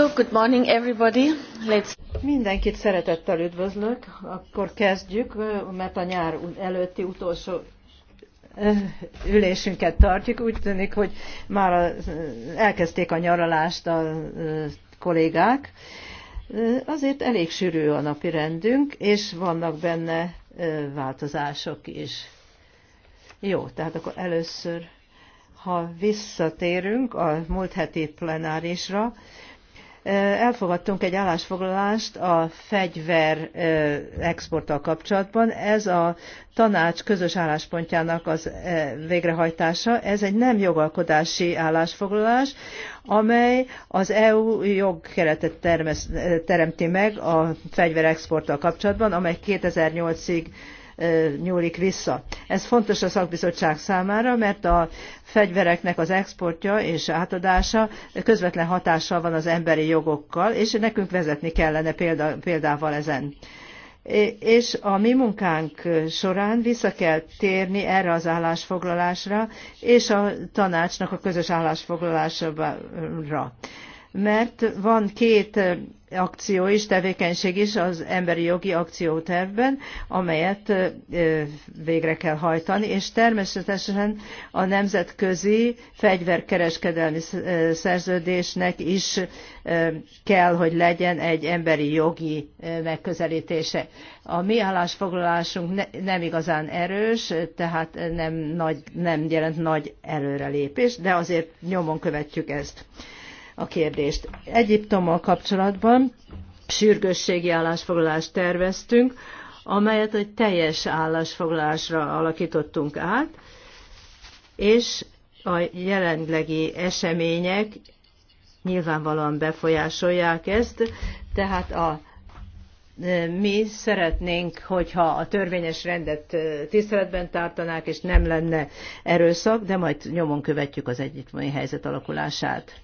So, good morning everybody. Let's... Mindenkit szeretettel üdvözlök, akkor kezdjük, mert a nyár előtti utolsó ülésünket tartjuk. Úgy tűnik, hogy már elkezdték a nyaralást a kollégák. Azért elég sűrű a napi rendünk, és vannak benne változások is. Jó, tehát akkor először ha visszatérünk a múlt heti plenárisra, elfogadtunk egy állásfoglalást a fegyver exporttal kapcsolatban. Ez a tanács közös álláspontjának az végrehajtása. Ez egy nem jogalkodási állásfoglalás, amely az EU jogkeretet termesz, teremti meg a exporttal kapcsolatban, amely 2008-ig nyúlik vissza. Ez fontos a szakbizottság számára, mert a fegyvereknek az exportja és átadása közvetlen hatással van az emberi jogokkal, és nekünk vezetni kellene példa, példával ezen és a mi munkánk során vissza kell térni erre az állásfoglalásra és a tanácsnak a közös állásfoglalásra mert van két akció is, tevékenység is az emberi jogi akciótervben, amelyet végre kell hajtani, és természetesen a nemzetközi fegyverkereskedelmi szerződésnek is kell, hogy legyen egy emberi jogi megközelítése. A mi állásfoglalásunk nem igazán erős, tehát nem, nagy, nem jelent nagy előrelépés, de azért nyomon követjük ezt a kérdést. Egyiptommal kapcsolatban sürgősségi állásfoglalást terveztünk, amelyet egy teljes állásfoglalásra alakítottunk át, és a jelenlegi események nyilvánvalóan befolyásolják ezt, tehát a, e, mi szeretnénk, hogyha a törvényes rendet e, tiszteletben tartanák, és nem lenne erőszak, de majd nyomon követjük az egyiptomi helyzet alakulását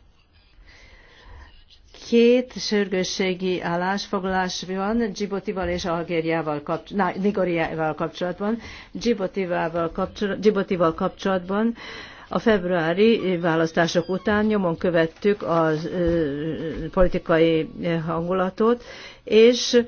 két sürgősségi állásfoglalás van Djibotival és Algériával kapcsolatban, Nigériával kapcsolatban, Djibotival kapcsolatban, kapcsolatban a februári választások után nyomon követtük a politikai hangulatot, és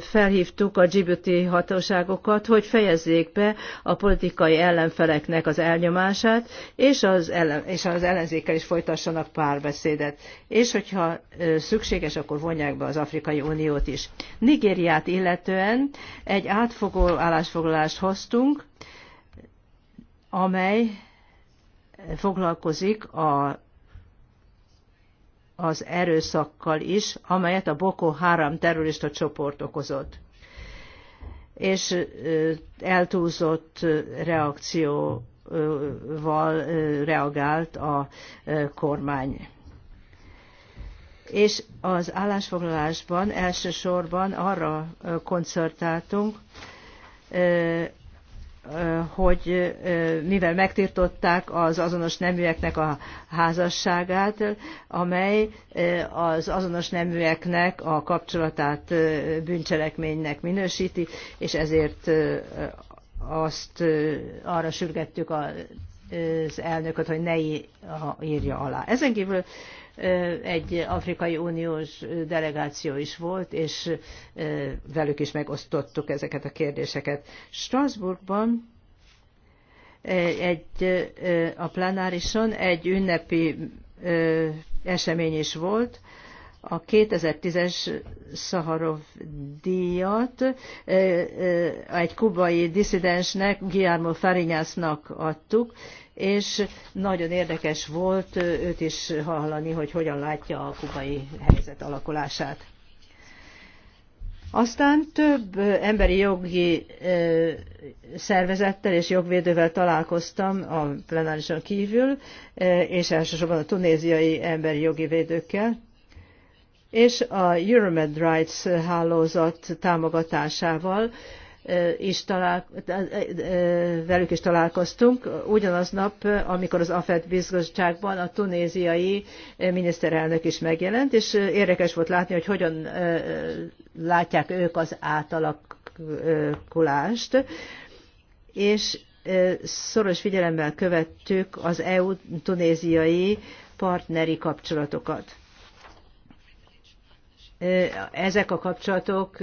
felhívtuk a Djibouti hatóságokat, hogy fejezzék be a politikai ellenfeleknek az elnyomását, és az, ellen, és az ellenzékkel is folytassanak párbeszédet. És hogyha szükséges, akkor vonják be az Afrikai Uniót is. Nigériát illetően egy átfogó állásfoglalást hoztunk, amely foglalkozik a az erőszakkal is, amelyet a Boko Haram terrorista csoport okozott és eltúlzott reakcióval reagált a kormány. És az állásfoglalásban elsősorban arra koncertáltunk, hogy mivel megtiltották az azonos neműeknek a házasságát, amely az azonos neműeknek a kapcsolatát bűncselekménynek minősíti, és ezért azt arra sürgettük a az elnököt, hogy ne írja alá. Ezen kívül egy Afrikai Uniós delegáció is volt, és velük is megosztottuk ezeket a kérdéseket. Strasbourgban egy, a plenárison egy ünnepi esemény is volt, a 2010-es Szaharov díjat egy kubai diszidensnek, Guillermo Farinyásznak adtuk, és nagyon érdekes volt őt is hallani, hogy hogyan látja a kubai helyzet alakulását. Aztán több emberi jogi szervezettel és jogvédővel találkoztam a plenárison kívül, és elsősorban a tunéziai emberi jogi védőkkel, és a Euromed Rights hálózat támogatásával és talál, velük is találkoztunk, ugyanaznap, amikor az AFED bizottságban a tunéziai miniszterelnök is megjelent, és érdekes volt látni, hogy hogyan látják ők az átalakulást, és szoros figyelemmel követtük az EU-tunéziai partneri kapcsolatokat ezek a kapcsolatok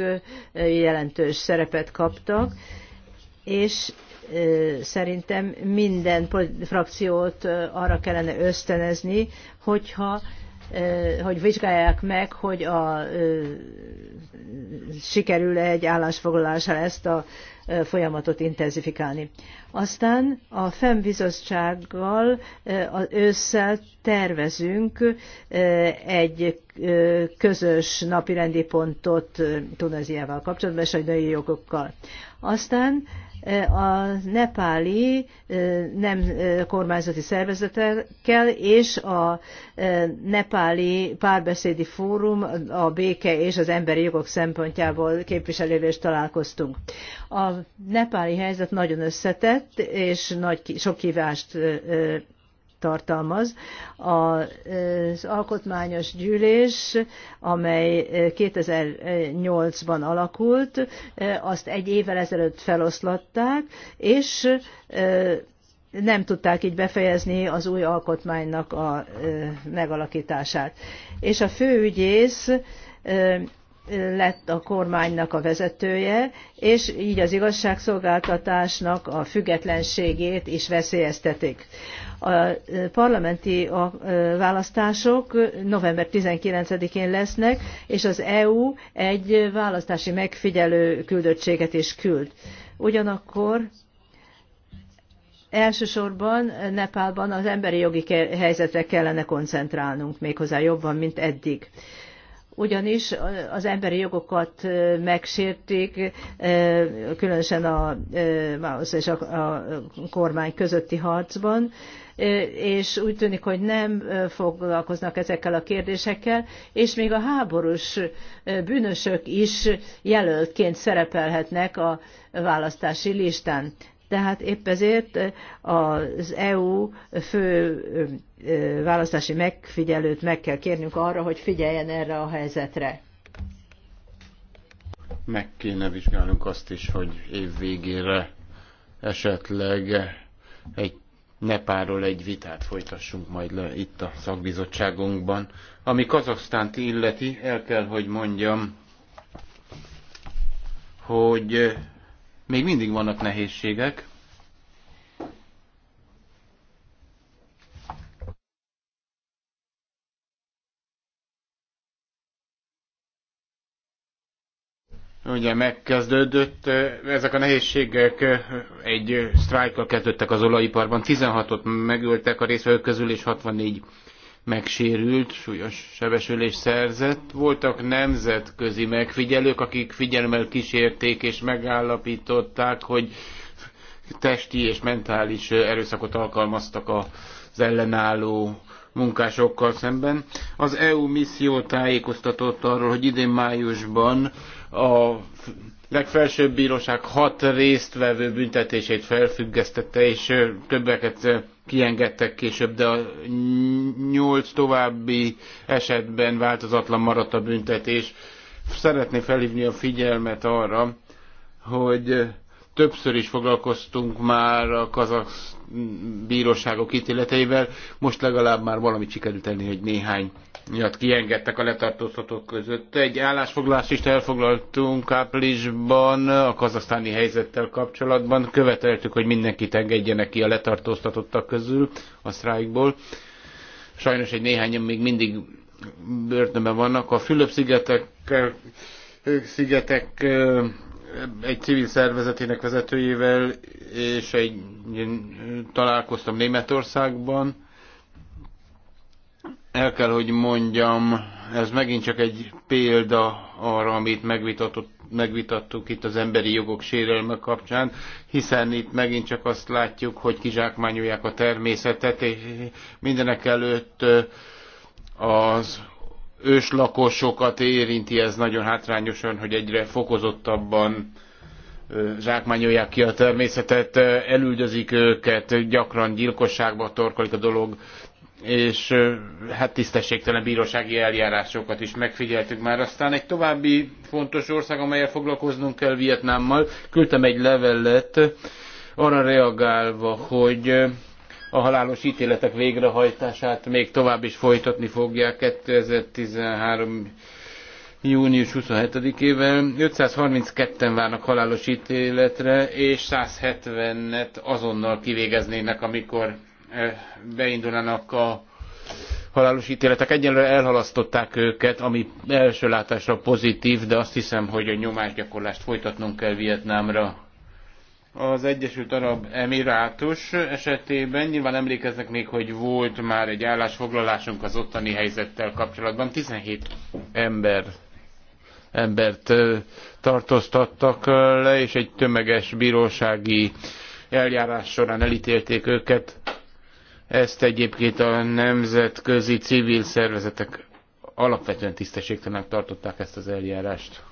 jelentős szerepet kaptak, és szerintem minden frakciót arra kellene ösztönözni, hogyha hogy vizsgálják meg, hogy a, sikerül egy állásfoglalással ezt a folyamatot intenzifikálni. Aztán a FEM bizottsággal ősszel tervezünk egy közös napirendi pontot Tunéziával kapcsolatban és a női jogokkal. Aztán a nepáli nem kormányzati szervezetekkel és a nepáli párbeszédi fórum a béke és az emberi jogok szempontjából képviselővel is találkoztunk. A nepáli helyzet nagyon összetett és nagy, sok kívást tartalmaz. Az alkotmányos gyűlés, amely 2008-ban eh, alakult, eh, azt egy évvel ezelőtt feloszlatták, és eh, nem tudták így befejezni az új alkotmánynak a megalakítását. És a főügyész lett a kormánynak a vezetője, és így az igazságszolgáltatásnak a függetlenségét is veszélyeztetik. A parlamenti választások november 19-én lesznek, és az EU egy választási megfigyelő küldöttséget is küld. Ugyanakkor elsősorban Nepálban az emberi jogi helyzetre kellene koncentrálnunk méghozzá jobban, mint eddig ugyanis az emberi jogokat megsértik, különösen a, és a, a kormány közötti harcban, és úgy tűnik, hogy nem foglalkoznak ezekkel a kérdésekkel, és még a háborús bűnösök is jelöltként szerepelhetnek a választási listán. Tehát épp ezért eh, az EU fő eh, eh, választási megfigyelőt meg kell kérnünk arra, hogy figyeljen erre a helyzetre. Meg kéne vizsgálnunk azt is, hogy év végére esetleg egy Nepáról egy vitát folytassunk majd le itt a szakbizottságunkban. Ami Kazasztánt illeti, el kell, hogy mondjam, hogy még mindig vannak nehézségek. Ugye megkezdődött, eh, ezek a nehézségek eh, egy sztrájkkal kezdődtek az olajiparban, 16-ot megöltek a részvevők közül, és 64 megsérült, súlyos sebesülés szerzett. Voltak nemzetközi megfigyelők, akik figyelmel kísérték és megállapították, hogy testi és mentális erőszakot alkalmaztak az ellenálló munkásokkal szemben. Az EU misszió tájékoztatott arról, hogy idén májusban a legfelsőbb bíróság hat résztvevő büntetését felfüggesztette, és többeket kiengedtek később, de a nyolc további esetben változatlan maradt a büntetés. Szeretném felhívni a figyelmet arra, hogy többször is foglalkoztunk már a kazak bíróságok ítéleteivel, most legalább már valamit sikerült tenni, hogy néhány miatt kiengedtek a letartóztatók között. Egy állásfoglalást is elfoglaltunk áprilisban a kazasztáni helyzettel kapcsolatban. Követeltük, hogy mindenkit engedjenek ki a letartóztatottak közül a sztrájkból. Sajnos egy néhányan még mindig börtönben vannak. A fülöp szigetek szigetek egy civil szervezetének vezetőjével, és egy, találkoztam Németországban. El kell, hogy mondjam, ez megint csak egy példa arra, amit megvitatott, megvitattuk itt az emberi jogok sérelme kapcsán, hiszen itt megint csak azt látjuk, hogy kizsákmányolják a természetet, és mindenek előtt az őslakosokat érinti ez nagyon hátrányosan, hogy egyre fokozottabban zsákmányolják ki a természetet, elüldözik őket, gyakran gyilkosságba torkolik a dolog, és hát tisztességtelen bírósági eljárásokat is megfigyeltük már. Aztán egy további fontos ország, amelyel foglalkoznunk kell Vietnámmal, küldtem egy levelet, arra reagálva, hogy a halálos ítéletek végrehajtását még tovább is folytatni fogják 2013 június 27-ével. 532-en várnak halálos ítéletre, és 170-et azonnal kivégeznének, amikor eh, beindulnának a halálos ítéletek. Egyelőre elhalasztották őket, ami első látásra pozitív, de azt hiszem, hogy a nyomásgyakorlást folytatnunk kell Vietnámra az Egyesült Arab Emirátus esetében nyilván emlékeznek még, hogy volt már egy állásfoglalásunk az ottani helyzettel kapcsolatban. 17 ember embert tartóztattak le, és egy tömeges bírósági eljárás során elítélték őket. Ezt egyébként a nemzetközi civil szervezetek alapvetően tisztességtelenek tartották ezt az eljárást.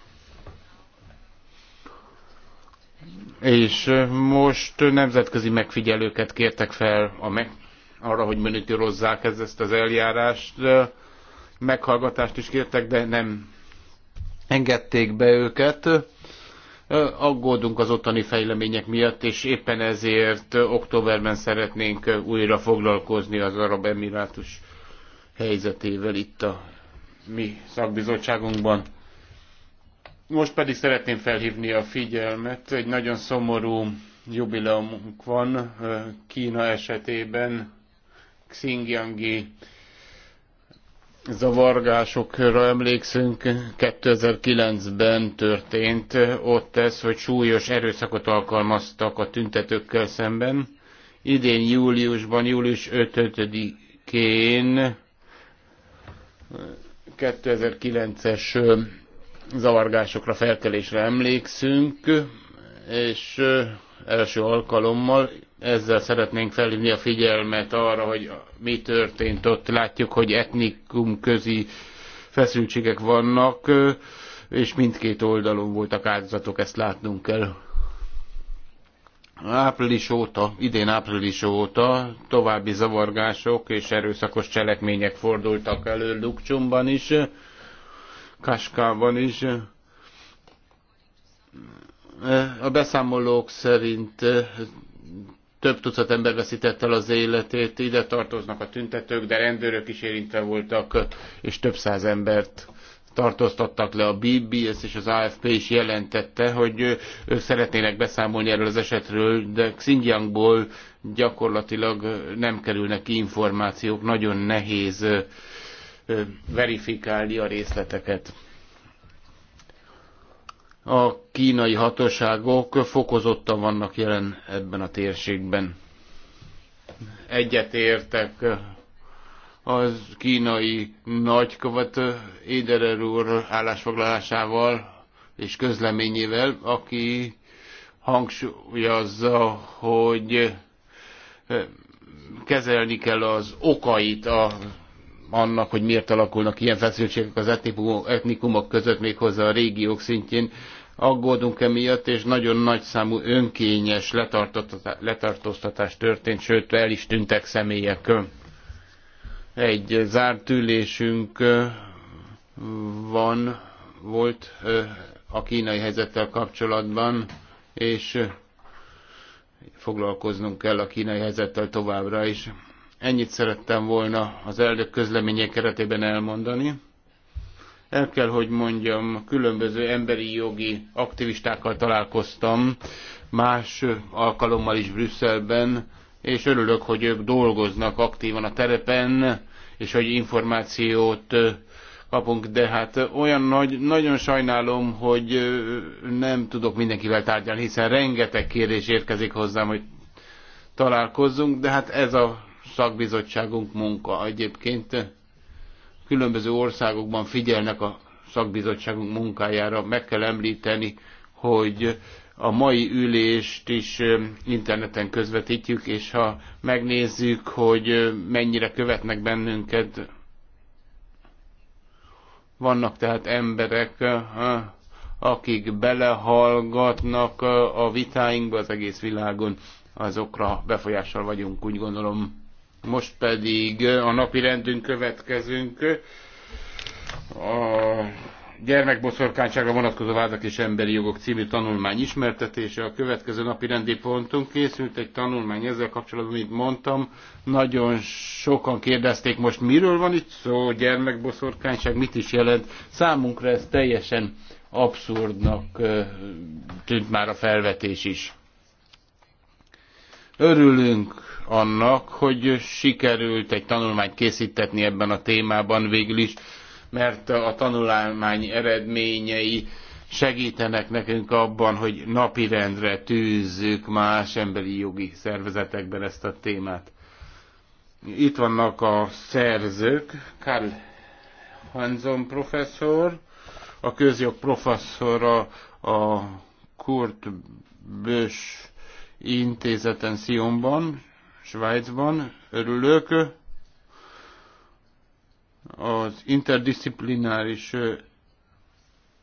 és most nemzetközi megfigyelőket kértek fel a meg, arra, hogy monitorozzák ez, ezt az eljárást. Meghallgatást is kértek, de nem engedték be őket. Aggódunk az ottani fejlemények miatt, és éppen ezért októberben szeretnénk újra foglalkozni az Arab Emirátus helyzetével itt a mi szakbizottságunkban. Most pedig szeretném felhívni a figyelmet, egy nagyon szomorú jubileumunk van eh, Kína esetében, Xinjiangi zavargásokra emlékszünk, 2009-ben történt ott ez, hogy súlyos erőszakot alkalmaztak a tüntetőkkel szemben. Idén júliusban, július 5-én 2009-es eh, zavargásokra, felkelésre emlékszünk, és első alkalommal ezzel szeretnénk felhívni a figyelmet arra, hogy mi történt ott. Látjuk, hogy etnikum közi feszültségek vannak, és mindkét oldalon voltak áldozatok, ezt látnunk kell. Április óta, idén április óta további zavargások és erőszakos cselekmények fordultak elő Lukcsumban is. Kaskában is. A beszámolók szerint több tucat ember veszített el az életét, ide tartoznak a tüntetők, de rendőrök is érintve voltak, és több száz embert tartóztattak le. A BBS és az AFP is jelentette, hogy ők szeretnének beszámolni erről az esetről, de Xinjiangból gyakorlatilag nem kerülnek ki információk, nagyon nehéz verifikálni a részleteket. A kínai hatóságok fokozottan vannak jelen ebben a térségben. Egyetértek az kínai nagykövet Éderer úr állásfoglalásával és közleményével, aki hangsúlyozza, hogy kezelni kell az okait a annak, hogy miért alakulnak ilyen feszültségek az etnikumok között, méghozzá a régiók szintjén. Aggódunk emiatt, és nagyon nagy számú önkényes letartóztatás történt, sőt el is tűntek személyek. Egy zárt ülésünk van, volt a kínai helyzettel kapcsolatban, és foglalkoznunk kell a kínai helyzettel továbbra is. Ennyit szerettem volna az elnök közleménye keretében elmondani. El kell, hogy mondjam, különböző emberi jogi aktivistákkal találkoztam, más alkalommal is Brüsszelben, és örülök, hogy ők dolgoznak aktívan a terepen, és hogy információt kapunk, de hát olyan nagy, nagyon sajnálom, hogy nem tudok mindenkivel tárgyalni, hiszen rengeteg kérés érkezik hozzám, hogy találkozzunk, de hát ez a szakbizottságunk munka. Egyébként különböző országokban figyelnek a szakbizottságunk munkájára. Meg kell említeni, hogy a mai ülést is interneten közvetítjük, és ha megnézzük, hogy mennyire követnek bennünket, vannak tehát emberek, akik belehallgatnak a vitáinkba az egész világon, azokra befolyással vagyunk, úgy gondolom. Most pedig a napi rendünk következünk. A gyermekboszorkányságra vonatkozó vádak és emberi jogok című tanulmány ismertetése. A következő napi rendi pontunk készült egy tanulmány ezzel kapcsolatban, mint mondtam. Nagyon sokan kérdezték most, miről van itt szó, gyermekboszorkányság mit is jelent. Számunkra ez teljesen abszurdnak tűnt már a felvetés is. Örülünk annak, hogy sikerült egy tanulmányt készítetni ebben a témában végül is, mert a tanulmány eredményei segítenek nekünk abban, hogy napirendre tűzzük más emberi jogi szervezetekben ezt a témát. Itt vannak a szerzők, Karl Hanson professzor, a közjog professzora a Kurt Bösch intézeten Sionban, Svájcban. Örülök. Az interdisziplináris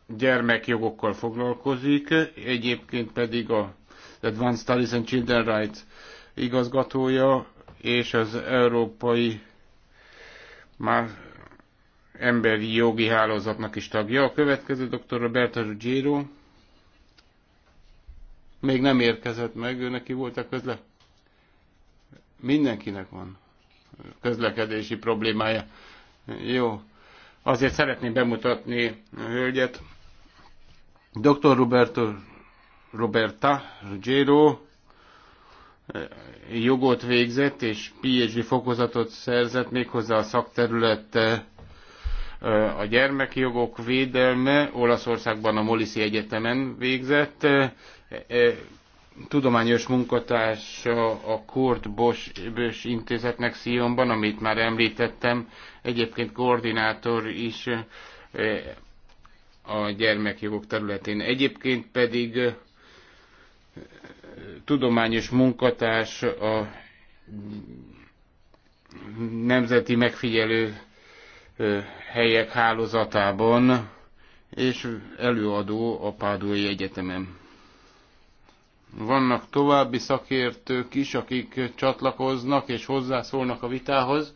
gyermekjogokkal foglalkozik, egyébként pedig a Advanced Studies and Children Rights igazgatója és az Európai már emberi jogi hálózatnak is tagja. A következő dr. Roberto Ruggiero, még nem érkezett meg, ő neki volt a közle... Mindenkinek van közlekedési problémája. Jó. Azért szeretném bemutatni a hölgyet. Dr. Roberto Roberta Ruggiero eh, jogot végzett és PhD fokozatot szerzett méghozzá a szakterülete eh, a gyermekjogok védelme, Olaszországban a Moliszi Egyetemen végzett, eh, tudományos munkatársa a Kurt Bosch Intézetnek Szionban, amit már említettem, egyébként koordinátor is a gyermekjogok területén. Egyébként pedig tudományos munkatárs a nemzeti megfigyelő helyek hálózatában, és előadó a Pádói Egyetemen. Vannak további szakértők is, akik csatlakoznak és hozzászólnak a vitához.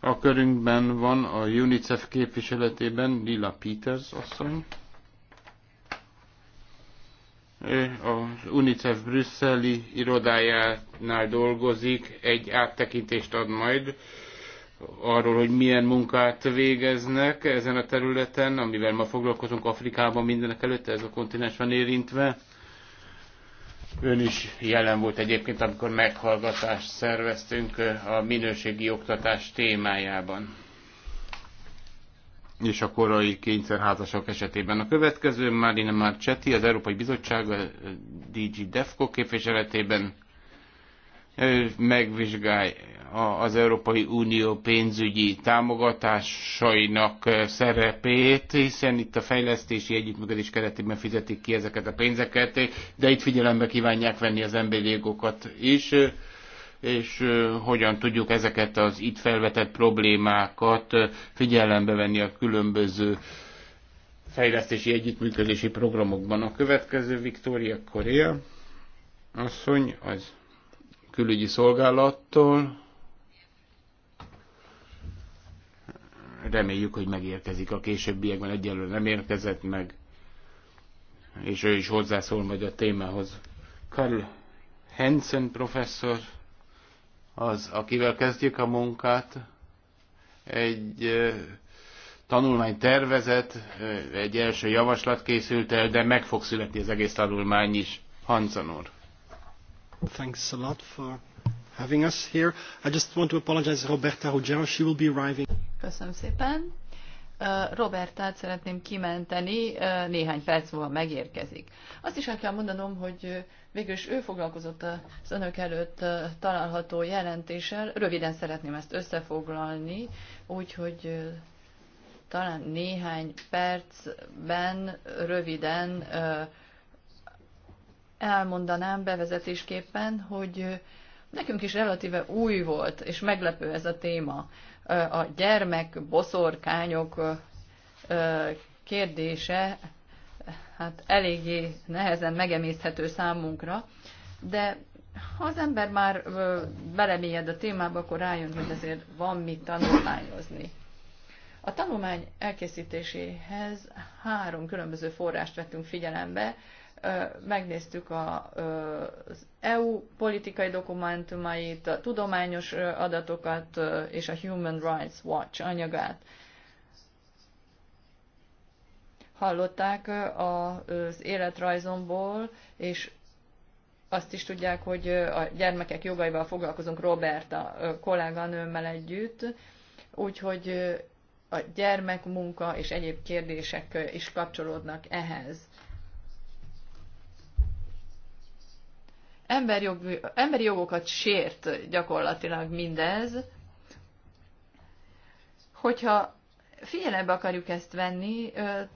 A körünkben van a UNICEF képviseletében Lila Peters asszony. Ő az UNICEF brüsszeli irodájánál dolgozik, egy áttekintést ad majd arról, hogy milyen munkát végeznek ezen a területen, amivel ma foglalkozunk Afrikában mindenek előtt, ez a kontinens van érintve. Ön is jelen volt egyébként, amikor meghallgatást szerveztünk eh, a minőségi oktatás témájában és a korai kényszerházasok esetében. A következő Márina Marcetti, az Európai Bizottság a eh, DG DEFCO képviseletében megvizsgálja az Európai Unió pénzügyi támogatásainak szerepét, hiszen itt a fejlesztési együttműködés keretében fizetik ki ezeket a pénzeket, de itt figyelembe kívánják venni az emberi jogokat is, és hogyan tudjuk ezeket az itt felvetett problémákat figyelembe venni a különböző fejlesztési együttműködési programokban. A következő Viktória Korea asszony az külügyi szolgálattól. Reméljük, hogy megérkezik a későbbiekben, egyelőre nem érkezett meg, és ő is hozzászól majd a témához. Karl Hansen professzor az, akivel kezdjük a munkát, egy tanulmány tervezet, egy első javaslat készült el, de meg fog születni az egész tanulmány is. Hansen úr. Thanks a lot for having us here. I just want to apologize Roberta Ruggiero, she will be arriving. Köszönöm szépen. Uh, Robertát szeretném kimenteni, uh, néhány perc múlva megérkezik. Azt is el kell mondanom, hogy uh, végül is ő foglalkozott az önök előtt található jelentéssel. Röviden szeretném ezt összefoglalni, úgyhogy talán néhány percben röviden elmondanám bevezetésképpen, hogy nekünk is relatíve új volt, és meglepő ez a téma. A gyermek boszorkányok kérdése hát eléggé nehezen megemészhető számunkra, de ha az ember már belemélyed a témába, akkor rájön, hogy azért van mit tanulmányozni. A tanulmány elkészítéséhez három különböző forrást vettünk figyelembe, megnéztük az EU politikai dokumentumait, a tudományos adatokat és a Human Rights Watch anyagát. Hallották az életrajzomból, és azt is tudják, hogy a gyermekek jogaival foglalkozunk Roberta kolléganőmmel együtt, úgyhogy a gyermekmunka és egyéb kérdések is kapcsolódnak ehhez. emberjog, emberi jogokat sért gyakorlatilag mindez. Hogyha figyelembe akarjuk ezt venni,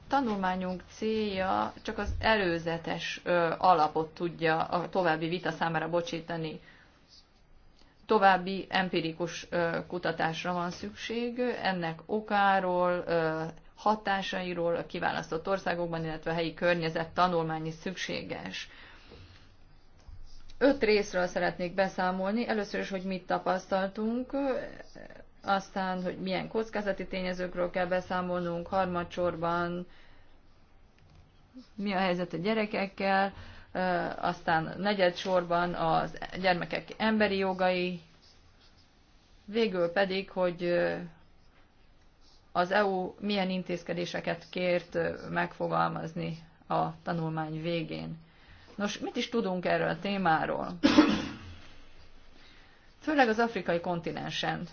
tanulmányunk célja csak az előzetes alapot tudja a további vita számára bocsítani. További empirikus kutatásra van szükség, ennek okáról, hatásairól a kiválasztott országokban, illetve a helyi környezet tanulmányi szükséges. Öt részről szeretnék beszámolni. Először is, hogy mit tapasztaltunk, aztán, hogy milyen kockázati tényezőkről kell beszámolnunk, harmadsorban mi a helyzet a gyerekekkel, aztán negyed sorban a gyermekek emberi jogai, végül pedig, hogy az EU milyen intézkedéseket kért megfogalmazni a tanulmány végén. Nos, mit is tudunk erről a témáról? Főleg az afrikai kontinensen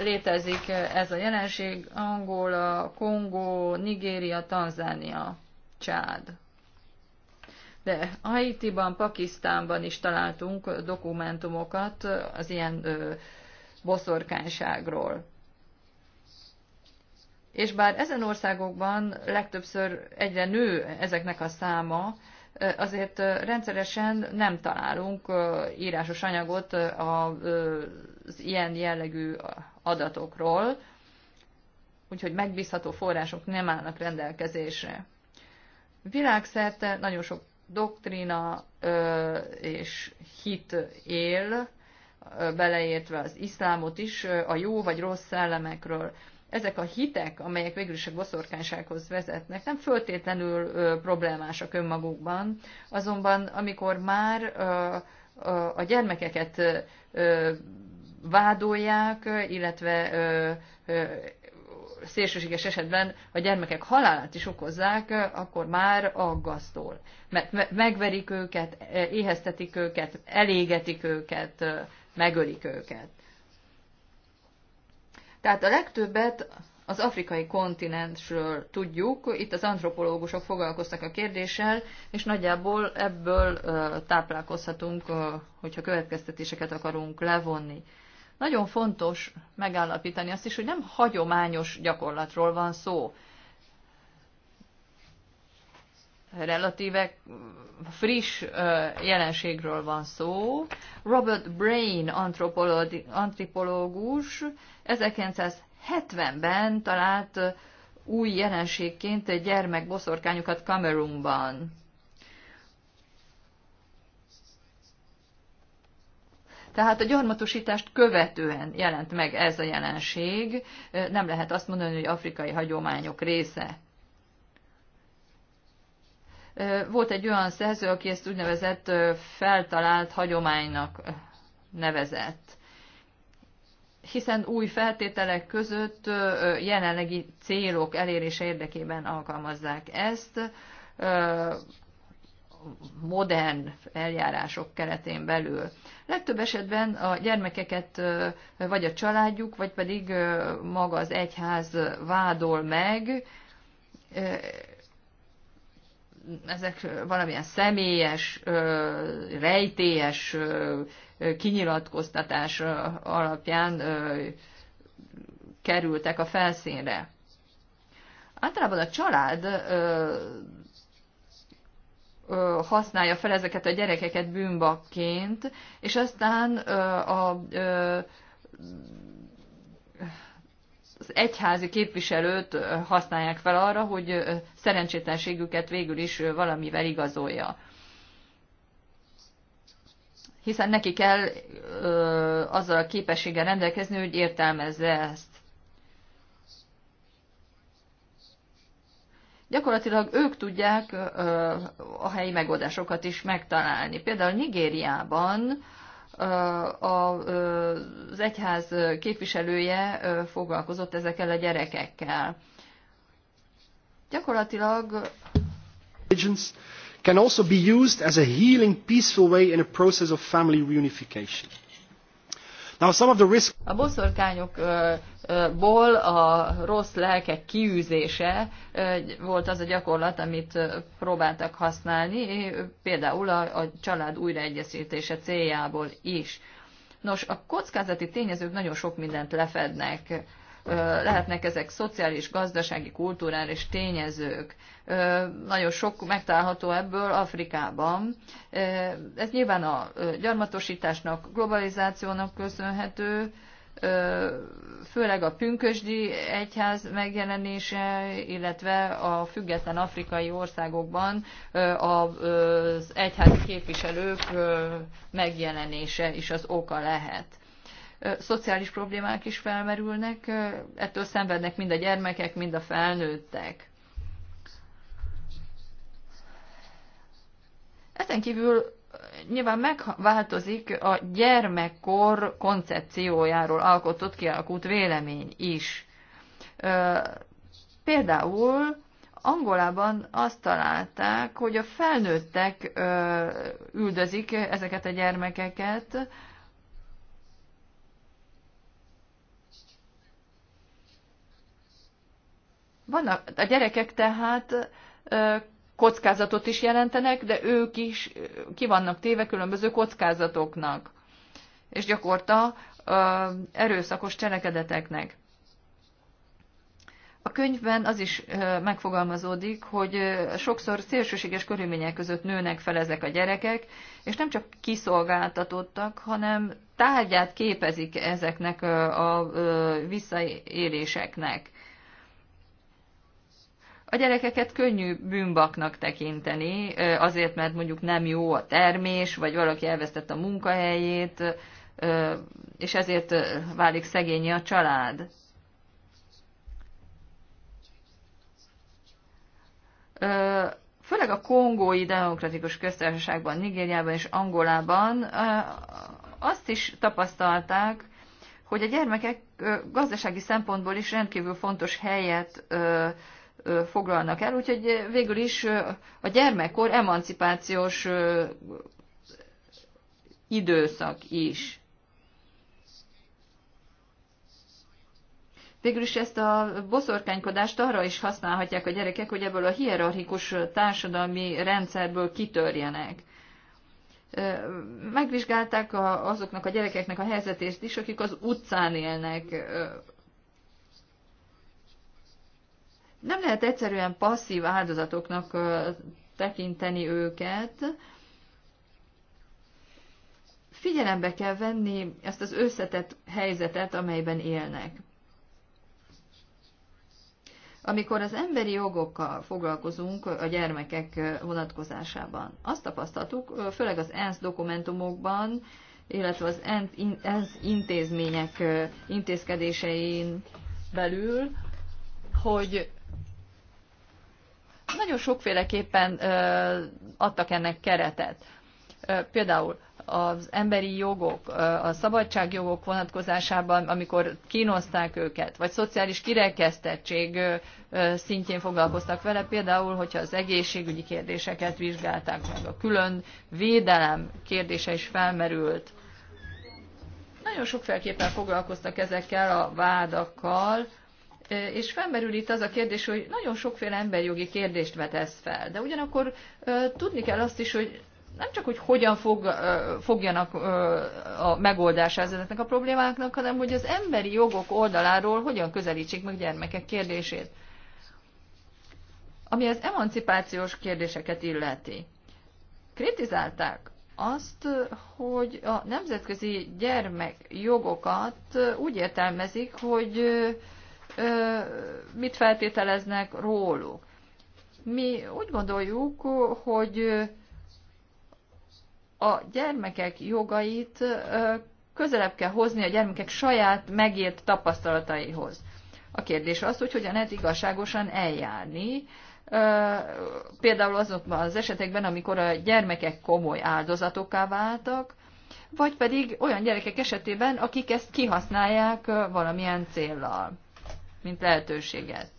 létezik ez a jelenség, Angola, Kongó, Nigéria, Tanzánia, Csád. De Haitiban, Pakisztánban is találtunk dokumentumokat az ilyen boszorkányságról. És bár ezen országokban legtöbbször egyre nő ezeknek a száma, azért rendszeresen nem találunk írásos anyagot az ilyen jellegű adatokról, úgyhogy megbízható források nem állnak rendelkezésre. Világszerte nagyon sok doktrína és hit él, beleértve az iszlámot is, a jó vagy rossz szellemekről ezek a hitek, amelyek végül is a boszorkánysághoz vezetnek, nem föltétlenül ö, problémásak önmagukban, azonban amikor már ö, ö, a gyermekeket ö, vádolják, illetve ö, ö, szélsőséges esetben a gyermekek halálát is okozzák, akkor már aggasztól. Mert megverik őket, éheztetik őket, elégetik őket, megölik őket. Tehát a legtöbbet az afrikai kontinensről tudjuk, itt az antropológusok foglalkoztak a kérdéssel, és nagyjából ebből táplálkozhatunk, hogyha következtetéseket akarunk levonni. Nagyon fontos megállapítani azt is, hogy nem hagyományos gyakorlatról van szó relatíve friss jelenségről van szó. Robert Brain antropológus 1970-ben talált új jelenségként gyermek boszorkányokat Kamerunban. Tehát a gyarmatosítást követően jelent meg ez a jelenség, nem lehet azt mondani, hogy afrikai hagyományok része. Volt egy olyan szerző, aki ezt úgynevezett feltalált hagyománynak nevezett hiszen új feltételek között jelenlegi célok elérése érdekében alkalmazzák ezt modern eljárások keretén belül. Legtöbb esetben a gyermekeket vagy a családjuk, vagy pedig maga az egyház vádol meg, ezek valamilyen személyes, rejtélyes kinyilatkoztatás alapján kerültek a felszínre. Általában a család használja fel ezeket a gyerekeket bűnbakként, és aztán a, a egyházi képviselőt használják fel arra, hogy szerencsétlenségüket végül is valamivel igazolja. Hiszen neki kell ö, azzal a képességgel rendelkezni, hogy értelmezze ezt. Gyakorlatilag ők tudják ö, a helyi megoldásokat is megtalálni. Például Nigériában ö, az egyház képviselője foglalkozott ezekkel a gyerekekkel. Gyakorlatilag can also be used as a healing peaceful way in a process of family reunification. Now some of the risk A boszorkányok ból a rossz lelkek kiűzése volt az a gyakorlat, amit próbáltak használni, például a, a család újraegyesítése céljából is. Nos, a kockázati tényezők nagyon sok mindent lefednek. Lehetnek ezek szociális, gazdasági, kulturális tényezők. Nagyon sok megtalálható ebből Afrikában. Ez nyilván a gyarmatosításnak, globalizációnak köszönhető, főleg a pünkösdi egyház megjelenése, illetve a független afrikai országokban az egyházi képviselők megjelenése is az oka lehet. Szociális problémák is felmerülnek, ettől szenvednek mind a gyermekek, mind a felnőttek. Ezen kívül nyilván megváltozik a gyermekkor koncepciójáról alkotott kialakult vélemény is. Például Angolában azt találták, hogy a felnőttek üldözik ezeket a gyermekeket, Vannak, a gyerekek tehát kockázatot is jelentenek, de ők is ki vannak téve különböző kockázatoknak, és gyakorta erőszakos cselekedeteknek. A könyvben az is megfogalmazódik, hogy sokszor szélsőséges körülmények között nőnek fel ezek a gyerekek, és nem csak kiszolgáltatottak, hanem tárgyát képezik ezeknek a visszaéléseknek. A gyerekeket könnyű bűnbaknak tekinteni, azért, mert mondjuk nem jó a termés, vagy valaki elvesztett a munkahelyét, és ezért válik szegényi a család. Főleg a kongói demokratikus köztársaságban, Nigériában és Angolában azt is tapasztalták, hogy a gyermekek gazdasági szempontból is rendkívül fontos helyet foglalnak el, úgyhogy végül is a gyermekkor emancipációs időszak is. Végül is ezt a boszorkánykodást arra is használhatják a gyerekek, hogy ebből a hierarchikus társadalmi rendszerből kitörjenek. Megvizsgálták azoknak a gyerekeknek a helyzetét is, akik az utcán élnek. Nem lehet egyszerűen passzív áldozatoknak tekinteni őket. Figyelembe kell venni ezt az összetett helyzetet, amelyben élnek. Amikor az emberi jogokkal foglalkozunk a gyermekek vonatkozásában, azt tapasztaltuk, főleg az ENSZ dokumentumokban, illetve az ENSZ intézmények intézkedésein belül, hogy nagyon sokféleképpen adtak ennek keretet. Például az emberi jogok, a szabadságjogok vonatkozásában, amikor kínozták őket, vagy szociális kirekesztettség szintjén foglalkoztak vele, például, hogyha az egészségügyi kérdéseket vizsgálták meg, a külön védelem kérdése is felmerült. Nagyon sokféleképpen foglalkoztak ezekkel a vádakkal, és felmerül itt az a kérdés, hogy nagyon sokféle emberjogi kérdést vetesz fel, de ugyanakkor tudni kell azt is, hogy nem csak, hogy hogyan fog, fogjanak a megoldásához ezeknek a problémáknak, hanem hogy az emberi jogok oldaláról hogyan közelítsék meg gyermekek kérdését. Ami az emancipációs kérdéseket illeti. Kritizálták azt, hogy a nemzetközi gyermekjogokat úgy értelmezik, hogy mit feltételeznek róluk. Mi úgy gondoljuk, hogy a gyermekek jogait közelebb kell hozni a gyermekek saját megért tapasztalataihoz. A kérdés az, hogy hogyan lehet igazságosan eljárni, például azokban az esetekben, amikor a gyermekek komoly áldozatokká váltak, vagy pedig olyan gyerekek esetében, akik ezt kihasználják valamilyen céllal mint lehetőséget.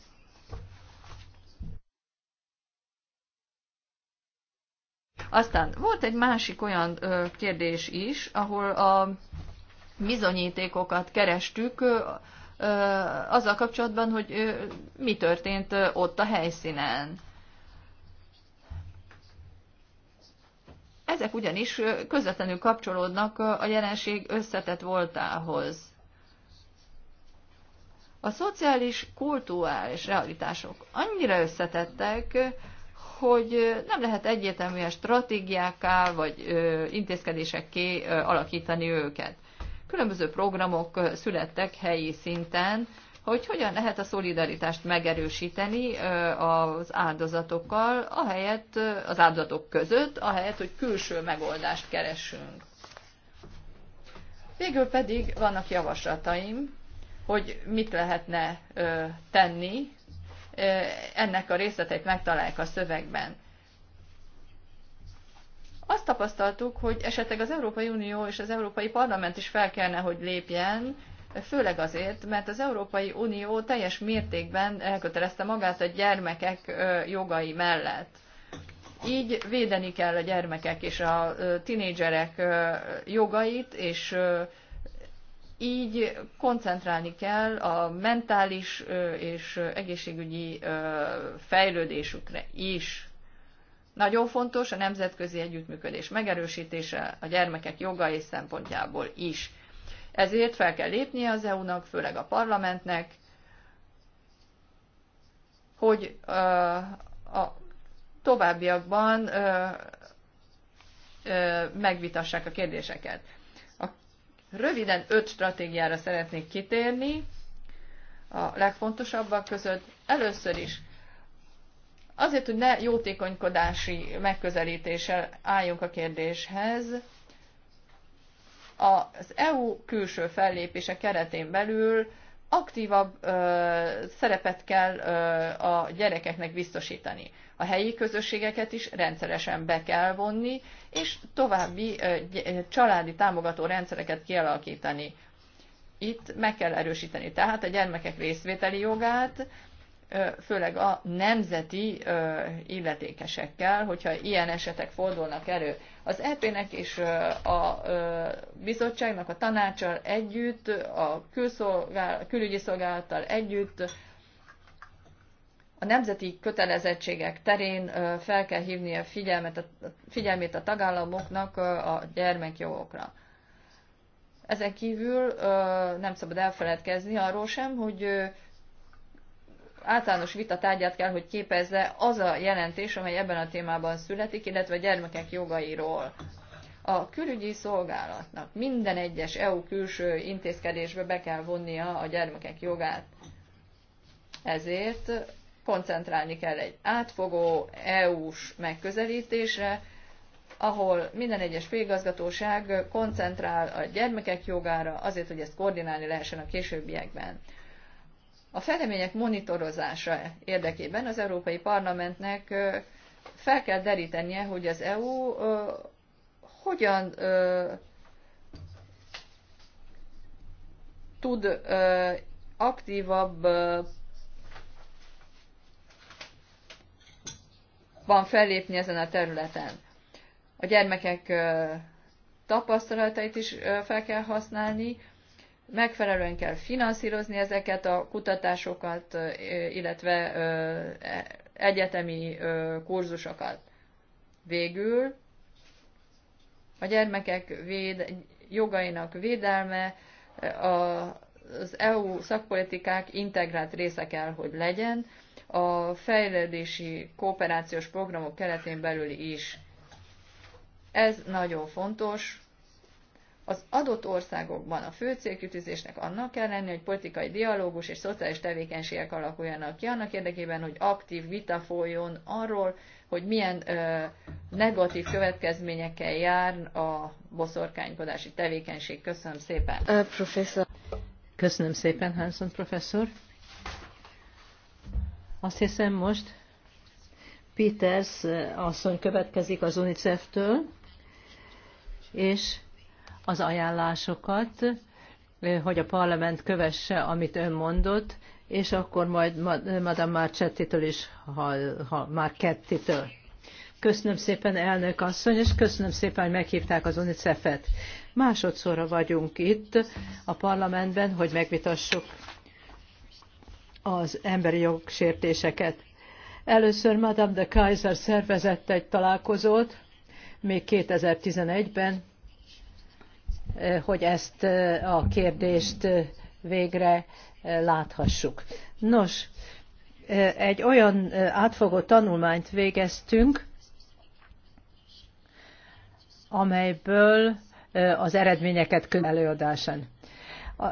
Aztán volt egy másik olyan ö, kérdés is, ahol a bizonyítékokat kerestük ö, ö, azzal kapcsolatban, hogy ö, mi történt ö, ott a helyszínen. Ezek ugyanis közvetlenül kapcsolódnak a jelenség összetett voltához. A szociális kulturális realitások annyira összetettek, hogy nem lehet egyértelműen stratégiákká vagy intézkedésekké alakítani őket. Különböző programok születtek helyi szinten, hogy hogyan lehet a szolidaritást megerősíteni az áldozatokkal, ahelyett az áldozatok között, ahelyett, hogy külső megoldást keresünk. Végül pedig vannak javaslataim, hogy mit lehetne tenni. Ennek a részleteit megtalálják a szövegben. Azt tapasztaltuk, hogy esetleg az Európai Unió és az Európai Parlament is fel kellene, hogy lépjen, főleg azért, mert az Európai Unió teljes mértékben elkötelezte magát a gyermekek jogai mellett. Így védeni kell a gyermekek és a tinédzserek jogait és így koncentrálni kell a mentális és egészségügyi fejlődésükre is. Nagyon fontos a nemzetközi együttműködés megerősítése a gyermekek jogai szempontjából is. Ezért fel kell lépnie az EU-nak, főleg a parlamentnek, hogy a továbbiakban megvitassák a kérdéseket. Röviden öt stratégiára szeretnék kitérni, a legfontosabbak között. Először is azért, hogy ne jótékonykodási megközelítéssel álljunk a kérdéshez, az EU külső fellépése keretén belül aktívabb ö, szerepet kell ö, a gyerekeknek biztosítani. A helyi közösségeket is rendszeresen be kell vonni, és további ö, családi támogató rendszereket kialakítani. Itt meg kell erősíteni tehát a gyermekek részvételi jogát, főleg a nemzeti illetékesekkel, hogyha ilyen esetek fordulnak elő. Az EP-nek és a bizottságnak, a tanácsal együtt, a külszolgál, külügyi szolgálattal együtt a nemzeti kötelezettségek terén fel kell hívni a figyelmet, a figyelmét a tagállamoknak a gyermekjogokra. Ezen kívül nem szabad elfeledkezni arról sem, hogy általános vita tárgyát kell, hogy képezze az a jelentés, amely ebben a témában születik, illetve a gyermekek jogairól. A külügyi szolgálatnak minden egyes EU külső intézkedésbe be kell vonnia a gyermekek jogát. Ezért koncentrálni kell egy átfogó EU-s megközelítésre, ahol minden egyes félgazgatóság koncentrál a gyermekek jogára, azért, hogy ezt koordinálni lehessen a későbbiekben. A fejlemények monitorozása érdekében az Európai Parlamentnek fel kell derítenie, hogy az EU hogyan tud aktívabb van fellépni ezen a területen. A gyermekek tapasztalatait is fel kell használni, megfelelően kell finanszírozni ezeket a kutatásokat, illetve e, egyetemi kurzusokat. Végül a gyermekek véd, jogainak védelme az EU szakpolitikák integrált része kell, hogy legyen, a fejlődési kooperációs programok keretén belül is. Ez nagyon fontos, az adott országokban a fő célkütőzésnek annak kell lenni, hogy politikai dialógus és szociális tevékenységek alakuljanak ki, annak érdekében, hogy aktív vita folyjon arról, hogy milyen ö, negatív következményekkel jár a boszorkánykodási tevékenység. Köszönöm szépen. Uh, professzor. Köszönöm szépen, Hanson professzor. Azt hiszem most Peters asszony következik az UNICEF-től, és az ajánlásokat, eh, hogy a parlament kövesse, amit ön mondott, és akkor majd Madame marchetti is, ha, ha már kettitől. Köszönöm szépen, elnök asszony, és köszönöm szépen, hogy meghívták az UNICEF-et. Másodszorra vagyunk itt a parlamentben, hogy megvitassuk az emberi jogsértéseket. Először Madame de Kaiser szervezett egy találkozót, még 2011-ben, Eh, hogy ezt eh, a kérdést eh, végre láthassuk. Nos, egy olyan átfogó tanulmányt végeztünk, amelyből az eredményeket előadásán.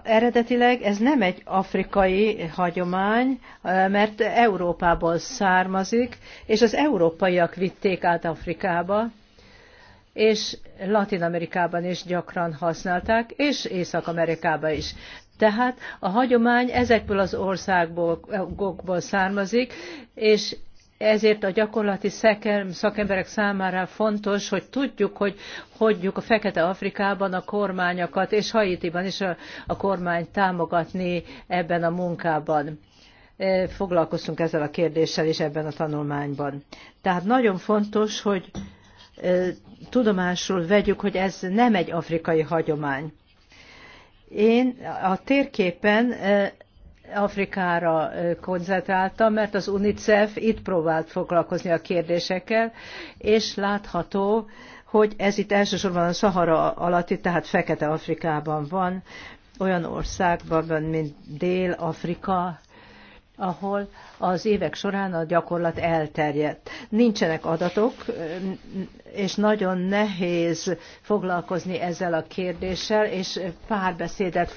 Eredetileg ez nem egy afrikai hagyomány, mert Európából származik, és az európaiak vitték át Afrikába, és Latin Amerikában is gyakran használták, és Észak-Amerikában is. Tehát a hagyomány ezekből az országokból származik, és ezért a gyakorlati szakemberek számára fontos, hogy tudjuk, hogy hagyjuk a Fekete Afrikában a kormányokat, és Haitiban is a, a kormányt támogatni ebben a munkában e, foglalkoztunk ezzel a kérdéssel is ebben a tanulmányban. Tehát nagyon fontos, hogy tudomásul vegyük, hogy ez nem egy afrikai hagyomány. Én a térképen Afrikára koncentráltam, mert az UNICEF itt próbált foglalkozni a kérdésekkel, és látható, hogy ez itt elsősorban a Szahara alatti, tehát Fekete Afrikában van, olyan országban, mint Dél-Afrika, ahol az évek során a gyakorlat elterjedt. Nincsenek adatok, és nagyon nehéz foglalkozni ezzel a kérdéssel, és párbeszédet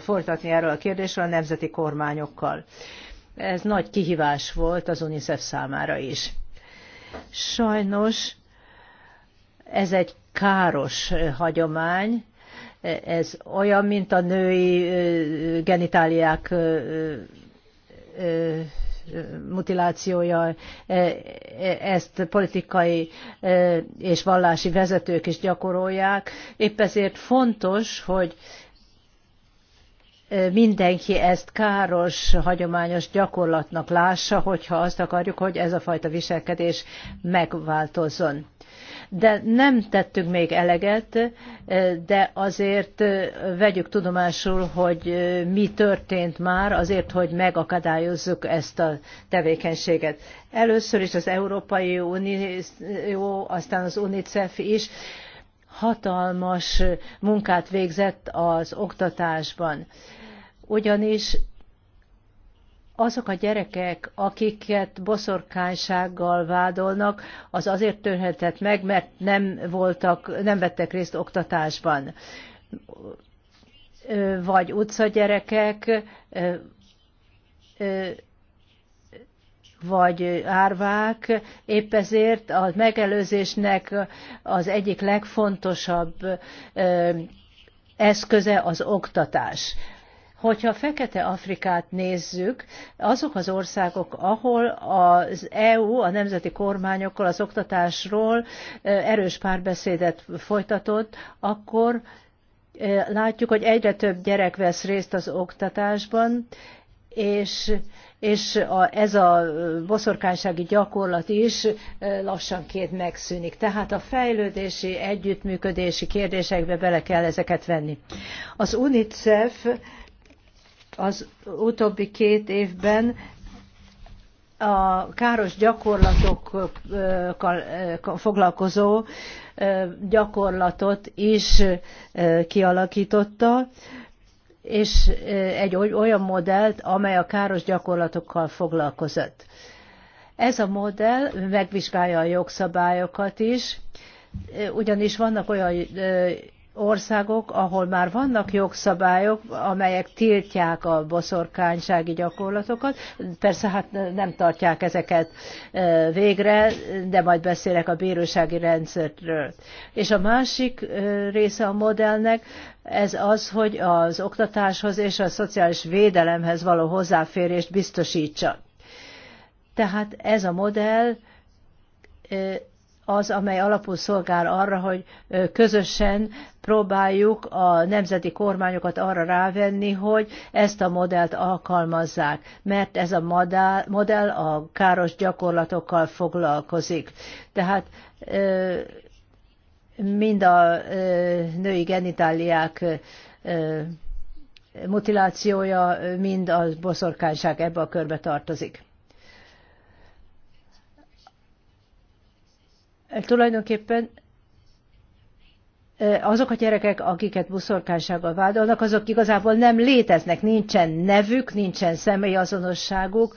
folytatni erről a kérdésről a nemzeti kormányokkal. Ez nagy kihívás volt az UNICEF számára is. Sajnos ez egy káros hagyomány, ez olyan, mint a női genitáliák mutilációja, ezt politikai és vallási vezetők is gyakorolják. Épp ezért fontos, hogy mindenki ezt káros, hagyományos gyakorlatnak lássa, hogyha azt akarjuk, hogy ez a fajta viselkedés megváltozzon de nem tettünk még eleget, eh, de azért eh, vegyük tudomásul, hogy eh, mi történt már, azért, hogy megakadályozzuk ezt a tevékenységet. Először is az Európai Unió, aztán az UNICEF is hatalmas munkát végzett az oktatásban. Ugyanis azok a gyerekek, akiket boszorkánysággal vádolnak, az azért törhetett meg, mert nem voltak, nem vettek részt oktatásban. Vagy utcagyerekek, vagy árvák. Épp ezért a megelőzésnek az egyik legfontosabb eszköze az oktatás. Hogyha Fekete Afrikát nézzük, azok az országok, ahol az EU a nemzeti kormányokkal az oktatásról erős párbeszédet folytatott, akkor látjuk, hogy egyre több gyerek vesz részt az oktatásban, és, és a, ez a boszorkánysági gyakorlat is lassanként megszűnik. Tehát a fejlődési, együttműködési kérdésekbe bele kell ezeket venni. Az UNICEF az utóbbi két évben a káros gyakorlatokkal foglalkozó gyakorlatot is kialakította, és egy olyan modellt, amely a káros gyakorlatokkal foglalkozott. Ez a modell megvizsgálja a jogszabályokat is, ugyanis vannak olyan országok, ahol már vannak jogszabályok, amelyek tiltják a boszorkánysági gyakorlatokat. Persze hát nem tartják ezeket e, végre, de majd beszélek a bírósági rendszerről. És a másik e, része a modellnek, ez az, hogy az oktatáshoz és a szociális védelemhez való hozzáférést biztosítsa. Tehát ez a modell e, az, amely alapul szolgál arra, hogy közösen próbáljuk a nemzeti kormányokat arra rávenni, hogy ezt a modellt alkalmazzák, mert ez a modell, a káros gyakorlatokkal foglalkozik. Tehát mind a női genitáliák mutilációja, mind a boszorkányság ebbe a körbe tartozik. Eh, tulajdonképpen eh, azok a gyerekek, akiket buszorkánsággal vádolnak, azok igazából nem léteznek, nincsen nevük, nincsen személyazonosságuk,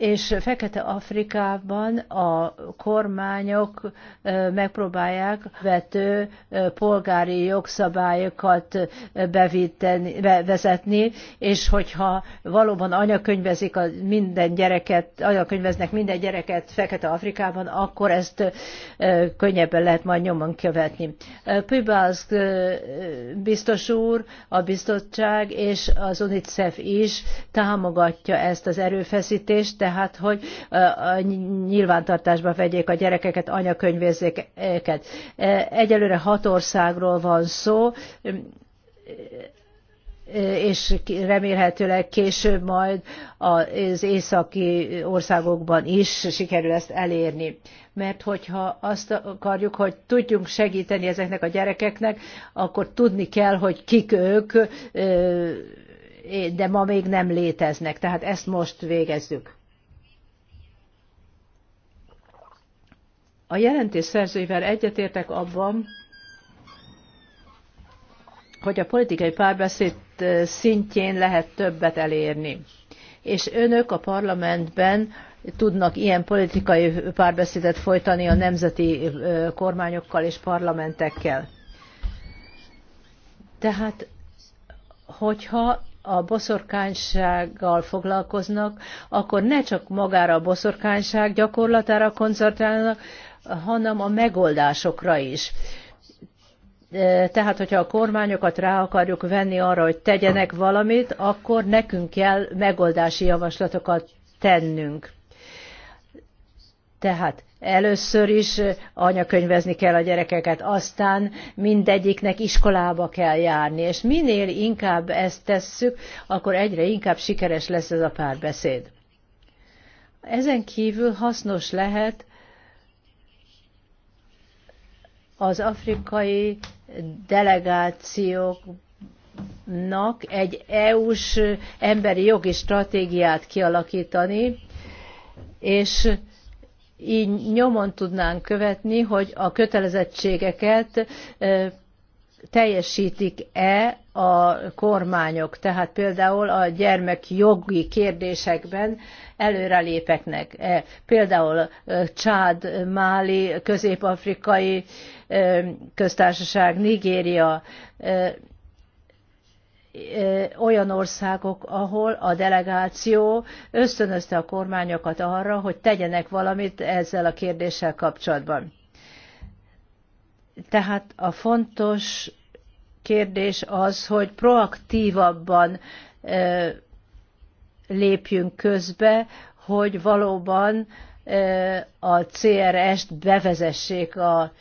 és Fekete Afrikában a kormányok megpróbálják vető polgári jogszabályokat bevíteni, bevezetni, és hogyha valóban anyakönyvezik a minden gyereket, anyakönyveznek minden gyereket Fekete Afrikában, akkor ezt könnyebben lehet majd nyomon követni. Pübász biztos úr, a biztonság és az UNICEF is támogatja ezt az erőfeszítést, de tehát hogy nyilvántartásba vegyék a gyerekeket, anyakönyvézzék őket. Egyelőre hat országról van szó, és remélhetőleg később majd az északi országokban is sikerül ezt elérni. Mert hogyha azt akarjuk, hogy tudjunk segíteni ezeknek a gyerekeknek, akkor tudni kell, hogy kik ők, de ma még nem léteznek. Tehát ezt most végezzük. A jelentés szerzőivel egyetértek abban, hogy a politikai párbeszéd szintjén lehet többet elérni. És önök a parlamentben tudnak ilyen politikai párbeszédet folytani a nemzeti kormányokkal és parlamentekkel. Tehát, hogyha a boszorkánysággal foglalkoznak, akkor ne csak magára a boszorkányság gyakorlatára koncentrálnak, hanem a megoldásokra is. E, tehát, hogyha a kormányokat rá akarjuk venni arra, hogy tegyenek valamit, akkor nekünk kell megoldási javaslatokat tennünk. Tehát először is anyakönyvezni kell a gyerekeket, aztán mindegyiknek iskolába kell járni, és minél inkább ezt tesszük, akkor egyre inkább sikeres lesz ez a párbeszéd. Ezen kívül hasznos lehet az afrikai delegációknak egy EU-s emberi jogi stratégiát kialakítani, és így nyomon tudnánk követni, hogy a kötelezettségeket teljesítik-e a kormányok, tehát például a gyermek jogi kérdésekben előrelépeknek. -e. Például Csád, Máli, közép-afrikai köztársaság, Nigéria, olyan országok, ahol a delegáció ösztönözte a kormányokat arra, hogy tegyenek valamit ezzel a kérdéssel kapcsolatban. Tehát a fontos kérdés az, hogy proaktívabban lépjünk közbe, hogy valóban a CRS-t bevezessék a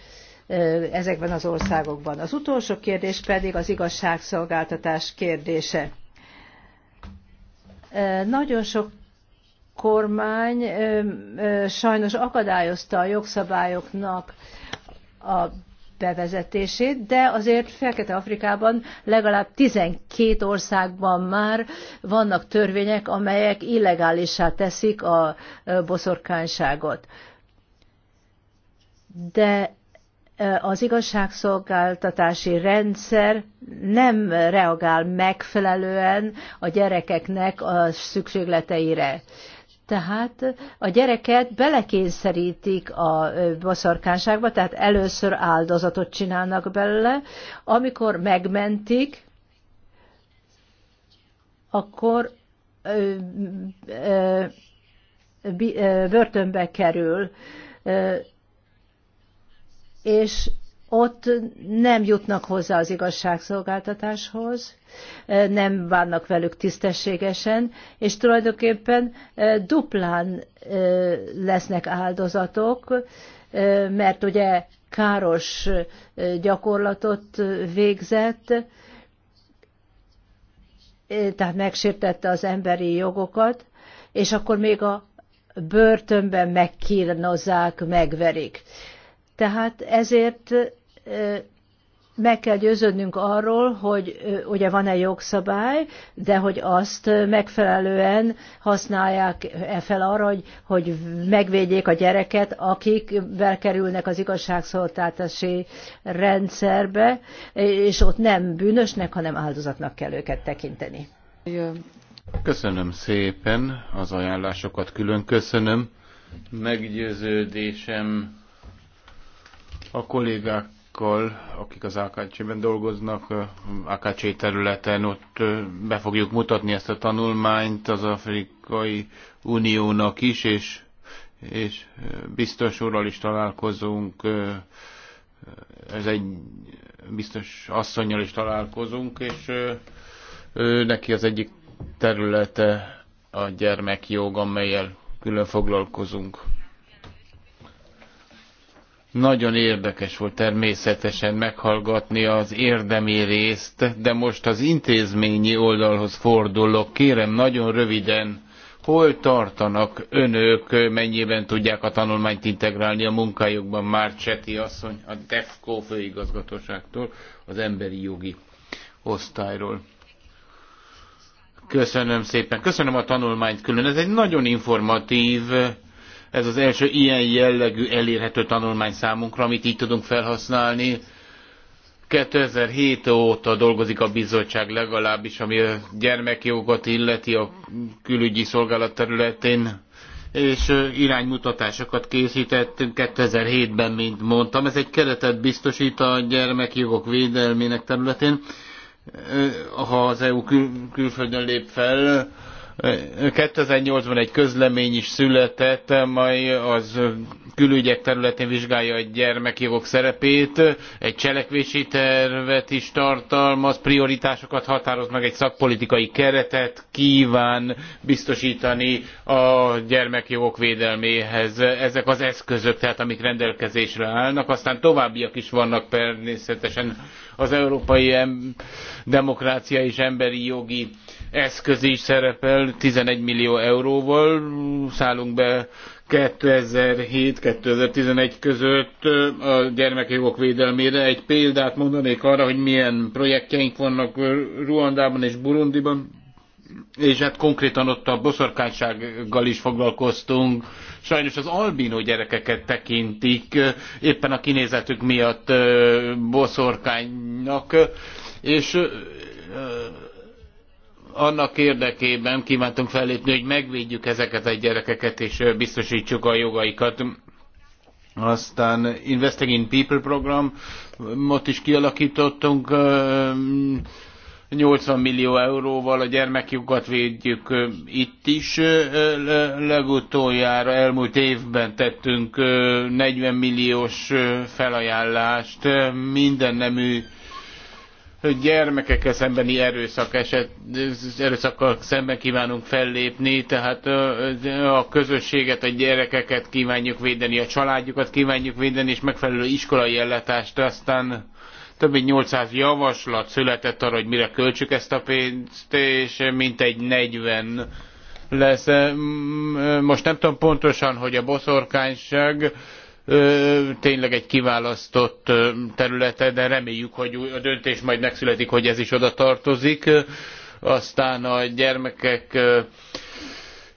ezekben az országokban. Az utolsó kérdés pedig az igazságszolgáltatás kérdése. Nagyon sok kormány sajnos akadályozta a jogszabályoknak a bevezetését, de azért Fekete-Afrikában legalább 12 országban már vannak törvények, amelyek illegálissá teszik a boszorkányságot. De az igazságszolgáltatási rendszer nem reagál megfelelően a gyerekeknek a szükségleteire. Tehát a gyereket belekényszerítik a boszorkánságba, tehát először áldozatot csinálnak belőle, amikor megmentik, akkor ö, ö, börtönbe kerül. Ö, és ott nem jutnak hozzá az igazságszolgáltatáshoz, nem bánnak velük tisztességesen, és tulajdonképpen duplán lesznek áldozatok, mert ugye káros gyakorlatot végzett, tehát megsértette az emberi jogokat, és akkor még a börtönben megkínozzák, megverik tehát ezért meg kell győződnünk arról, hogy ugye van-e jogszabály, de hogy azt megfelelően használják -e fel arra, hogy, hogy megvédjék a gyereket, akik belkerülnek az igazságszolgáltatási rendszerbe, és ott nem bűnösnek, hanem áldozatnak kell őket tekinteni. Köszönöm szépen az ajánlásokat, külön köszönöm. Meggyőződésem, a kollégákkal, akik az AKC-ben dolgoznak, AKC területen, ott be fogjuk mutatni ezt a tanulmányt az Afrikai Uniónak is, és, és biztos úrral is találkozunk, ez egy biztos asszonynal is találkozunk, és ő, neki az egyik területe a gyermekjog, amelyel külön foglalkozunk. Nagyon érdekes volt természetesen meghallgatni az érdemi részt, de most az intézményi oldalhoz fordulok. Kérem, nagyon röviden, hol tartanak önök, mennyiben tudják a tanulmányt integrálni a munkájukban Cseti asszony a DEFCO főigazgatóságtól, az emberi jogi osztályról. Köszönöm szépen. Köszönöm a tanulmányt külön. Ez egy nagyon informatív ez az első ilyen jellegű elérhető tanulmány számunkra, amit így tudunk felhasználni. 2007 óta dolgozik a bizottság legalábbis, ami a gyermekjogot illeti a külügyi szolgálat területén és iránymutatásokat készítettünk 2007-ben, mint mondtam. Ez egy keretet biztosít a gyermekjogok védelmének területén, ha az EU kül- külföldön lép fel, 2008-ban egy közlemény is született, mely az külügyek területén vizsgálja a gyermekjogok szerepét, egy cselekvési tervet is tartalmaz, prioritásokat határoz meg, egy szakpolitikai keretet kíván biztosítani a gyermekjogok védelméhez. Ezek az eszközök, tehát amik rendelkezésre állnak, aztán továbbiak is vannak természetesen az európai demokrácia és emberi jogi eszköz is szerepel, 11 millió euróval szállunk be and 2011 között a gyermekjogok védelmére. Egy példát mondanék arra, hogy milyen projektjeink vannak Ruandában és Burundiban, és hát konkrétan ott a boszorkánysággal is foglalkoztunk. Sajnos az albino gyerekeket tekintik, éppen a kinézetük miatt boszorkánynak, és annak érdekében kvántunk fellépni, hogy megvédjük ezeket a gyerekeket és biztostsuk a jogaikat. Aztán Investing in People programot is kialakítottunk, 80 millió euróval a gyermekjukat védjük itt is. Legutoljára elmúlt évben tettünk 40 milliós felajánlást minden nemű hogy gyermekekkel szembeni erőszak eset, erőszakkal szemben kívánunk fellépni, tehát a közösséget, a gyerekeket kívánjuk védeni, a családjukat kívánjuk védeni, és megfelelő iskolai ellátást, aztán több mint 800 javaslat született arra, hogy mire költsük ezt a pénzt, és mintegy 40 lesz. Most nem tudom pontosan, hogy a boszorkányság tényleg egy kiválasztott területe, de reméljük, hogy a döntés majd megszületik, hogy ez is oda tartozik. Aztán a gyermekek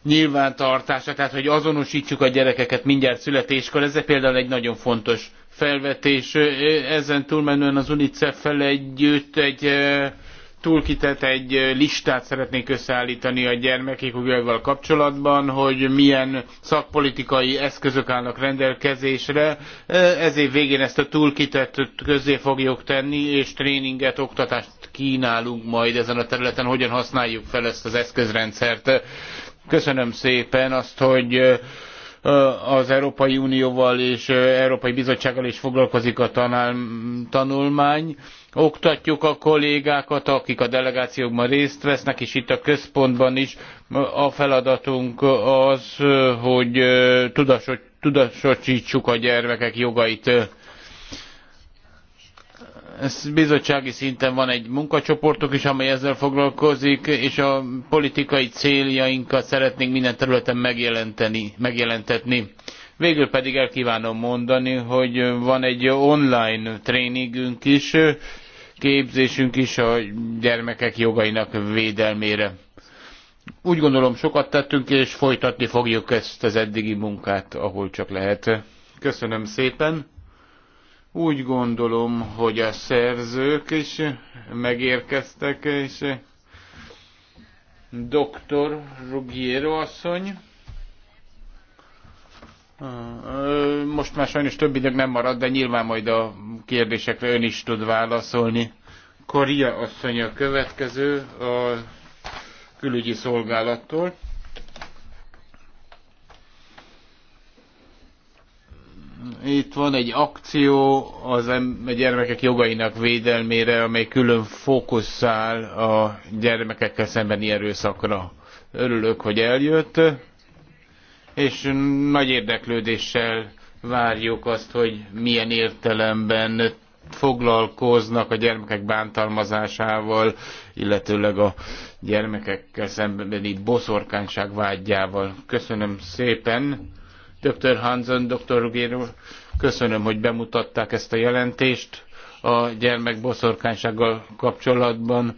nyilvántartása, tehát hogy azonosítsuk a gyerekeket mindjárt születéskor, ez például egy nagyon fontos felvetés. Ezen túlmenően az UNICEF-fel együtt egy túlkitett egy listát szeretnék összeállítani a gyermekek jogaival kapcsolatban, hogy milyen szakpolitikai eszközök állnak rendelkezésre. Ez év végén ezt a túlkitett közzé fogjuk tenni, és tréninget, oktatást kínálunk majd ezen a területen, hogyan használjuk fel ezt az eszközrendszert. Köszönöm szépen azt, hogy az Európai Unióval és Európai Bizottsággal is foglalkozik a tanulmány. Oktatjuk a kollégákat, akik a delegációkban részt vesznek, és itt a központban is a feladatunk az, hogy tudatosítsuk a gyermekek jogait bizottsági szinten van egy munkacsoportok is, amely ezzel foglalkozik, és a politikai céljainkat szeretnénk minden területen megjelentetni. Végül pedig el kvánom mondani, hogy van egy online tréningünk is, képzésünk is a gyermekek jogainak védelmére. Úgy gondolom sokat tettünk, és folytatni fogjuk ezt az eddigi munkát, ahol csak lehet. Köszönöm szépen! Úgy gondolom, hogy a szerzők is megérkeztek, és dr. Rugiero asszony. Most már sajnos több idők nem marad, de nyilván majd a kérdésekre ön is tud válaszolni. Koria asszony a következő a külügyi szolgálattól. Itt van egy akció az a gyermekek jogainak védelmére, amely külön fókuszál a gyermekekkel szembeni erőszakra. Örülök, hogy eljött, és nagy érdeklődéssel várjuk azt, hogy milyen értelemben foglalkoznak a gyermekek bántalmazásával, illetőleg a gyermekekkel szembeni boszorkányság vágyával. Köszönöm szépen! Dr. Hansen, Dr. Rugéro, köszönöm, hogy bemutatták ezt a jelentést a gyermekboszorkánysággal kapcsolatban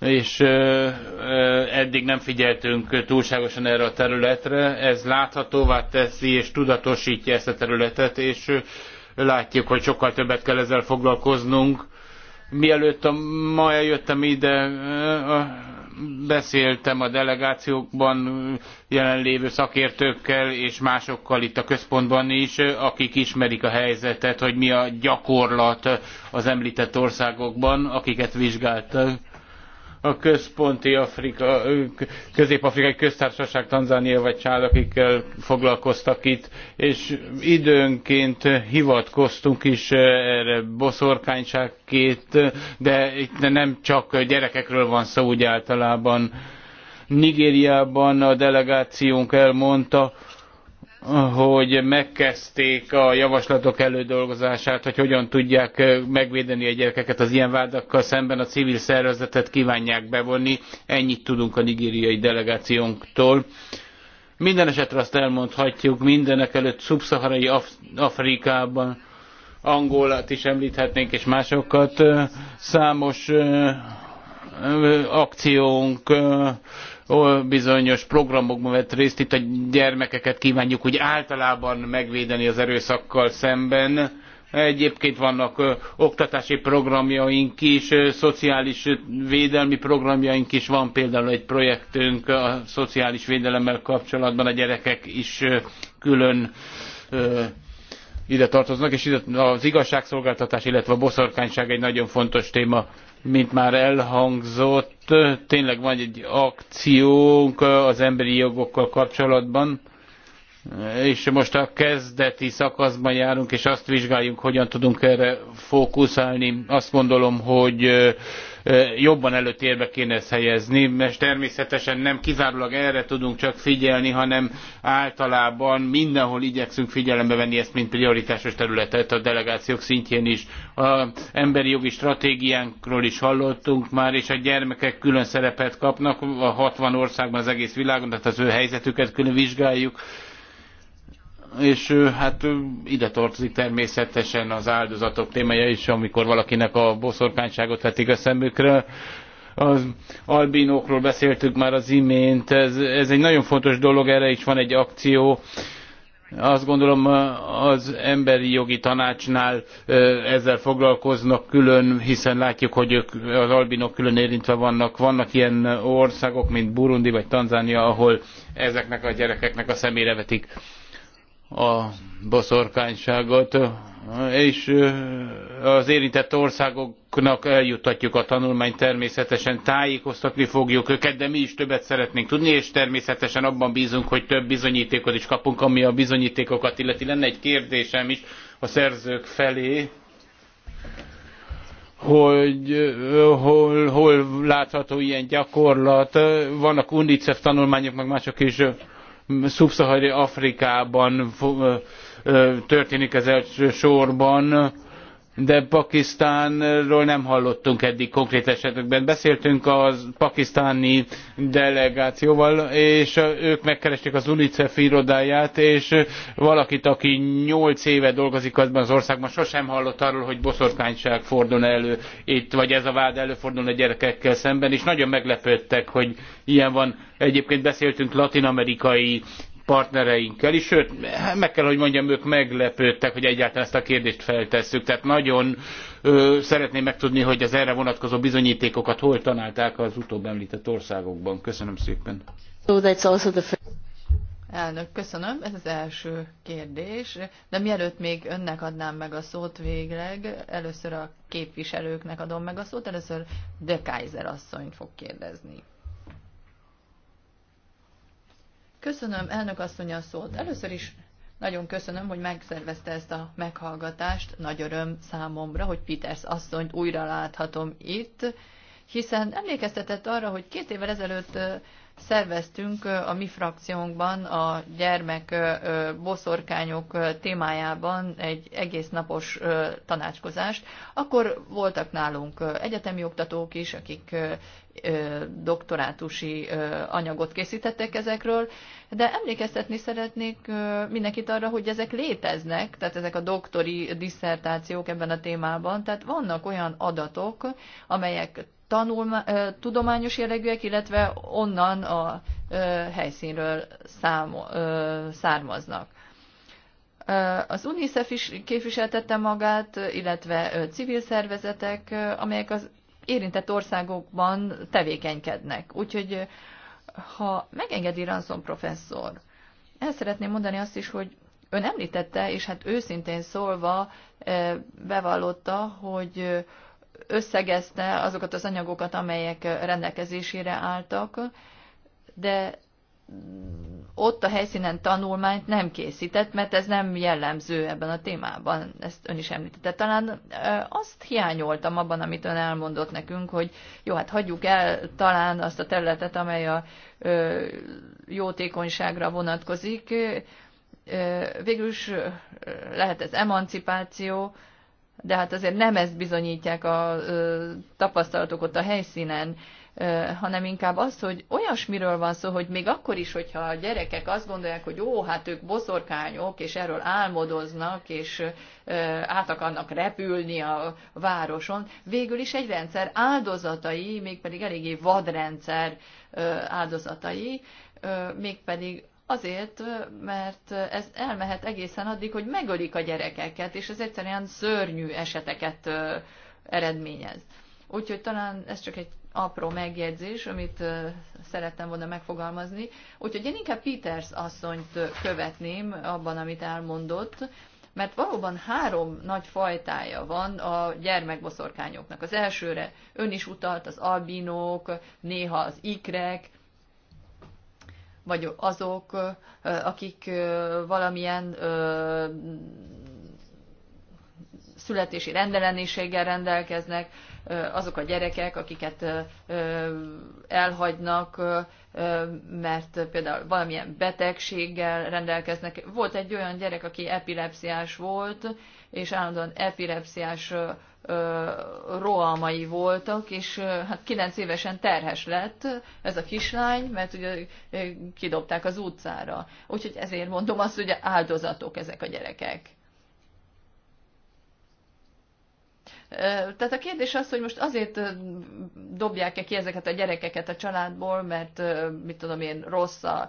és eddig nem figyeltünk túlságosan erre a területre. Ez láthatóvá teszi és tudatosítja ezt a területet, és látjuk, hogy sokkal többet kell ezzel foglalkoznunk. Mielőtt a, ma eljöttem ide, a beszéltem a delegációkban jelenlévő szakértőkkel és másokkal itt a központban is, akik ismerik a helyzetet, hogy mi a gyakorlat az említett országokban, akiket vizsgáltak a központi Afrika, közép-afrikai köztársaság Tanzánia vagy csád akikkel foglalkoztak itt, és időnként hivatkoztunk is erre boszorkányságként, de itt nem csak gyerekekről van szó úgy általában. Nigériában a delegációnk elmondta, hogy megkezdték a javaslatok elődolgozását, hogy hogyan tudják megvédeni a gyerekeket az ilyen vádakkal szemben, a civil szervezetet kívánják bevonni. Ennyit tudunk a nigériai delegációnktól. Minden esetre azt elmondhatjuk, mindenek előtt szubszaharai Af- Afrikában, Angolát is említhetnénk, és másokat, számos akciónk bizonyos programokban vett részt, itt a gyermekeket kvánjuk úgy általában megvédeni az erőszakkal szemben. Egyébként vannak oktatási programjaink is, szociális védelmi programjaink is, van például egy projektünk a szociális védelemmel kapcsolatban, a gyerekek is külön ide tartoznak, és az igazságszolgáltatás, illetve a boszorkányság egy nagyon fontos téma mint már elhangzott, tényleg van egy akciónk az emberi jogokkal kapcsolatban, és most a kezdeti szakaszban járunk, és azt vizsgáljuk, hogyan tudunk erre fókuszálni. Azt gondolom, hogy jobban előtérbe kéne ezt helyezni, mert természetesen nem kizárólag erre tudunk csak figyelni, hanem általában mindenhol igyekszünk figyelembe venni ezt, mint prioritásos területet a delegációk szintjén is. az emberi jogi stratégiánkról is hallottunk már, és a gyermekek külön szerepet kapnak a 60 országban az egész világon, tehát az ő helyzetüket külön vizsgáljuk és hát ide tartozik természetesen az áldozatok témája is, amikor valakinek a boszorkányságot vetik a szemükre. Az albinókról beszéltük már az imént, ez, ez egy nagyon fontos dolog, erre is van egy akció. Azt gondolom az emberi jogi tanácsnál ezzel foglalkoznak külön, hiszen látjuk, hogy ők, az albinok külön érintve vannak. Vannak ilyen országok, mint Burundi vagy Tanzánia, ahol ezeknek a gyerekeknek a szemére vetik a boszorkányságot, és az érintett országoknak eljuttatjuk a tanulmányt, természetesen tájékoztatni fogjuk őket, de mi is többet szeretnénk tudni, és természetesen abban bízunk, hogy több bizonyítékot is kapunk, ami a bizonyítékokat illeti. Lenne egy kérdésem is a szerzők felé, hogy hol, hol látható ilyen gyakorlat. Vannak UNICEF tanulmányok, meg mások is szubszahari Afrikában történik ez elsősorban de Pakisztánról nem hallottunk eddig konkrét esetekben. Beszéltünk a pakisztáni delegációval, és ők megkeresték az UNICEF irodáját, és valakit, aki nyolc éve dolgozik azban az országban, sosem hallott arról, hogy boszorkányság fordul elő itt, vagy ez a vád előfordul a gyerekekkel szemben, és nagyon meglepődtek, hogy ilyen van. Egyébként beszéltünk latin-amerikai partnereinkkel is, sőt, meg kell, hogy mondjam, ők meglepődtek, hogy egyáltalán ezt a kérdést feltesszük. Tehát nagyon ö, szeretném megtudni, hogy az erre vonatkozó bizonyítékokat hol találták az utóbb említett országokban. Köszönöm szépen. So that's also the Elnök, köszönöm. Ez az első kérdés. De mielőtt még önnek adnám meg a szót végleg, először a képviselőknek adom meg a szót, először De Kaiser asszonyt fog kérdezni. Köszönöm, elnök asszony a szót. Először is nagyon köszönöm, hogy megszervezte ezt a meghallgatást. Nagy öröm számomra, hogy Peters asszonyt újra láthatom itt, hiszen emlékeztetett arra, hogy két évvel ezelőtt szerveztünk a mi frakciónkban a gyermek boszorkányok témájában egy egész napos tanácskozást. Akkor voltak nálunk egyetemi oktatók is, akik doktorátusi anyagot készítettek ezekről, de emlékeztetni szeretnék mindenkit arra, hogy ezek léteznek, tehát ezek a doktori diszertációk ebben a témában, tehát vannak olyan adatok, amelyek tanulma, tudományos jellegűek, illetve onnan a helyszínről szám, származnak. Az UNICEF is képviseltette magát, illetve civil szervezetek, amelyek az érintett országokban tevékenykednek. Úgyhogy ha megengedi Ranson professzor, el szeretném mondani azt is, hogy ön említette, és hát őszintén szólva bevallotta, hogy összegezte azokat az anyagokat, amelyek rendelkezésére álltak, de ott a helyszínen tanulmányt nem készített, mert ez nem jellemző ebben a témában, ezt ön is említette. Talán azt hiányoltam abban, amit ön elmondott nekünk, hogy jó, hát hagyjuk el talán azt a területet, amely a jótékonyságra vonatkozik. Végül is lehet ez emancipáció, de hát azért nem ezt bizonyítják a tapasztalatok ott a helyszínen hanem inkább az, hogy olyasmiről van szó, hogy még akkor is, hogyha a gyerekek azt gondolják, hogy ó, hát ők boszorkányok, és erről álmodoznak, és át akarnak repülni a városon, végül is egy rendszer áldozatai, mégpedig eléggé vadrendszer áldozatai, mégpedig Azért, mert ez elmehet egészen addig, hogy megölik a gyerekeket, és ez egyszerűen szörnyű eseteket eredményez. Úgyhogy talán ez csak egy apró megjegyzés, amit szerettem volna megfogalmazni. Úgyhogy én inkább Peters asszonyt követném abban, amit elmondott, mert valóban három nagy fajtája van a gyermekboszorkányoknak. Az elsőre ön is utalt, az albinók, néha az ikrek, vagy azok, akik valamilyen születési rendellenéséggel rendelkeznek, azok a gyerekek, akiket elhagynak, mert például valamilyen betegséggel rendelkeznek. Volt egy olyan gyerek, aki epilepsziás volt, és állandóan epilepsziás rohamai voltak, és hát 9 évesen terhes lett ez a kislány, mert ugye kidobták az utcára. Úgyhogy ezért mondom azt, hogy áldozatok ezek a gyerekek. Tehát a kérdés az, hogy most azért dobják-e ki ezeket a gyerekeket a családból, mert mit tudom én, rossz a,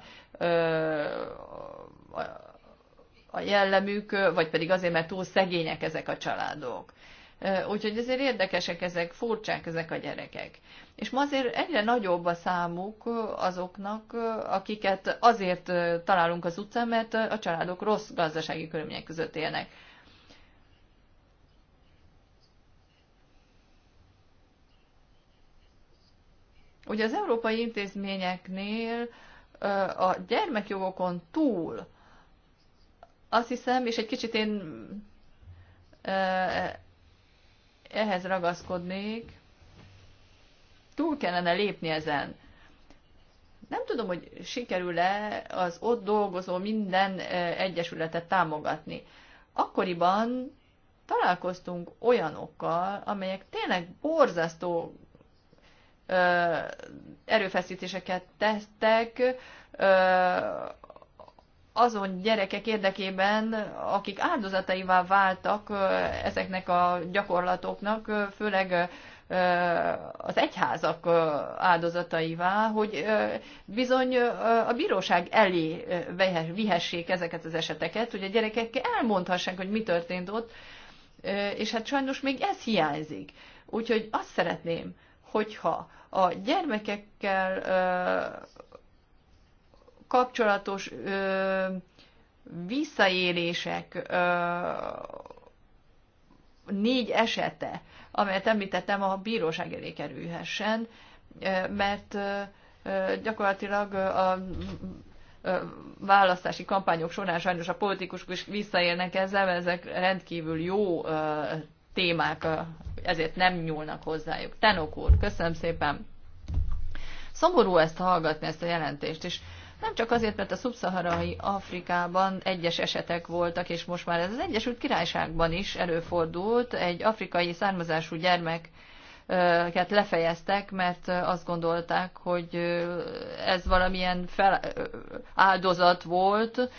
a jellemük, vagy pedig azért, mert túl szegények ezek a családok. Úgyhogy ezért érdekesek ezek, furcsák ezek a gyerekek. És ma azért egyre nagyobb a számuk azoknak, akiket azért találunk az utcán, mert a családok rossz gazdasági körülmények között élnek. Ugye az európai intézményeknél a gyermekjogokon túl azt hiszem, és egy kicsit én ehhez ragaszkodnék, túl kellene lépni ezen. Nem tudom, hogy sikerül-e az ott dolgozó minden egyesületet támogatni. Akkoriban találkoztunk olyanokkal, amelyek tényleg borzasztó erőfeszítéseket tettek azon gyerekek érdekében, akik áldozataivá váltak ezeknek a gyakorlatoknak, főleg az egyházak áldozataivá, hogy bizony a bíróság elé vihessék ezeket az eseteket, hogy a gyerekek elmondhassák, hogy mi történt ott, és hát sajnos még ez hiányzik. Úgyhogy azt szeretném, hogyha a gyermekekkel kapcsolatos visszaélések négy esete, amelyet említettem, a bíróság elé kerülhessen, mert gyakorlatilag a választási kampányok során sajnos a politikusok is visszaélnek ezzel, mert ezek rendkívül jó témák, ezért nem nyúlnak hozzájuk. Tenok úr, köszönöm szépen. Szomorú ezt hallgatni, ezt a jelentést, és nem csak azért, mert a szubszaharai Afrikában egyes esetek voltak, és most már ez az Egyesült Királyságban is előfordult, egy afrikai származású gyermek hát lefejeztek, mert azt gondolták, hogy ez valamilyen fel, áldozat volt,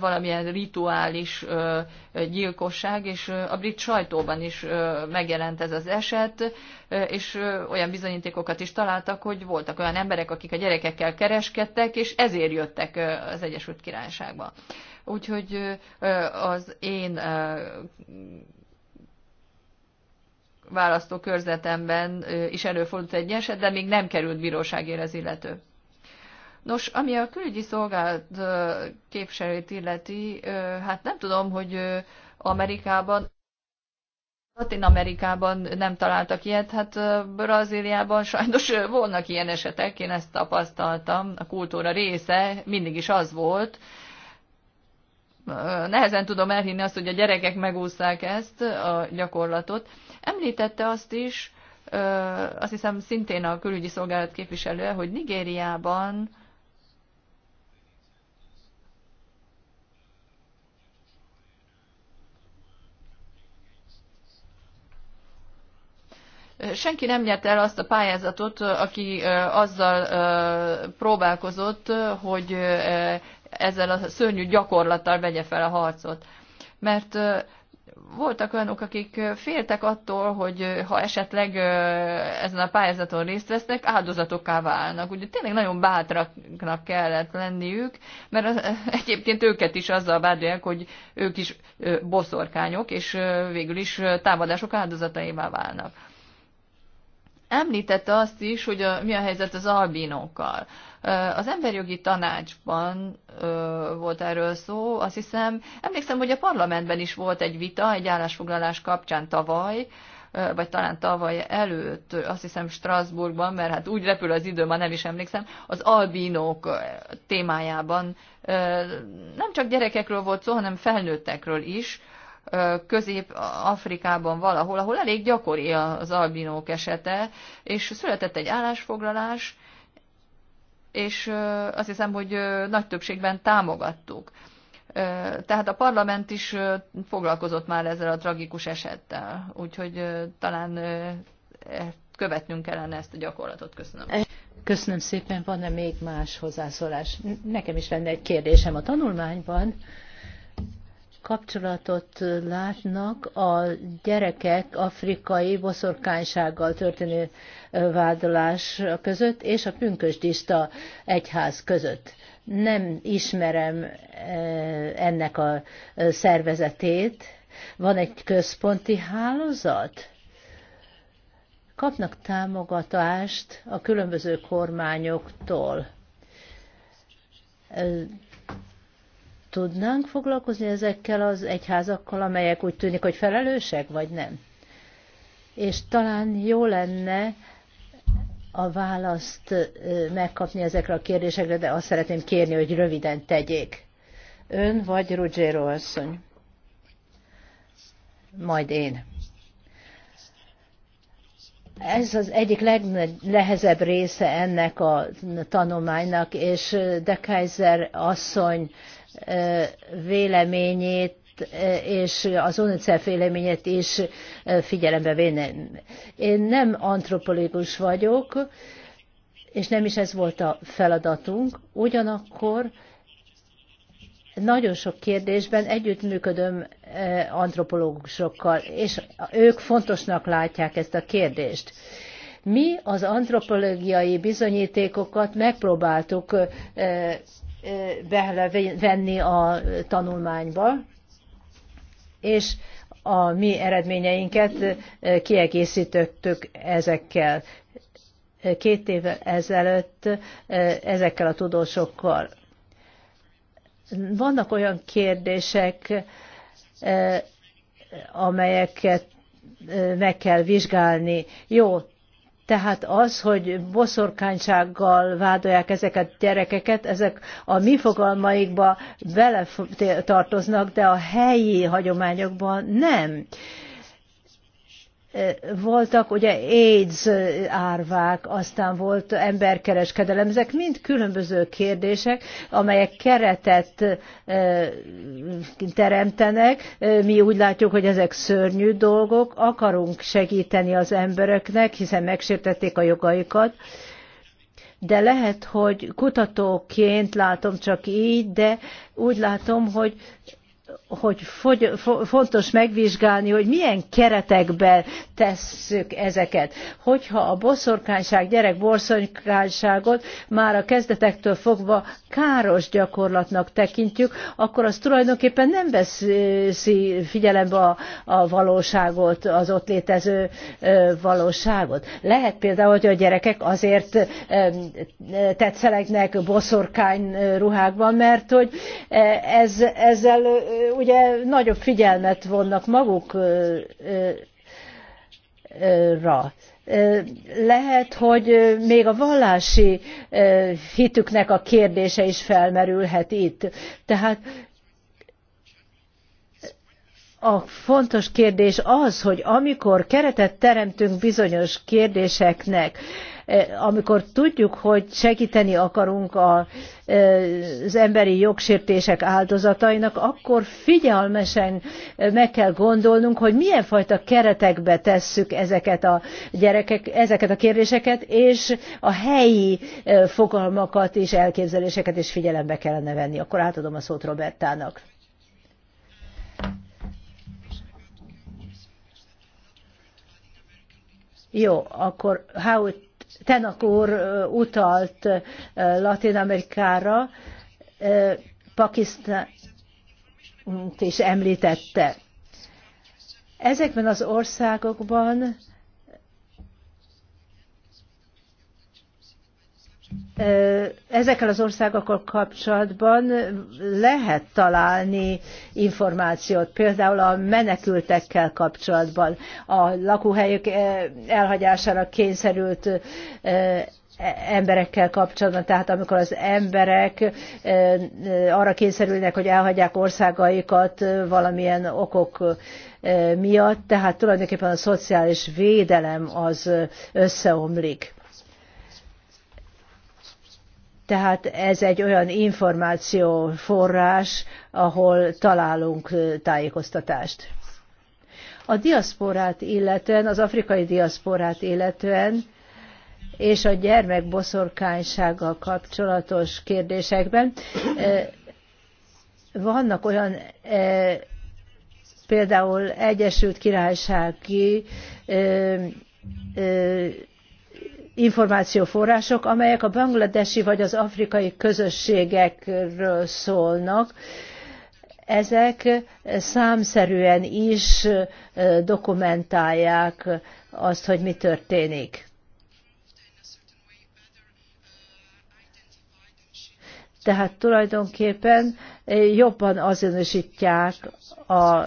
valamilyen rituális gyilkosság, és a brit sajtóban is megjelent ez az eset, és olyan bizonyítékokat is találtak, hogy voltak olyan emberek, akik a gyerekekkel kereskedtek, és ezért jöttek az Egyesült Királyságba. Úgyhogy az én körzetemben is előfordult egy eset, de még nem került bíróságére az illető. Nos, ami a külügyi szolgált képviselőt illeti, hát nem tudom, hogy Amerikában, Latin Amerikában nem találtak ilyet, hát Brazíliában sajnos volnak ilyen esetek, én ezt tapasztaltam, a kultúra része mindig is az volt, nehezen tudom elhinni azt, hogy a gyerekek megúszták ezt a gyakorlatot. Említette azt is, azt hiszem szintén a külügyi szolgálat képviselő, hogy Nigériában Senki nem nyerte el azt a pályázatot, aki azzal próbálkozott, hogy ezzel a szörnyű gyakorlattal vegye fel a harcot. Mert voltak olyanok, akik féltek attól, hogy ha esetleg ezen a pályázaton részt vesznek, áldozatokká válnak. Ugye tényleg nagyon bátraknak kellett lenniük, mert egyébként őket is azzal vádolják, hogy ők is boszorkányok, és végül is támadások áldozataivá válnak említette azt is, hogy a, mi a helyzet az albinókkal. Az emberjogi tanácsban ö, volt erről szó, azt hiszem, emlékszem, hogy a parlamentben is volt egy vita, egy állásfoglalás kapcsán tavaly, ö, vagy talán tavaly előtt, azt hiszem Strasbourgban, mert hát úgy repül az idő, ma nem is emlékszem, az albinók témájában ö, nem csak gyerekekről volt szó, hanem felnőttekről is, Közép-Afrikában valahol, ahol elég gyakori az albinók esete, és született egy állásfoglalás, és azt hiszem, hogy nagy többségben támogattuk. Tehát a parlament is foglalkozott már ezzel a tragikus esettel, úgyhogy talán e, követnünk kellene ezt a gyakorlatot. Köszönöm. Köszönöm szépen. Van-e még más hozzászólás? Nekem is lenne egy kérdésem. A tanulmányban kapcsolatot látnak a gyerekek afrikai boszorkánysággal történő vádolás között és a pünkösdista egyház között. Nem ismerem ennek a szervezetét. Van egy központi hálózat? Kapnak támogatást a különböző kormányoktól tudnánk foglalkozni ezekkel az egyházakkal, amelyek úgy tűnik, hogy felelősek, vagy nem? És talán jó lenne a választ megkapni ezekre a kérdésekre, de azt szeretném kérni, hogy röviden tegyék. Ön vagy Ruggiero asszony? Majd én. Ez az egyik legnehezebb része ennek a tanulmánynak, és De Kaiser asszony véleményét és az UNICEF véleményét is figyelembe vénem. Én nem antropológus vagyok, és nem is ez volt a feladatunk, ugyanakkor nagyon sok kérdésben együttműködöm antropológusokkal, és ők fontosnak látják ezt a kérdést. Mi az antropológiai bizonyítékokat megpróbáltuk venni a tanulmányba, és a mi eredményeinket kiegészítettük ezekkel. Két évvel ezelőtt ezekkel a tudósokkal. Vannak olyan kérdések, amelyeket meg kell vizsgálni. Jó, tehát az, hogy boszorkánysággal vádolják ezeket a gyerekeket, ezek a mi fogalmaikba bele tartoznak, de a helyi hagyományokban nem voltak ugye AIDS árvák, aztán volt emberkereskedelem, ezek mind különböző kérdések, amelyek keretet teremtenek. Mi úgy látjuk, hogy ezek szörnyű dolgok, akarunk segíteni az embereknek, hiszen megsértették a jogaikat, de lehet, hogy kutatóként látom csak így, de úgy látom, hogy hogy fogy, fontos megvizsgálni, hogy milyen keretekben tesszük ezeket. Hogyha a boszorkányság, gyerek boszorkányságot már a kezdetektől fogva káros gyakorlatnak tekintjük, akkor az tulajdonképpen nem veszi figyelembe a, a valóságot, az ott létező valóságot. Lehet például, hogy a gyerekek azért tetszelegnek boszorkány ruhákban, mert hogy ez, ezzel ugye nagyobb figyelmet vonnak magukra. Lehet, hogy még a vallási hitüknek a kérdése is felmerülhet itt. Tehát a fontos kérdés az, hogy amikor keretet teremtünk bizonyos kérdéseknek, Eh, amikor tudjuk, hogy segíteni akarunk a, eh, az emberi jogsértések áldozatainak, akkor figyelmesen eh, meg kell gondolnunk, hogy milyen fajta keretekbe tesszük ezeket a gyerekek, ezeket a kérdéseket, és a helyi fogalmakat és elképzeléseket is figyelembe kellene venni. Akkor átadom a szót Robertának. Jó, akkor Howard Tenak úr utalt Latin Amerikára, Pakisztánt is említette. Ezekben az országokban ezekkel az országokkal kapcsolatban lehet találni információt, például a menekültekkel kapcsolatban, a lakóhelyük elhagyására kényszerült emberekkel kapcsolatban, tehát amikor az emberek arra kényszerülnek, hogy elhagyják országaikat valamilyen okok miatt, tehát tulajdonképpen a szociális védelem az összeomlik tehát ez egy olyan információforrás, ahol találunk tájékoztatást. A diaszporát illetően, az afrikai diaszporát illetően, és a gyermekboszorkánysággal kapcsolatos kérdésekben vannak olyan például Egyesült Királysági információforrások, amelyek a bangladesi vagy az afrikai közösségekről szólnak. Ezek számszerűen is dokumentálják azt, hogy mi történik. Tehát tulajdonképpen jobban azonosítják a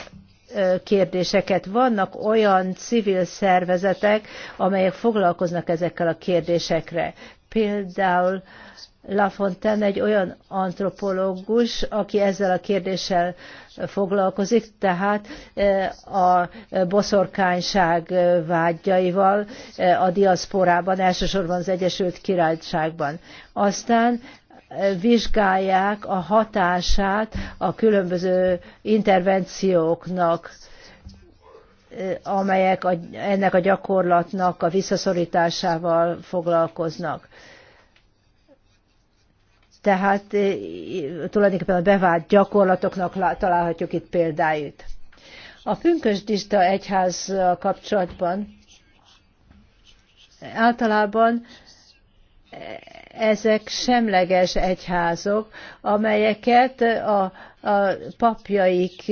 kérdéseket. Vannak olyan civil szervezetek, amelyek foglalkoznak ezekkel a kérdésekre. Például La Fontaine egy olyan antropológus, aki ezzel a kérdéssel foglalkozik, tehát a boszorkányság vágyjaival a diaszporában, elsősorban az Egyesült Királyságban. Aztán vizsgálják a hatását a különböző intervencióknak, amelyek a, ennek a gyakorlatnak a visszaszorításával foglalkoznak. Tehát eh, tulajdonképpen a bevált gyakorlatoknak találhatjuk itt példáit. A pünkösdista egyház kapcsolatban általában ezek semleges egyházok, amelyeket a, a papjaik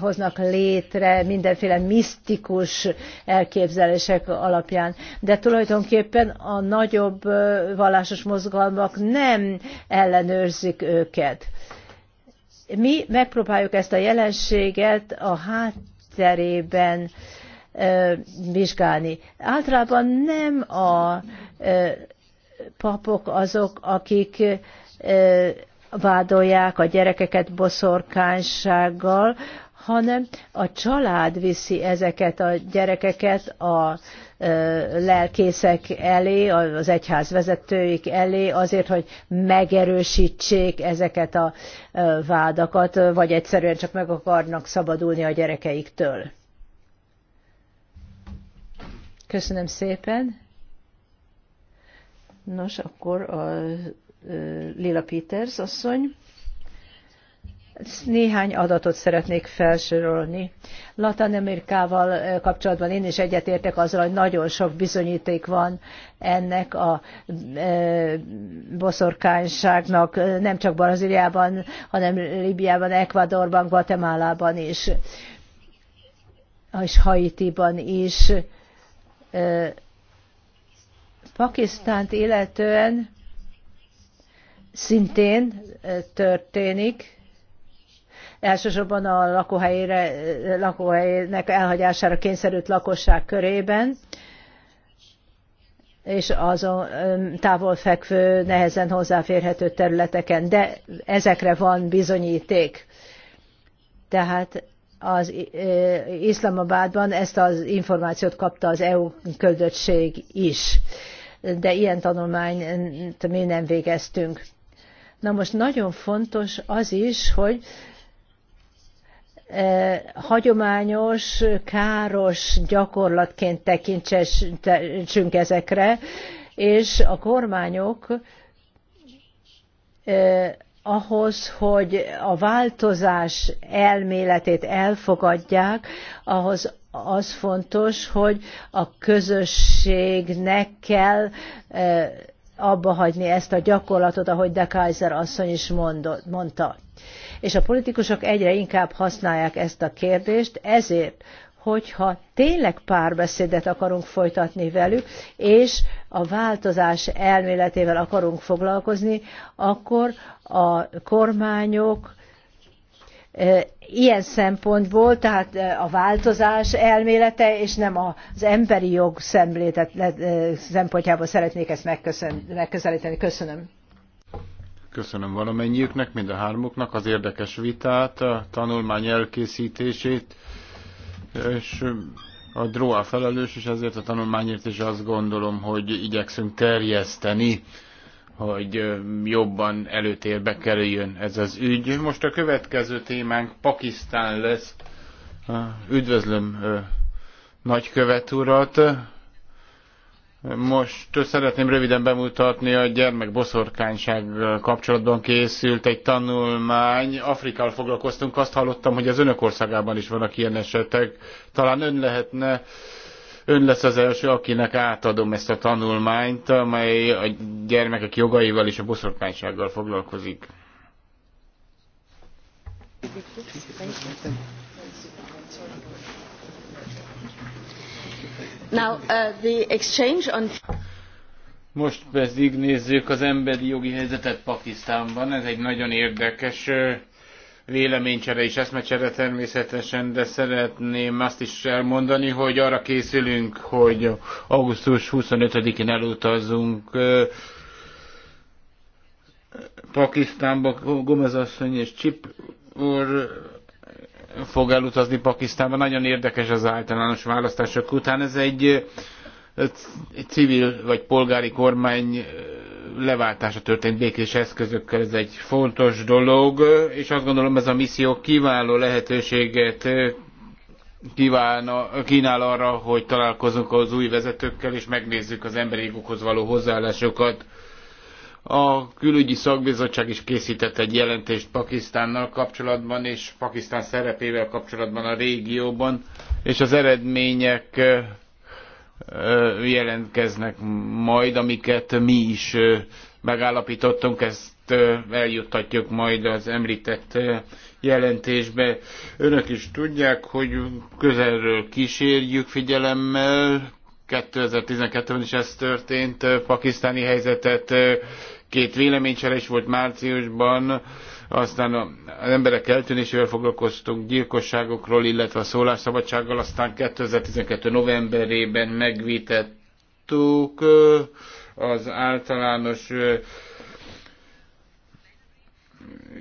hoznak létre mindenféle misztikus elképzelések alapján. De tulajdonképpen a nagyobb vallásos mozgalmak nem ellenőrzik őket. Mi megpróbáljuk ezt a jelenséget a hátterében vizsgálni. Általában nem a papok azok, akik vádolják a gyerekeket boszorkánysággal, hanem a család viszi ezeket a gyerekeket a lelkészek elé, az egyház vezetőik elé, azért, hogy megerősítsék ezeket a vádakat, vagy egyszerűen csak meg akarnak szabadulni a gyerekeiktől. Köszönöm szépen. Nos, akkor a Lila Peters asszony. Néhány adatot szeretnék felsorolni. Latin Amerikával kapcsolatban én is egyetértek azzal, hogy nagyon sok bizonyíték van ennek a e, boszorkányságnak, nem csak Brazíliában, hanem Libiában, Ecuadorban, Guatemalában is, és Haitiban is. E, Pakisztánt illetően szintén történik, elsősorban a lakóhelyére, lakóhelynek elhagyására kényszerült lakosság körében, és azon távol fekvő, nehezen hozzáférhető területeken, de ezekre van bizonyíték. Tehát az Iszlamabádban ezt az információt kapta az EU küldöttség is. De ilyen tanulmányt mi nem végeztünk. Na most nagyon fontos az is, hogy hagyományos, káros gyakorlatként tekintsünk ezekre, és a kormányok ahhoz, hogy a változás elméletét elfogadják, ahhoz az fontos, hogy a közösségnek kell e, abba hagyni ezt a gyakorlatot, ahogy de Kaiser asszony is mondott, mondta. És a politikusok egyre inkább használják ezt a kérdést, ezért hogyha tényleg párbeszédet akarunk folytatni velük, és a változás elméletével akarunk foglalkozni, akkor a kormányok e, ilyen szempontból, tehát e, a változás elmélete, és nem az emberi jog szemlélet e, szempontjából szeretnék ezt megközelíteni. Köszönöm. Köszönöm valamennyiüknek, mind a hármuknak az érdekes vitát, a tanulmány elkészítését és a a felelős, és ezért a tanulmányért is azt gondolom, hogy igyekszünk terjeszteni, hogy jobban előtérbe kerüljön ez az ügy. Most a következő témánk Pakisztán lesz. Üdvözlöm nagykövet urat. Most szeretném röviden bemutatni a gyermekboszorkányság kapcsolatban készült egy tanulmány. Afrikával foglalkoztunk, azt hallottam, hogy az önök országában is vannak ilyen esetek. Talán ön lehetne, ön lesz az első, akinek átadom ezt a tanulmányt, amely a gyermekek jogaival és a boszorkánysággal foglalkozik. Thank you. Uh, Most pedig nézzük az emberi jogi helyzetet Pakisztánban. Ez egy nagyon érdekes véleménycsere és eszmecsere természetesen, de szeretném azt is elmondani, hogy arra készülünk, hogy augusztus 25-én elutazunk Pakisztánba Gomez asszony és Csip úr fog elutazni Pakisztánba. Nagyon érdekes az általános választások után. Ez egy civil vagy polgári kormány leváltása történt békés eszközökkel, ez egy fontos dolog, és azt gondolom ez a misszió kiváló lehetőséget kíván, kínál arra, hogy találkozunk az új vezetőkkel, és megnézzük az emberi jogokhoz való hozzáállásokat. A külügyi szakbizottság is készített egy jelentést Pakisztánnal kapcsolatban, és Pakisztán szerepével kapcsolatban a régióban, és az eredmények jelentkeznek majd, amiket mi is megállapítottunk, ezt eljuttatjuk majd az említett jelentésbe. Önök is tudják, hogy közelről kísérjük figyelemmel 2012-ben is ez történt, pakisztáni helyzetet, két véleménycsere is volt márciusban, aztán az emberek eltűnésével foglalkoztunk, gyilkosságokról, illetve a szólásszabadsággal, aztán 2012. novemberében megvitettük az általános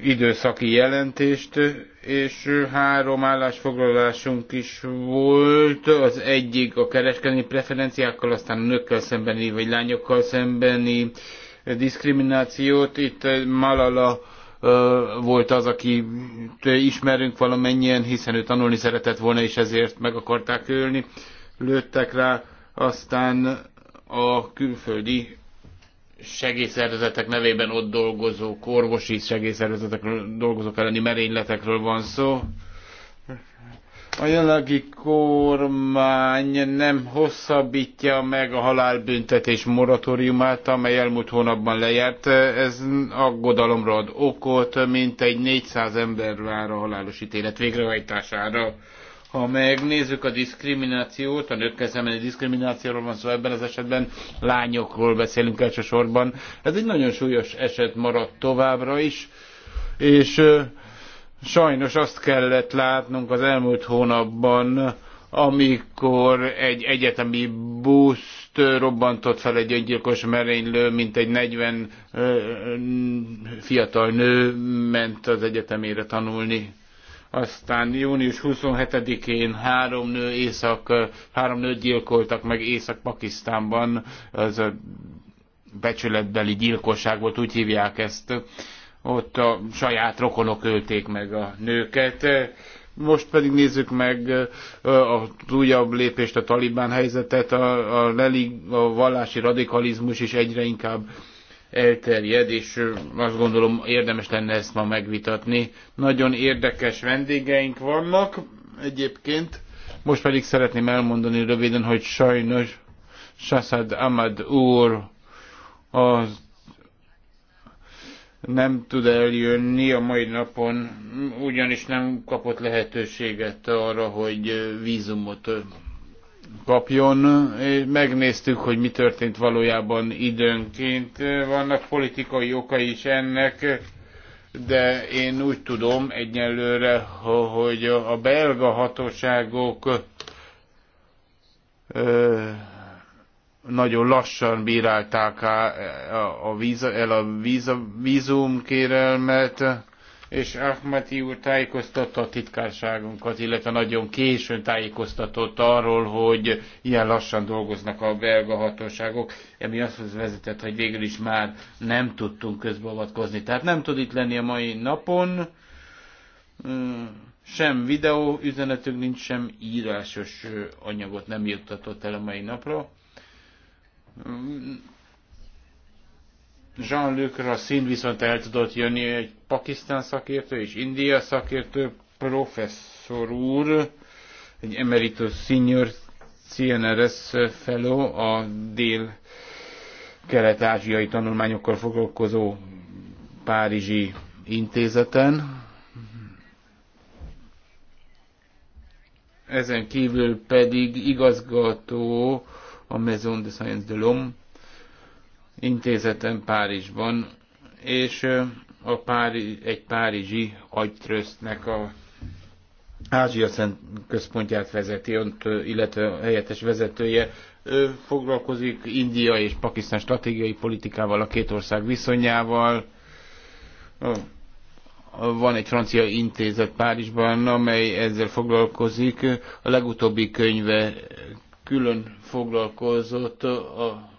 időszaki jelentést, és három állásfoglalásunk is volt, az egyik a kereskedelmi preferenciákkal, aztán a nőkkel szembeni, vagy lányokkal szembeni diszkriminációt. Itt eh, Malala eh, volt az, aki eh, ismerünk valamennyien, hiszen ő tanulni szeretett volna, és ezért meg akarták ölni. Lőttek rá, aztán a külföldi segélyszervezetek nevében ott dolgozó orvosi segélyszervezetekről dolgozók elleni merényletekről van szó. A jelenlegi kormány nem hosszabbítja meg a halálbüntetés moratóriumát, amely elmúlt hónapban lejárt. Ez aggodalomra ad okot, mint egy 400 ember vár a halálos ítélet végrehajtására. Ha megnézzük a diszkriminációt, a nőkkel egy diszkriminációról van szó ebben az esetben, lányokról beszélünk elsősorban. Ez egy nagyon súlyos eset maradt továbbra is, és sajnos azt kellett látnunk az elmúlt hónapban, amikor egy egyetemi buszt robbantott fel egy öngyilkos merénylő, mint egy 40 fiatal nő ment az egyetemére tanulni. Aztán június 27-én három nő észak, három nőt gyilkoltak meg Észak-Pakisztánban, az a becsületbeli gyilkosság volt, úgy hívják ezt. Ott a saját rokonok ölték meg a nőket. Most pedig nézzük meg az újabb lépést, a talibán helyzetet, a, a, lelig, a vallási radikalizmus is egyre inkább elterjed, és azt gondolom érdemes lenne ezt ma megvitatni. Nagyon érdekes vendégeink vannak egyébként. Most pedig szeretném elmondani röviden, hogy sajnos Sassad Ahmad úr az nem tud eljönni a mai napon, ugyanis nem kapott lehetőséget arra, hogy vízumot kapjon. Megnéztük, hogy mi történt valójában időnként. Vannak politikai okai is ennek, de én úgy tudom egyenlőre, hogy a belga hatóságok nagyon lassan bírálták el a vízum Víz, és Ahmeti úr tájékoztatta a titkárságunkat, illetve nagyon későn tájékoztatott arról, hogy ilyen lassan dolgoznak a belga hatóságok, ami azt vezetett, hogy végül is már nem tudtunk közbeavatkozni. Tehát nem tud itt lenni a mai napon, sem videó üzenetünk nincs, sem írásos anyagot nem juttatott el a mai napra Jean-Luc Racine viszont el tudott jönni egy pakisztán szakértő és india szakértő professzor úr, egy emeritus senior CNRS fellow, a dél kelet-ázsiai tanulmányokkal foglalkozó Párizsi intézeten. Ezen kívül pedig igazgató a Maison de Sciences de l'Homme intézetem Párizsban, és a Pári, egy párizsi agytrösztnek a Ázsia Szent központját vezeti, ott, illetve a helyettes vezetője. Ő foglalkozik India és Pakisztán stratégiai politikával, a két ország viszonyával. Van egy francia intézet Párizsban, amely ezzel foglalkozik. A legutóbbi könyve külön foglalkozott a, a,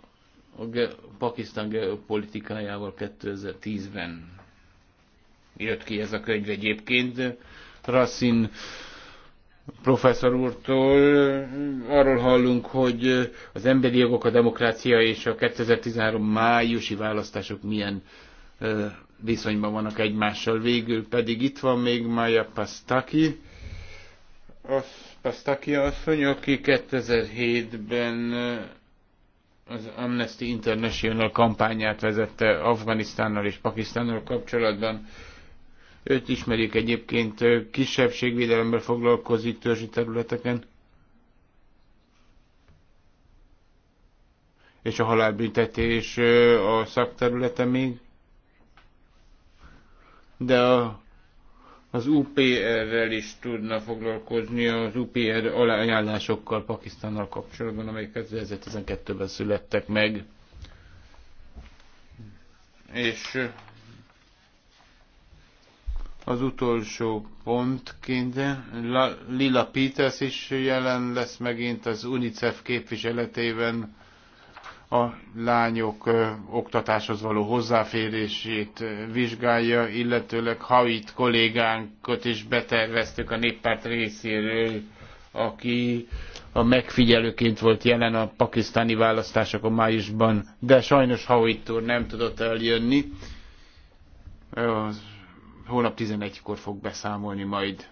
Pakisztán geopolitikájával 2010-ben jött ki ez a könyv egyébként. Rassin professzor úrtól arról hallunk, hogy az emberi jogok, a demokrácia és a 2013 májusi választások milyen viszonyban vannak egymással. Végül pedig itt van még Maya Pastaki, az Pastaki asszony, aki 2007-ben az Amnesty International kampányát vezette Afganisztánnal és Pakisztánnal kapcsolatban. Őt ismerjük egyébként, kisebbségvédelemmel foglalkozik törzsi területeken. És a halálbüntetés a szakterülete még. De a az UPR-rel is tudna foglalkozni, az UPR ajánlásokkal Pakisztánnal kapcsolatban, amelyek 2012-ben születtek meg. És az utolsó pontként Lila Peters is jelen lesz megint az UNICEF képviseletében a lányok oktatáshoz való hozzáférését vizsgálja, illetőleg Hait kollégánkat is beterveztük a néppárt részéről, aki a megfigyelőként volt jelen a pakisztáni választásokon májusban, de sajnos Hawit úr nem tudott eljönni. Holnap 11-kor fog beszámolni majd.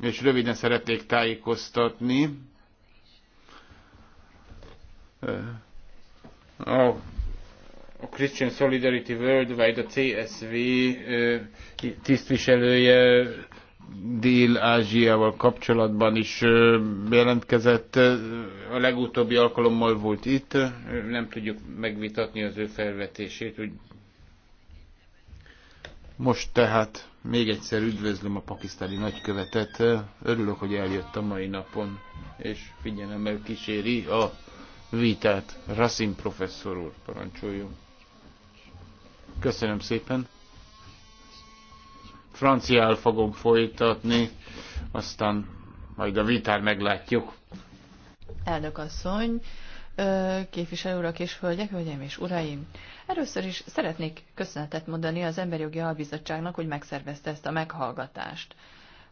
És röviden szeretnék tájékoztatni a a Christian Solidarity Worldwide, a CSV tisztviselője Dél-Ázsiával kapcsolatban is jelentkezett. A legutóbbi alkalommal volt itt, nem tudjuk megvitatni az ő felvetését. Úgy... Most tehát még egyszer üdvözlöm a pakisztáni nagykövetet. Örülök, hogy eljött a mai napon, és figyelemmel kíséri a vitát. Rasim professzor úr, parancsoljon. Köszönöm szépen. Franciál fogom folytatni, aztán majd a vitár meglátjuk. Elnök asszony, képviselő urak és hölgyek, hölgyeim és uraim! Először is szeretnék köszönetet mondani az Emberjogi Albizottságnak, hogy megszervezte ezt a meghallgatást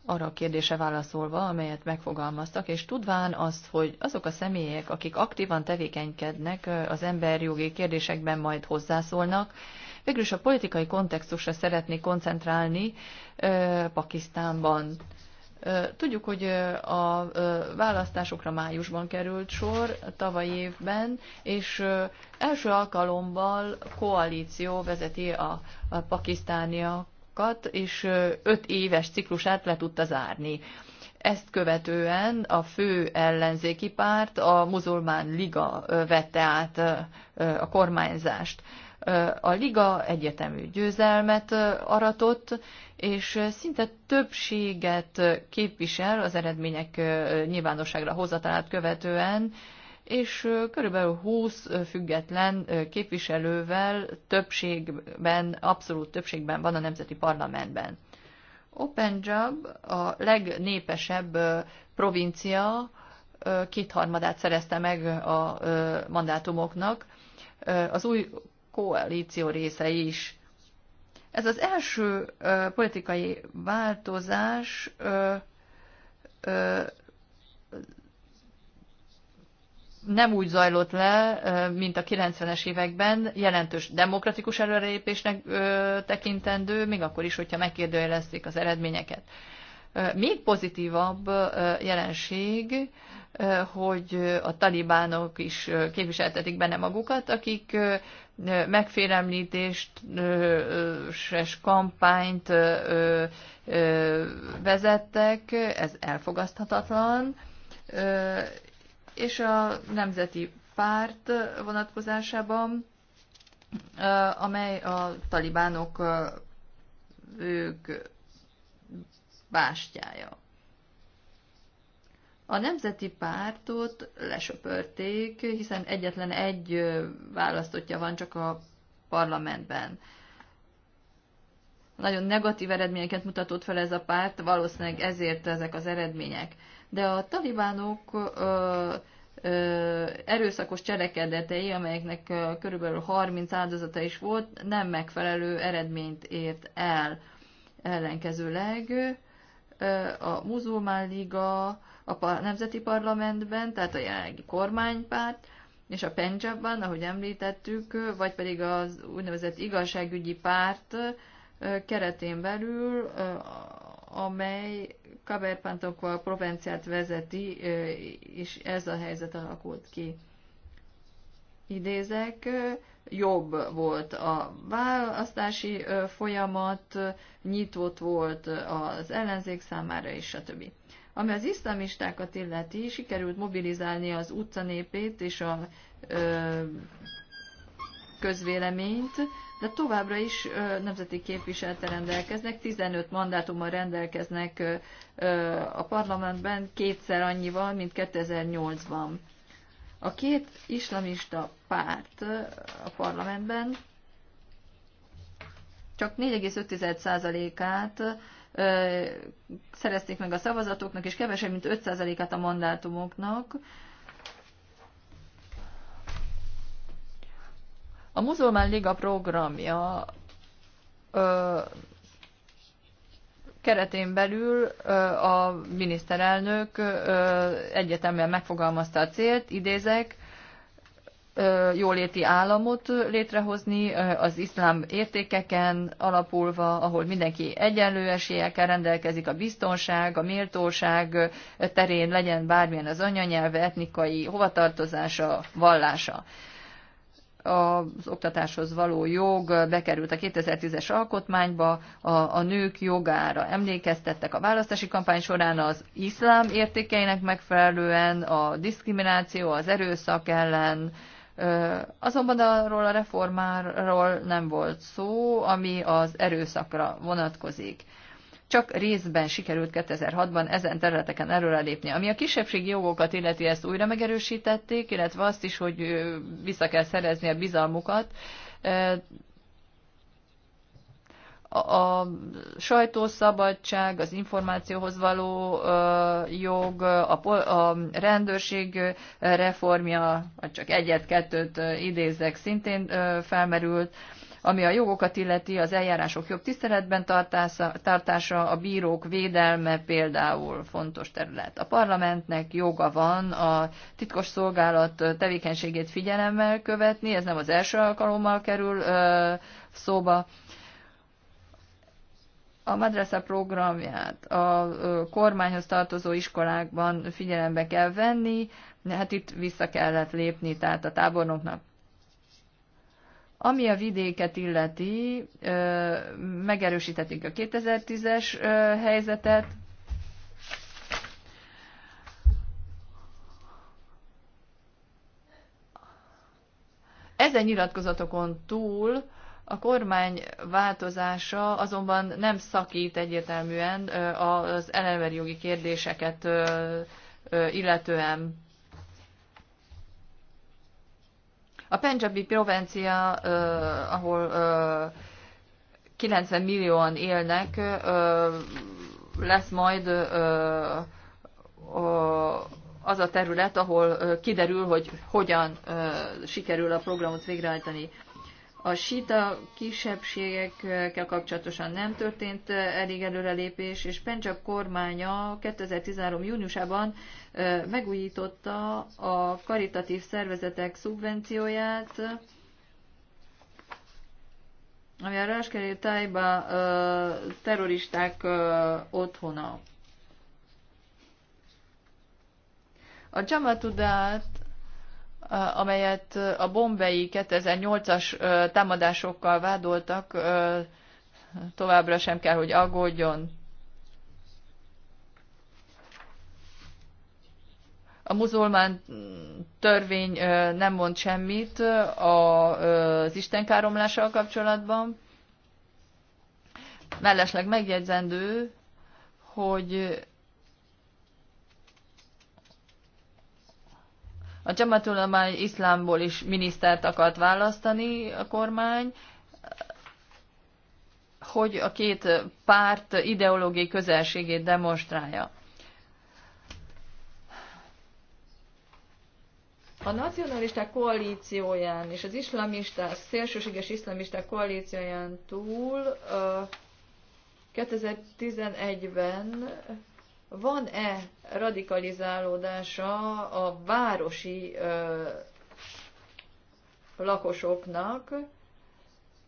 arra a kérdése válaszolva, amelyet megfogalmaztak, és tudván azt, hogy azok a személyek, akik aktívan tevékenykednek az emberjogi kérdésekben majd hozzászólnak, végül is a politikai kontextusra szeretnék koncentrálni eh, Pakisztánban. Tudjuk, hogy a választásokra májusban került sor tavaly évben, és első alkalommal koalíció vezeti a pakisztániak programokat, és öt éves ciklusát le tudta zárni. Ezt követően a fő ellenzéki párt, a muzulmán liga vette át a kormányzást. A liga egyetemű győzelmet aratott, és szinte többséget képvisel az eredmények nyilvánosságra hozatalát követően, és körülbelül 20 független képviselővel többségben, abszolút többségben van a Nemzeti Parlamentben. Job a legnépesebb provincia, kétharmadát szerezte meg a mandátumoknak, az új koalíció része is. Ez az első politikai változás nem úgy zajlott le, mint a 90-es években, jelentős demokratikus előrelépésnek tekintendő, még akkor is, hogyha megkérdőjelezték az eredményeket. Még pozitívabb jelenség, hogy a talibánok is képviseltetik benne magukat, akik megfélemlítést és kampányt vezettek, ez elfogadhatatlan, és a Nemzeti Párt vonatkozásában, amely a talibánok ők bástyája. A nemzeti pártot lesöpörték, hiszen egyetlen egy választottja van csak a parlamentben. Nagyon negatív eredményeket mutatott fel ez a párt, valószínűleg ezért ezek az eredmények de a talibánok erőszakos cselekedetei, amelyeknek körülbelül 30 áldozata is volt, nem megfelelő eredményt ért el. Ellenkezőleg a Muzulmán Liga a Nemzeti Parlamentben, tehát a jelenlegi kormánypárt, és a Pencsabban, ahogy említettük, vagy pedig az úgynevezett igazságügyi párt keretén belül, amely Kaberpantokval Provenciát vezeti, és ez a helyzet alakult ki. Idézek, jobb volt a választási folyamat, nyitott volt az ellenzék számára, és stb. Ami az iszlamistákat illeti, sikerült mobilizálni az utcanépét és a ö, közvéleményt, de továbbra is ö, nemzeti képviselte rendelkeznek, 15 mandátummal rendelkeznek a parlamentben kétszer annyival, mint 2008-ban. A két islamista párt a parlamentben csak 4,5%-át szerezték meg a szavazatoknak, és kevesebb, mint 5%-át a mandátumoknak. A Muzulmán Liga programja keretén belül a miniszterelnök egyetemben megfogalmazta a célt, idézek, jóléti államot létrehozni az iszlám értékeken alapulva, ahol mindenki egyenlő esélyekkel rendelkezik, a biztonság, a méltóság terén legyen bármilyen az anyanyelve, etnikai hovatartozása, vallása az oktatáshoz való jog bekerült a 2010-es alkotmányba, a, a nők jogára emlékeztettek a választási kampány során az iszlám értékeinek megfelelően, a diszkrimináció, az erőszak ellen, Azonban arról a reformáról nem volt szó, ami az erőszakra vonatkozik csak részben sikerült 2006-ban ezen területeken előrelépni. Ami a kisebbségi jogokat illeti, ezt újra megerősítették, illetve azt is, hogy vissza kell szerezni a bizalmukat. A sajtószabadság, az információhoz való jog, a rendőrség reformja, vagy csak egyet-kettőt idézek, szintén felmerült ami a jogokat illeti, az eljárások jobb tiszteletben tartása, tartása, a bírók védelme például fontos terület. A parlamentnek joga van a titkos szolgálat tevékenységét figyelemmel követni, ez nem az első alkalommal kerül ö, szóba. A madrasa programját a kormányhoz tartozó iskolákban figyelembe kell venni, hát itt vissza kellett lépni, tehát a tábornoknak ami a vidéket illeti, megerősítették a 2010-es helyzetet. Ezen nyilatkozatokon túl a kormány változása azonban nem szakít egyértelműen az elemeri jogi kérdéseket illetően. A Punjabi provincia, ahol 90 millióan élnek, lesz majd az a terület, ahol kiderül, hogy hogyan sikerül a programot végrehajtani. A sita kisebbségekkel kapcsolatosan nem történt eh, elég előrelépés, és Pencsak kormánya 2013. júniusában eh, megújította a karitatív szervezetek szubvencióját, ami a Ráskeri tájba eh, terroristák otthona. A Csamatudát amelyet a bombei 2008-as támadásokkal vádoltak, továbbra sem kell, hogy aggódjon. A muzulmán törvény nem mond semmit az istenkáromlással kapcsolatban. Mellesleg megjegyzendő, hogy A Csamatulamány iszlámból is minisztert akart választani a kormány, hogy a két párt ideológiai közelségét demonstrálja. A nacionalisták koalícióján és az iszlamisták, szélsőséges iszlamisták koalícióján túl 2011-ben van-e radikalizálódása a városi ö, lakosoknak.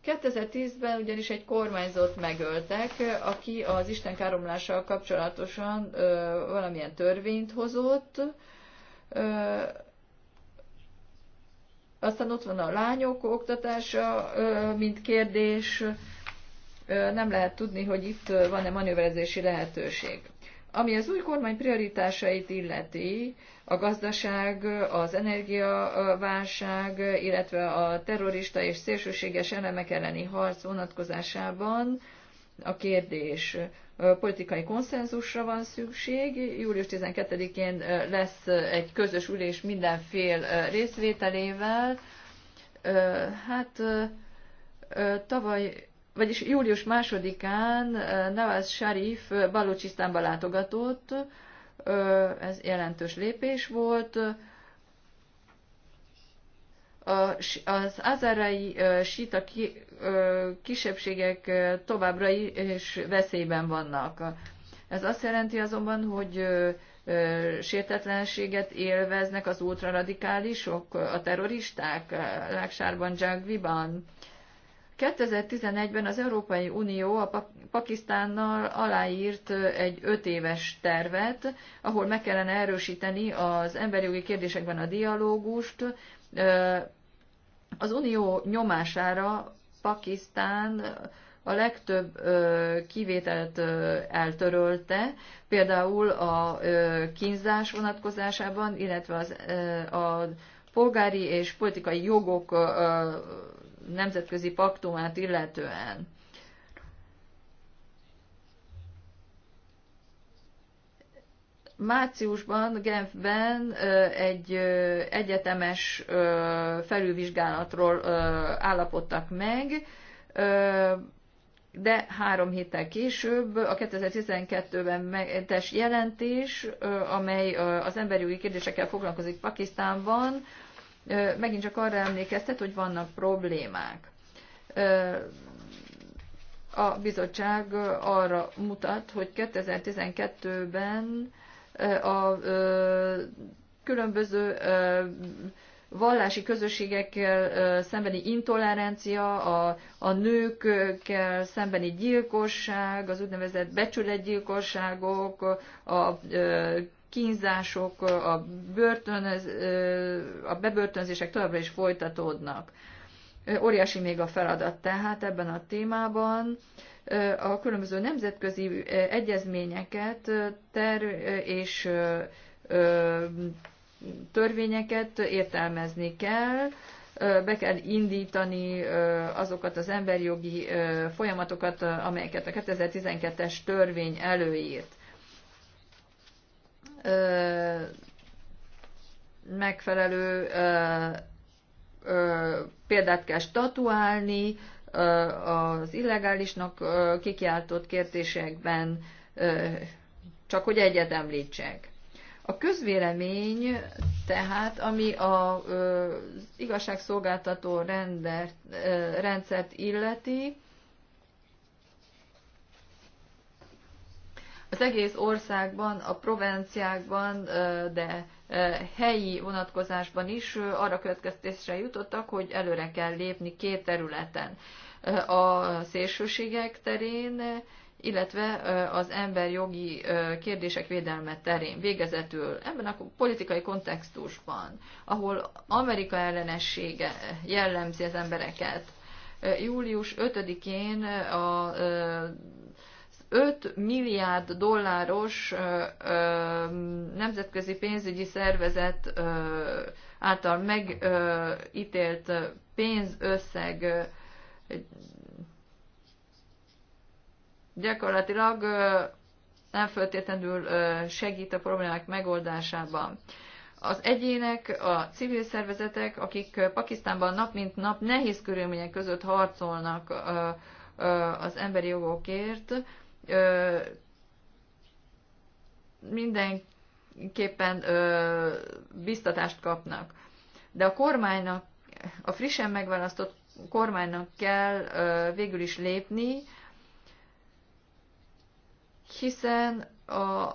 2010-ben ugyanis egy kormányzót megöltek, aki az Isten káromlással kapcsolatosan ö, valamilyen törvényt hozott. Ö, aztán ott van a lányok oktatása, ö, mint kérdés. Ö, nem lehet tudni, hogy itt van-e manőverezési lehetőség. Ami az új kormány prioritásait illeti, a gazdaság, az energiaválság, illetve a terrorista és szélsőséges elemek elleni harc vonatkozásában a kérdés politikai konszenzusra van szükség. Július 12-én lesz egy közös ülés minden fél részvételével. Hát tavaly vagyis július másodikán eh, Nawaz Sharif Balucsisztánba látogatott, ez jelentős lépés volt. Az azarai síta kisebbségek továbbra is veszélyben vannak. Ez azt jelenti azonban, hogy sértetlenséget élveznek az ultraradikálisok, a terroristák, Láksárban, Jagviban. 2011-ben az Európai Unió a Pakisztánnal aláírt egy öt éves tervet, ahol meg kellene erősíteni az emberi jogi kérdésekben a dialógust. Az Unió nyomására Pakisztán a legtöbb kivételt eltörölte, például a kínzás vonatkozásában, illetve az, a polgári és politikai jogok nemzetközi paktumát illetően. Márciusban Genfben egy egyetemes felülvizsgálatról állapodtak meg, de három héttel később a 2012-ben mentes jelentés, amely az emberi jogi kérdésekkel foglalkozik Pakisztánban, megint csak arra emlékeztet, hogy vannak problémák. A bizottság arra mutat, hogy 2012-ben a különböző vallási közösségekkel szembeni intolerancia, a, a nőkkel szembeni gyilkosság, az úgynevezett becsületgyilkosságok, a kínzások, a, börtönöz, a bebörtönzések továbbra is folytatódnak. Óriási még a feladat tehát ebben a témában. A különböző nemzetközi egyezményeket ter és törvényeket értelmezni kell, be kell indítani azokat az emberjogi folyamatokat, amelyeket a 2012-es törvény előírt megfelelő ö, ö, példát kell statuálni ö, az illegálisnak ö, kikiáltott kértésekben, ö, csak hogy egyet említsek. A közvélemény tehát, ami a, az igazságszolgáltató rendert, rendszert illeti, az egész országban, a provenciákban, de helyi vonatkozásban is arra következtésre jutottak, hogy előre kell lépni két területen. A szélsőségek terén, illetve az emberjogi kérdések védelme terén, végezetül ebben a politikai kontextusban, ahol Amerika ellenessége jellemzi az embereket, július 5-én a 5 milliárd dolláros nemzetközi pénzügyi szervezet által megítélt pénzösszeg gyakorlatilag nem föltétlenül segít a problémák megoldásában. Az egyének, a civil szervezetek, akik Pakisztánban nap mint nap nehéz körülmények között harcolnak az emberi jogokért, ö, mindenképpen ö, biztatást kapnak. De a kormánynak, a frissen megválasztott kormánynak kell ö, végül is lépni, hiszen a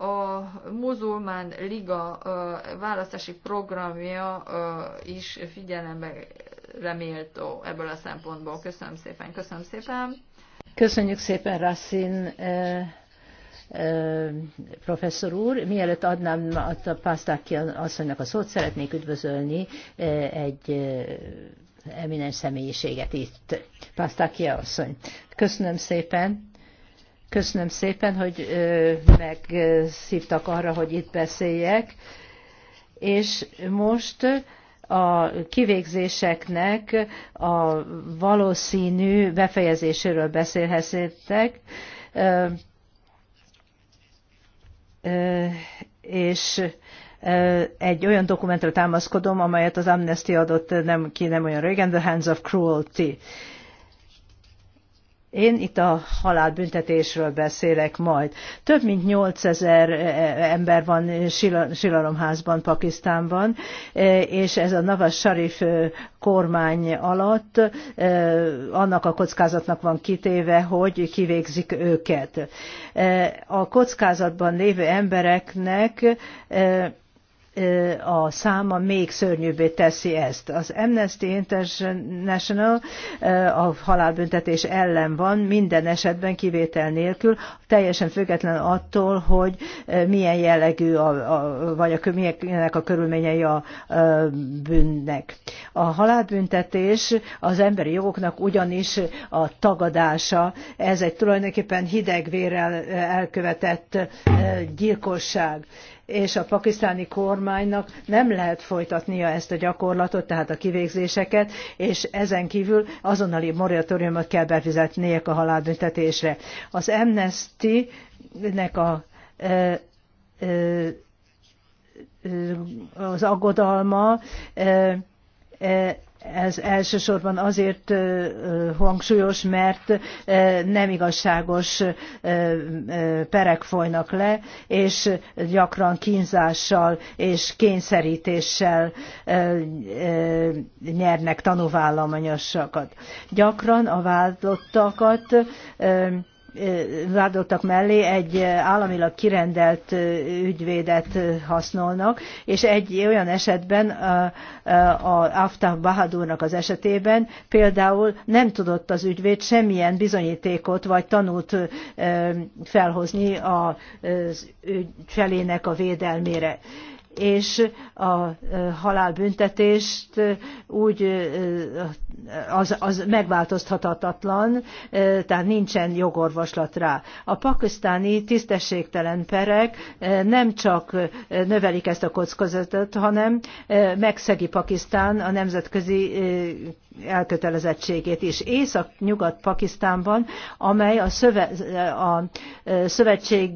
a muzulmán liga választási programja is figyelembe reméltó ebből a szempontból. Köszönöm szépen, köszönöm szépen. Köszönjük szépen, eh, eh, professzor úr. Mielőtt adnám a Pásztáki asszonynak a szót, szeretnék üdvözölni eh, egy eh, eminens személyiséget itt. Pásztáki asszony. Köszönöm szépen. Köszönöm szépen, hogy megszívtak arra, hogy itt beszéljek. És most a kivégzéseknek a valószínű befejezéséről beszélhetettek, és egy olyan dokumentra támaszkodom, amelyet az Amnesty adott nem ki nem olyan régen, The Hands of Cruelty én itt a halálbüntetésről beszélek majd. Több mint 8000 e, e, ember van Silalomházban, Pakisztánban, e, és ez a Navas Sharif kormány alatt annak a kockázatnak van kitéve, hogy kivégzik őket. A kockázatban lévő embereknek a száma még szörnyűbbé teszi ezt. Az Amnesty International a halálbüntetés ellen van, minden esetben kivétel nélkül, teljesen független attól, hogy milyen jellegű, a, a, vagy a, milyenek a körülményei a, a bűnnek. A halálbüntetés az emberi jogoknak ugyanis a tagadása, ez egy tulajdonképpen hidegvérrel elkövetett gyilkosság és a pakisztáni kormánynak nem lehet folytatnia ezt a gyakorlatot, tehát a kivégzéseket, és ezen kívül azonnali moratóriumot kell befizetnie a halálbüntetésre. Az Amnesty-nek a az aggodalma ez elsősorban azért hangsúlyos, mert nem igazságos perek folynak le, és gyakran kínzással és kényszerítéssel nyernek tanúvállalmanyosakat. Gyakran a vádlottakat vádoltak mellé egy államilag kirendelt ügyvédet használnak, és egy olyan esetben, a Aftab Bahadurnak az esetében például nem tudott az ügyvéd semmilyen bizonyítékot vagy tanút felhozni az ügyfelének a védelmére és a halálbüntetést úgy az, az megváltoztathatatlan, tehát nincsen jogorvoslat rá. A pakisztáni tisztességtelen perek nem csak növelik ezt a kockázatot, hanem megszegi Pakisztán a nemzetközi elkötelezettségét is. Észak-Nyugat-Pakisztánban, amely a, szöve, a e, szövetség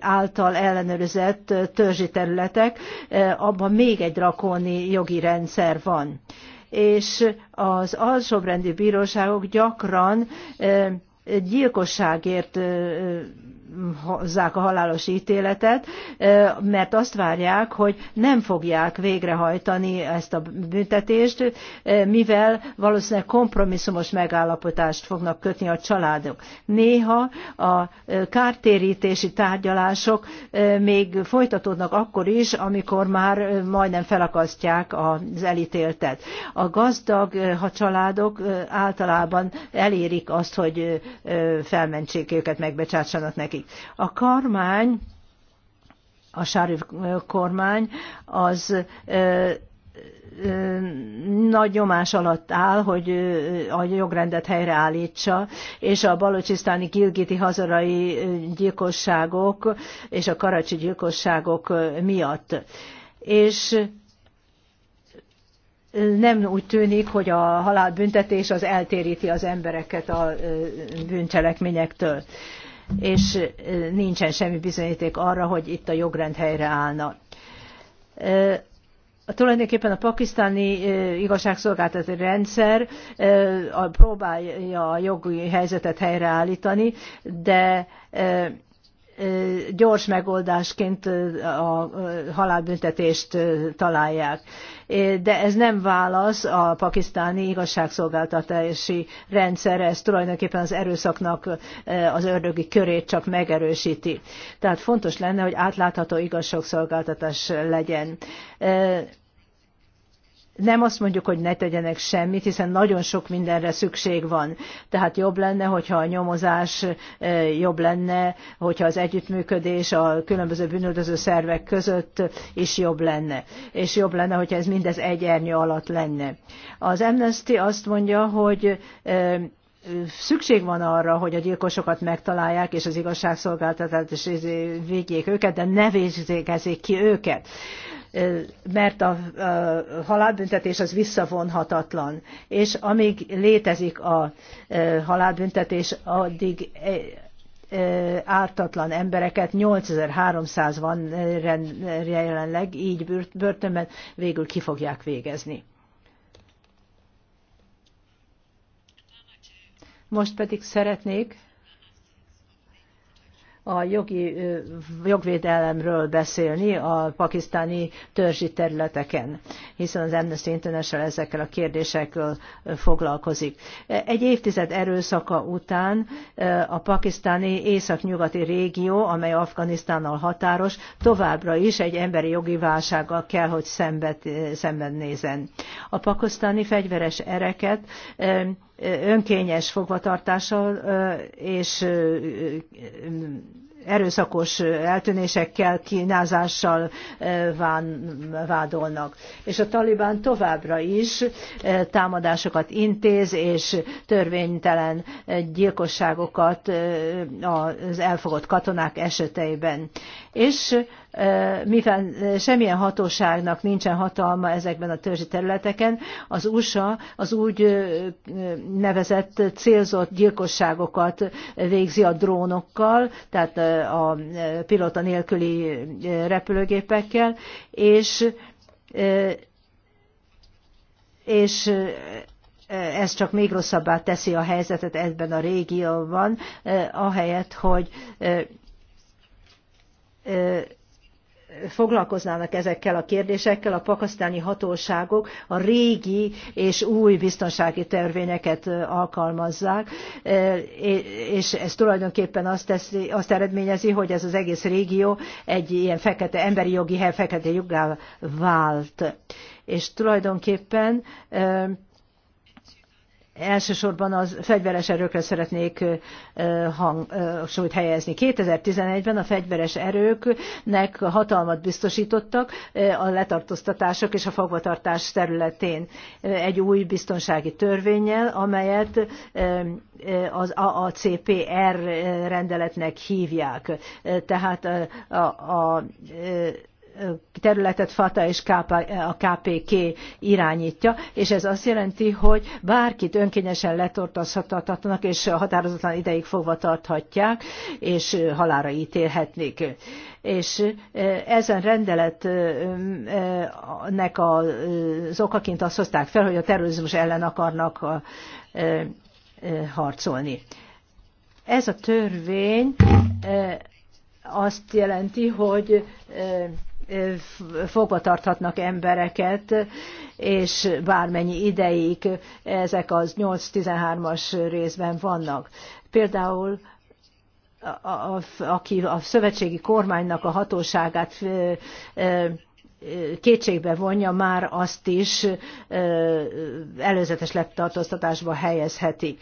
által ellenőrzett törzsi területek, e, abban még egy drakóni jogi rendszer van. És az alsóbrendű bíróságok gyakran e, gyilkosságért hozzák a halálos ítéletet, mert azt várják, hogy nem fogják végrehajtani ezt a büntetést, mivel valószínűleg kompromisszumos megállapotást fognak kötni a családok. Néha a kártérítési tárgyalások még folytatódnak akkor is, amikor már majdnem felakasztják az elítéltet. A gazdag ha családok általában elérik azt, hogy felmentsék őket, megbecsátsanak neki illeti. A kormány, a sári kormány az nagy nyomás alatt áll, hogy a jogrendet helyreállítsa, és a balocsisztáni gilgiti hazarai gyilkosságok és a karacsi gyilkosságok miatt. És nem úgy tűnik, hogy a halálbüntetés az eltéríti az embereket a bűncselekményektől és nincsen semmi bizonyíték arra, hogy itt a jogrend helyreállna. Tulajdonképpen a pakisztáni igazságszolgáltató rendszer próbálja a jogi helyzetet helyreállítani, de gyors megoldásként a halálbüntetést találják. De ez nem válasz a pakisztáni igazságszolgáltatási rendszer, ez tulajdonképpen az erőszaknak az ördögi körét csak megerősíti. Tehát fontos lenne, hogy átlátható igazságszolgáltatás legyen nem azt mondjuk, hogy ne tegyenek semmit, hiszen nagyon sok mindenre szükség van. Tehát jobb lenne, hogyha a nyomozás eh, jobb lenne, hogyha az együttműködés a különböző bűnöldöző szervek között is jobb lenne. És jobb lenne, hogyha ez mindez egy ernyő alatt lenne. Az Amnesty azt mondja, hogy eh, szükség van arra, hogy a gyilkosokat megtalálják, és az igazságszolgáltatást is vigyék őket, de ne végzékezzék ki őket mert a halálbüntetés az visszavonhatatlan. És amíg létezik a halálbüntetés, addig ártatlan embereket, 8300 van jelenleg így börtönben, végül ki fogják végezni. Most pedig szeretnék a jogi, jogvédelemről beszélni a pakisztáni törzsi területeken, hiszen az Amnesty International ezekkel a kérdésekkel foglalkozik. Egy évtized erőszaka után a pakisztáni északnyugati régió, amely Afganisztánnal határos, továbbra is egy emberi jogi válsággal kell, hogy szemben nézen. A pakisztáni fegyveres ereket önkényes fogvatartással és erőszakos eltűnésekkel, kínázással vádolnak. És a Taliban továbbra is támadásokat intéz, és törvénytelen gyilkosságokat az elfogott katonák eseteiben. És mivel semmilyen hatóságnak nincsen hatalma ezekben a törzsi területeken, az USA az úgy nevezett célzott gyilkosságokat végzi a drónokkal, tehát a pilota nélküli repülőgépekkel, és és ez csak még rosszabbá teszi a helyzetet ebben a régióban, ahelyett, hogy foglalkoznának ezekkel a kérdésekkel a pakisztáni hatóságok a régi és új biztonsági törvényeket alkalmazzák, és ez tulajdonképpen azt, teszi, azt eredményezi, hogy ez az egész régió egy ilyen fekete, emberi jogi hely fekete joggá vált. És tulajdonképpen elsősorban az fegyveres erőkre szeretnék hangsúlyt helyezni. 2011-ben a fegyveres erőknek hatalmat biztosítottak a letartóztatások és a fogvatartás területén egy új biztonsági törvényel, amelyet az AACPR rendeletnek hívják. Tehát a, a, a területet FATA és a KPK irányítja, és ez azt jelenti, hogy bárkit önkényesen letortozhatatnak, és határozatlan ideig fogva tarthatják, és halára ítélhetnék. És ezen rendeletnek az okaként azt hozták fel, hogy a terrorizmus ellen akarnak harcolni. Ez a törvény azt jelenti, hogy fogva tarthatnak embereket, és bármennyi ideig ezek az 8-13-as részben vannak. Például a, a, aki a szövetségi kormánynak a hatóságát kétségbe vonja, már azt is előzetes letartóztatásba helyezhetik.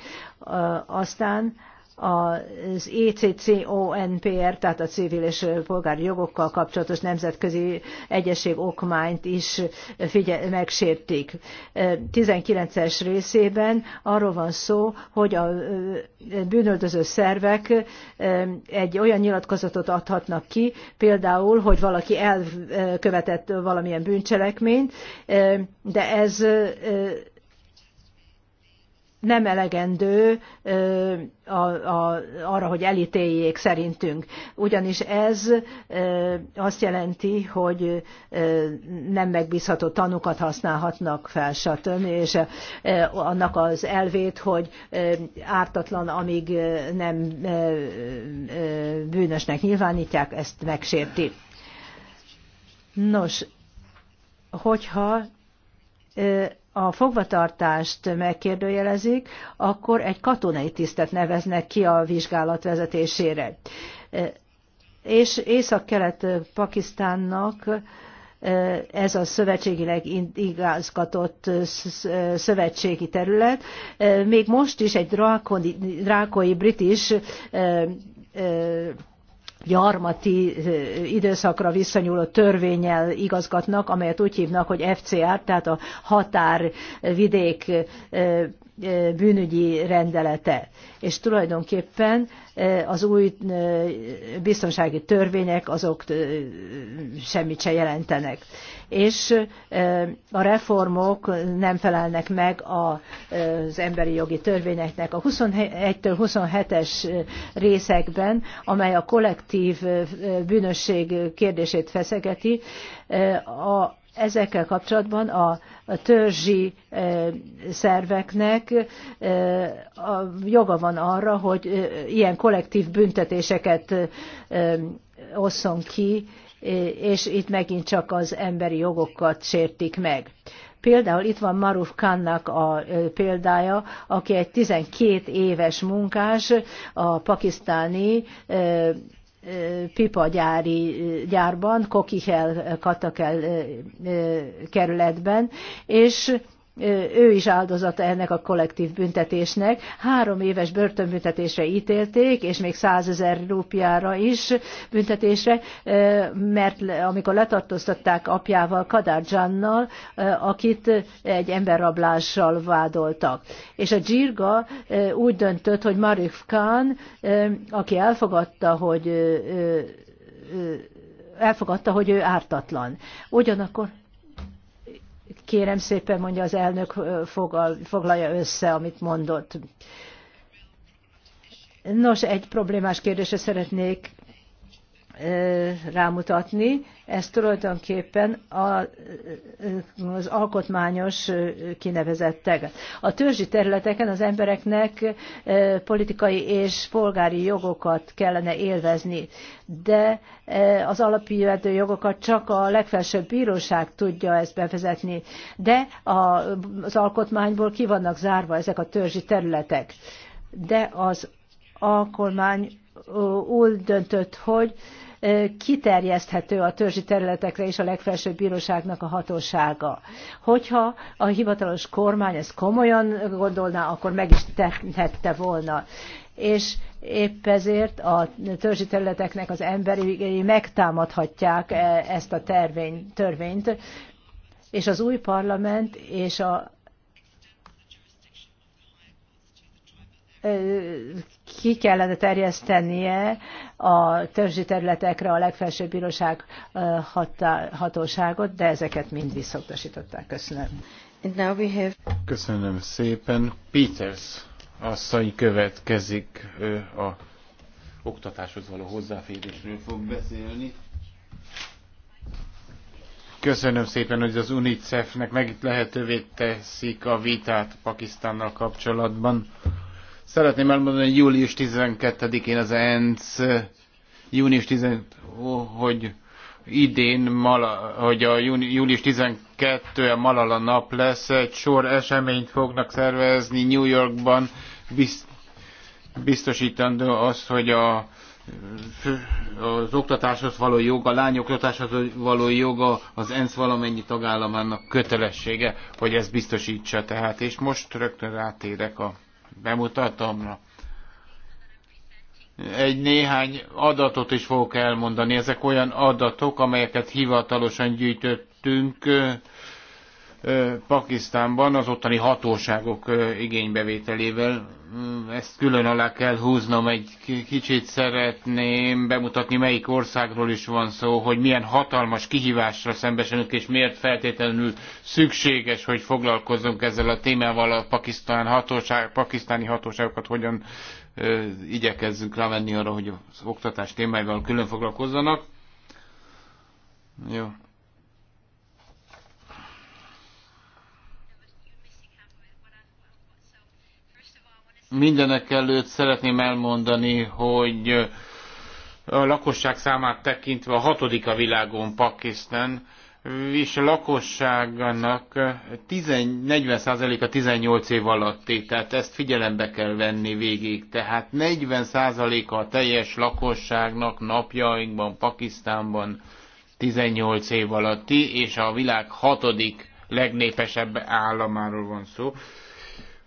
Aztán az ECCONPR, tehát a civil és polgári jogokkal kapcsolatos nemzetközi egyesség okmányt is figye- megsértik. 19-es részében arról van szó, hogy a bűnöldöző szervek egy olyan nyilatkozatot adhatnak ki, például, hogy valaki elkövetett valamilyen bűncselekményt, de ez nem elegendő a, a, arra, hogy elítéljék szerintünk. Ugyanis ez azt jelenti, hogy nem megbízható tanukat használhatnak fel, stb. És annak az elvét, hogy ártatlan, amíg nem bűnösnek nyilvánítják, ezt megsérti. Nos, hogyha a fogvatartást megkérdőjelezik, akkor egy katonai tisztet neveznek ki a vizsgálat vezetésére. És észak-kelet Pakisztánnak e, ez a szövetségileg igazgatott szövetségi terület. E, még most is egy drákoi, drákoi brit is e, gyarmati időszakra visszanyúló törvényel igazgatnak, amelyet úgy hívnak, hogy FCR, tehát a határvidék bűnügyi rendelete. És tulajdonképpen az új biztonsági törvények azok semmit se jelentenek. És a reformok nem felelnek meg az emberi jogi törvényeknek. A 21-től 27-es részekben, amely a kollektív bűnösség kérdését feszegeti, a, ezekkel kapcsolatban a a törzsi e, szerveknek e, a joga van arra, hogy e, ilyen kollektív büntetéseket osszon ki, és itt megint csak az emberi jogokat sértik meg. Például itt van Maruf Khannak a példája, aki egy 12 éves munkás a pakisztáni gyári gyárban, Kokikel, Katakel kerületben, és ő is áldozata ennek a kollektív büntetésnek. Három éves börtönbüntetésre ítélték, és még százezer rúpiára is büntetésre, mert amikor letartóztatták apjával, Kadár Dzsannal, akit egy emberrablással vádoltak. És a Dzsirga úgy döntött, hogy Marif Khan, aki elfogadta, hogy elfogadta, hogy ő ártatlan. Ugyanakkor Kérem szépen, mondja az elnök, foglalja össze, amit mondott. Nos, egy problémás kérdésre szeretnék rámutatni ez tulajdonképpen az alkotmányos kinevezettek. A törzsi területeken az embereknek e, politikai és polgári jogokat kellene élvezni, de e, az alapjövető jogokat csak a legfelsőbb bíróság tudja ezt bevezetni, de az alkotmányból ki vannak zárva ezek a törzsi területek. De az alkotmány úgy döntött, hogy kiterjeszthető a törzsi területekre és a legfelsőbb bíróságnak a hatósága. Hogyha a hivatalos kormány ezt komolyan gondolná, akkor meg is tehette volna. És épp ezért a törzsi területeknek az emberi megtámadhatják e, ezt a tervény, törvényt, és az új parlament és a ki kellene terjesztenie a törzsi területekre a legfelsőbb bíróság hatóságot, de ezeket mind visszautasították. Köszönöm. Köszönöm szépen. Peters asszony következik, ő a oktatáshoz való hozzáférésről fog beszélni. Köszönöm szépen, hogy az UNICEF-nek meg lehetővé teszik a vitát Pakisztánnal kapcsolatban. Szeretném elmondani, hogy július 12-én az ENC, június 10 hogy idén, Mala, hogy a júni, július 12 a Malala nap lesz, egy sor eseményt fognak szervezni New Yorkban, biz biztosítandó azt, hogy a az oktatáshoz való joga, a lány oktatáshoz való joga az ENSZ valamennyi tagállamának kötelessége, hogy ezt biztosítsa. Tehát, és most rögtön rátérek a bemutatom. Egy néhány adatot is fogok elmondani. Ezek olyan adatok, amelyeket hivatalosan gyűjtöttünk Pakisztánban az ottani hatóságok igénybevételével. Mm, ezt külön alá kell húznom, egy kicsit szeretném bemutatni, melyik országról is van szó, hogy milyen hatalmas kihívásra szembesülünk, és miért feltétlenül szükséges, hogy foglalkozzunk ezzel a témával, a pakisztán hatóság, pakisztáni hatóságokat hogyan ö, igyekezzünk rávenni arra, hogy az oktatás témájával külön foglalkozzanak. Jó. Mindenek előtt szeretném elmondani, hogy a lakosság számát tekintve a hatodik a világon Pakisztán, és a lakosságának 40%-a 18 év alatti, tehát ezt figyelembe kell venni végig. Tehát 40%-a a teljes lakosságnak napjainkban, Pakisztánban 18 év alatti, és a világ hatodik legnépesebb államáról van szó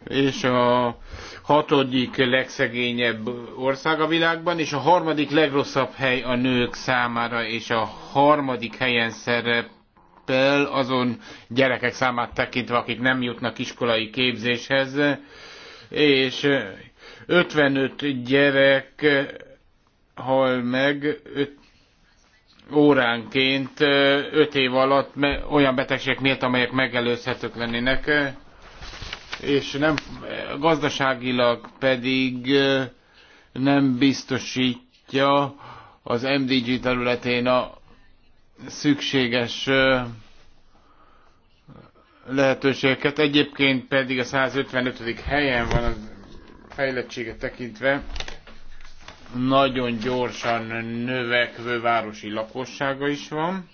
és a hatodik legszegényebb ország a világban, és a harmadik legrosszabb hely a nők számára, és a harmadik helyen szerepel azon gyerekek számát tekintve, akik nem jutnak iskolai képzéshez, és 55 gyerek hal meg öt óránként 5 év alatt olyan betegségek miatt, amelyek megelőzhetők lennének és nem gazdaságilag pedig nem biztosítja az MDG területén a szükséges lehetőségeket. Egyébként pedig a 155. helyen van a fejlettséget tekintve nagyon gyorsan növekvő városi lakossága is van.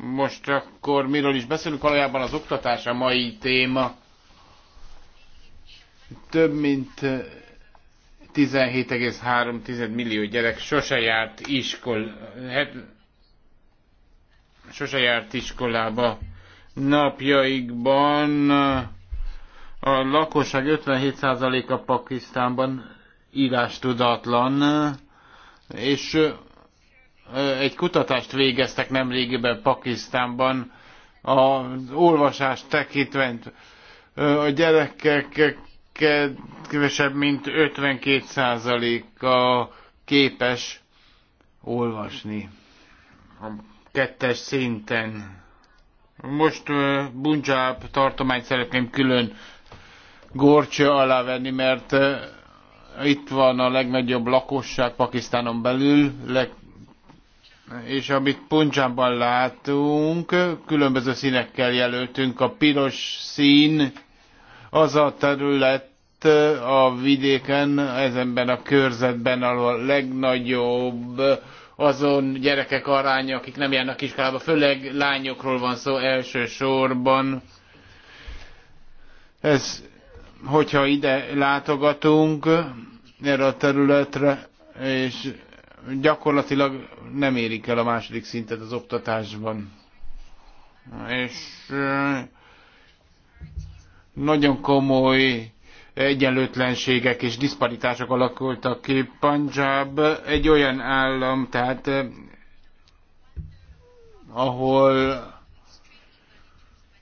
Most akkor miről is beszélünk? Valójában az oktatás a mai téma. Több mint 17,3 eh, millió gyerek sose járt iskol, het, sose járt iskolába napjaikban. Eh, a lakosság 57%-a Pakisztánban írástudatlan, eh, és egy kutatást végeztek nemrégiben Pakisztánban az olvasást tekintve. A gyerekek kevesebb mint 52%-a képes olvasni a kettes szinten. Most Bunjáb tartományt szeretném külön gorcső alá venni, mert itt van a legnagyobb lakosság Pakisztánon belül, leg, és amit Punjabban látunk, különböző színekkel jelöltünk. A piros szín az a terület, itt a vidéken, ezenben a körzetben a legnagyobb azon gyerekek aránya, akik nem járnak iskolába, főleg lányokról van szó elsősorban. Ez, hogyha ide látogatunk erre a területre, és gyakorlatilag nem érik el a második szintet az oktatásban. És nagyon komoly egyenlőtlenségek és diszparitások alakultak ki. Punjab egy olyan állam, tehát eh, ahol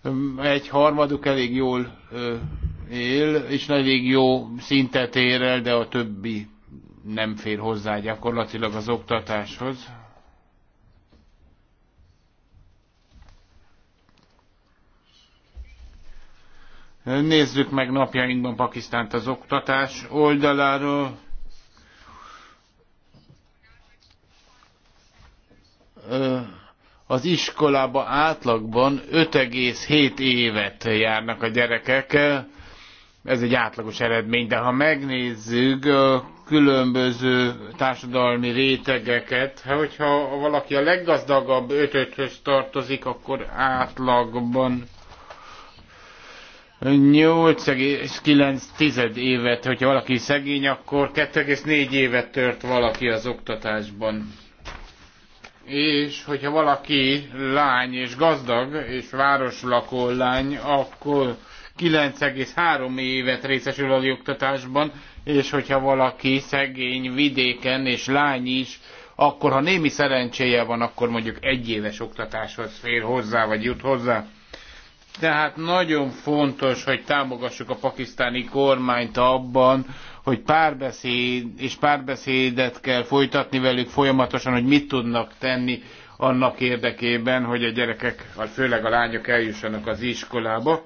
eh, egy harmaduk elég jól eh, él, és elég jó szintet ér el, de a többi nem fér hozzá gyakorlatilag az oktatáshoz. Nézzük meg napjainkban Pakisztánt az oktatás oldaláról. Az iskolába átlagban 5,7 évet járnak a gyerekek. Ez egy átlagos eredmény, de ha megnézzük a különböző társadalmi rétegeket, hogyha valaki a leggazdagabb ötöthöz tartozik, akkor átlagban 8,9 tized évet, hogyha valaki szegény, akkor 2,4 évet tört valaki az oktatásban. És hogyha valaki lány és gazdag, és városlakó lány, akkor 9,3 évet részesül az oktatásban, és hogyha valaki szegény, vidéken és lány is, akkor ha némi szerencséje van, akkor mondjuk egy éves oktatáshoz fér hozzá, vagy jut hozzá. Tehát nagyon fontos, hogy támogassuk a pakisztáni kormányt abban, hogy párbeszéd és párbeszédet kell folytatni velük folyamatosan, hogy mit tudnak tenni annak érdekében, hogy a gyerekek, főleg a lányok eljussanak az iskolába.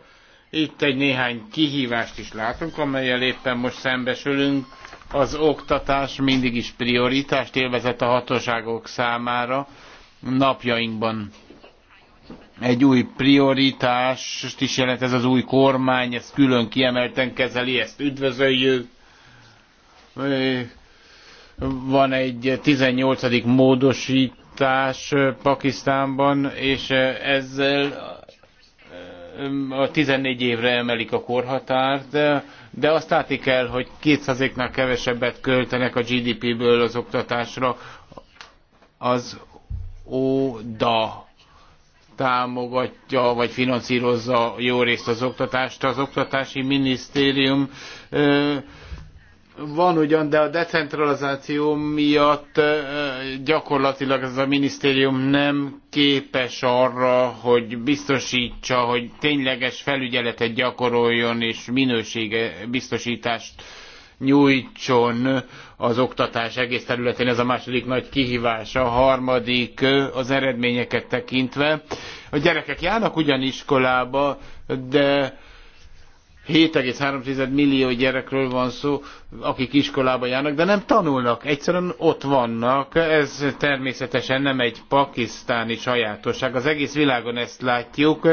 Itt egy néhány kihívást is látunk, amelyel éppen most szembesülünk. Az oktatás mindig is prioritást élvezett a hatóságok számára napjainkban egy új prioritást is jelent ez az új kormány, ezt külön kiemelten kezeli, ezt üdvözöljük. Van egy 18. módosítás Pakisztánban, és ezzel a 14 évre emelik a korhatárt, de azt látni kell, hogy 200 nál kevesebbet költenek a GDP-ből az oktatásra, az ODA támogatja vagy finanszírozza jó részt az oktatást. Az oktatási minisztérium van ugyan, de a decentralizáció miatt gyakorlatilag ez a minisztérium nem képes arra, hogy biztosítsa, hogy tényleges felügyeletet gyakoroljon és minősége biztosítást nyújtson az oktatás egész területén, ez a második nagy kihívás, a harmadik az eredményeket tekintve. A gyerekek járnak ugyan iskolába, de 7,3 millió gyerekről van szó, akik iskolába járnak, de nem tanulnak, egyszerűen ott vannak. Ez természetesen nem egy pakisztáni sajátosság, az egész világon ezt látjuk.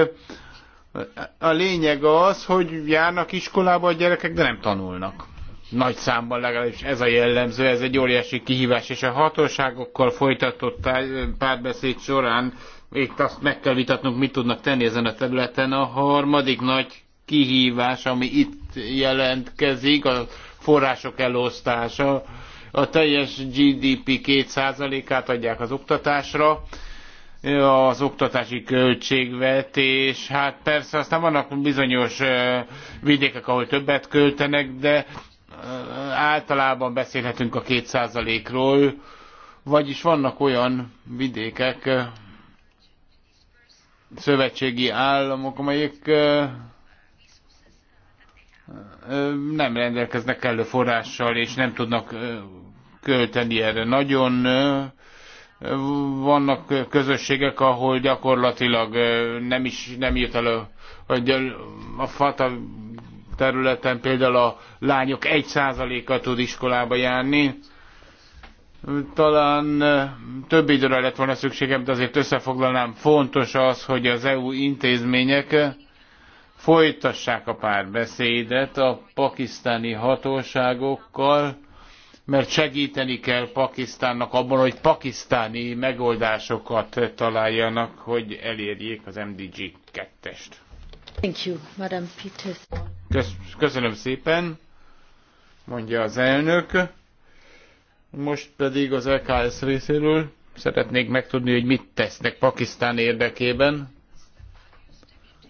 A lényeg az, hogy járnak iskolába a gyerekek, de nem tanulnak nagy számban legalábbis ez a jellemző, ez egy óriási kihívás, és a hatóságokkal folytatott párbeszéd során itt azt meg kell vitatnunk, mit tudnak tenni ezen a területen. A harmadik nagy kihívás, ami itt jelentkezik, a források elosztása. A teljes GDP 2%-át adják az oktatásra, az oktatási költségvetés. Hát persze aztán vannak bizonyos vidékek, ahol többet költenek, de általában beszélhetünk a kétszázalékról, vagyis vannak olyan vidékek, szövetségi államok, amelyek nem rendelkeznek kellő forrással, és nem tudnak költeni erre. Nagyon vannak közösségek, ahol gyakorlatilag nem is nem jut elő, a, a fata területen, például a lányok 1%-a tud iskolába járni. Talán több időre lett volna szükségem, de azért összefoglalnám. Fontos az, hogy az EU intézmények folytassák a párbeszédet a pakisztáni hatóságokkal, mert segíteni kell Pakisztánnak abban, hogy pakisztáni megoldásokat találjanak, hogy elérjék az MDG 2-est. Köszönöm szépen, mondja az elnök. Most pedig az EKS részéről szeretnék megtudni, hogy mit tesznek Pakisztán érdekében.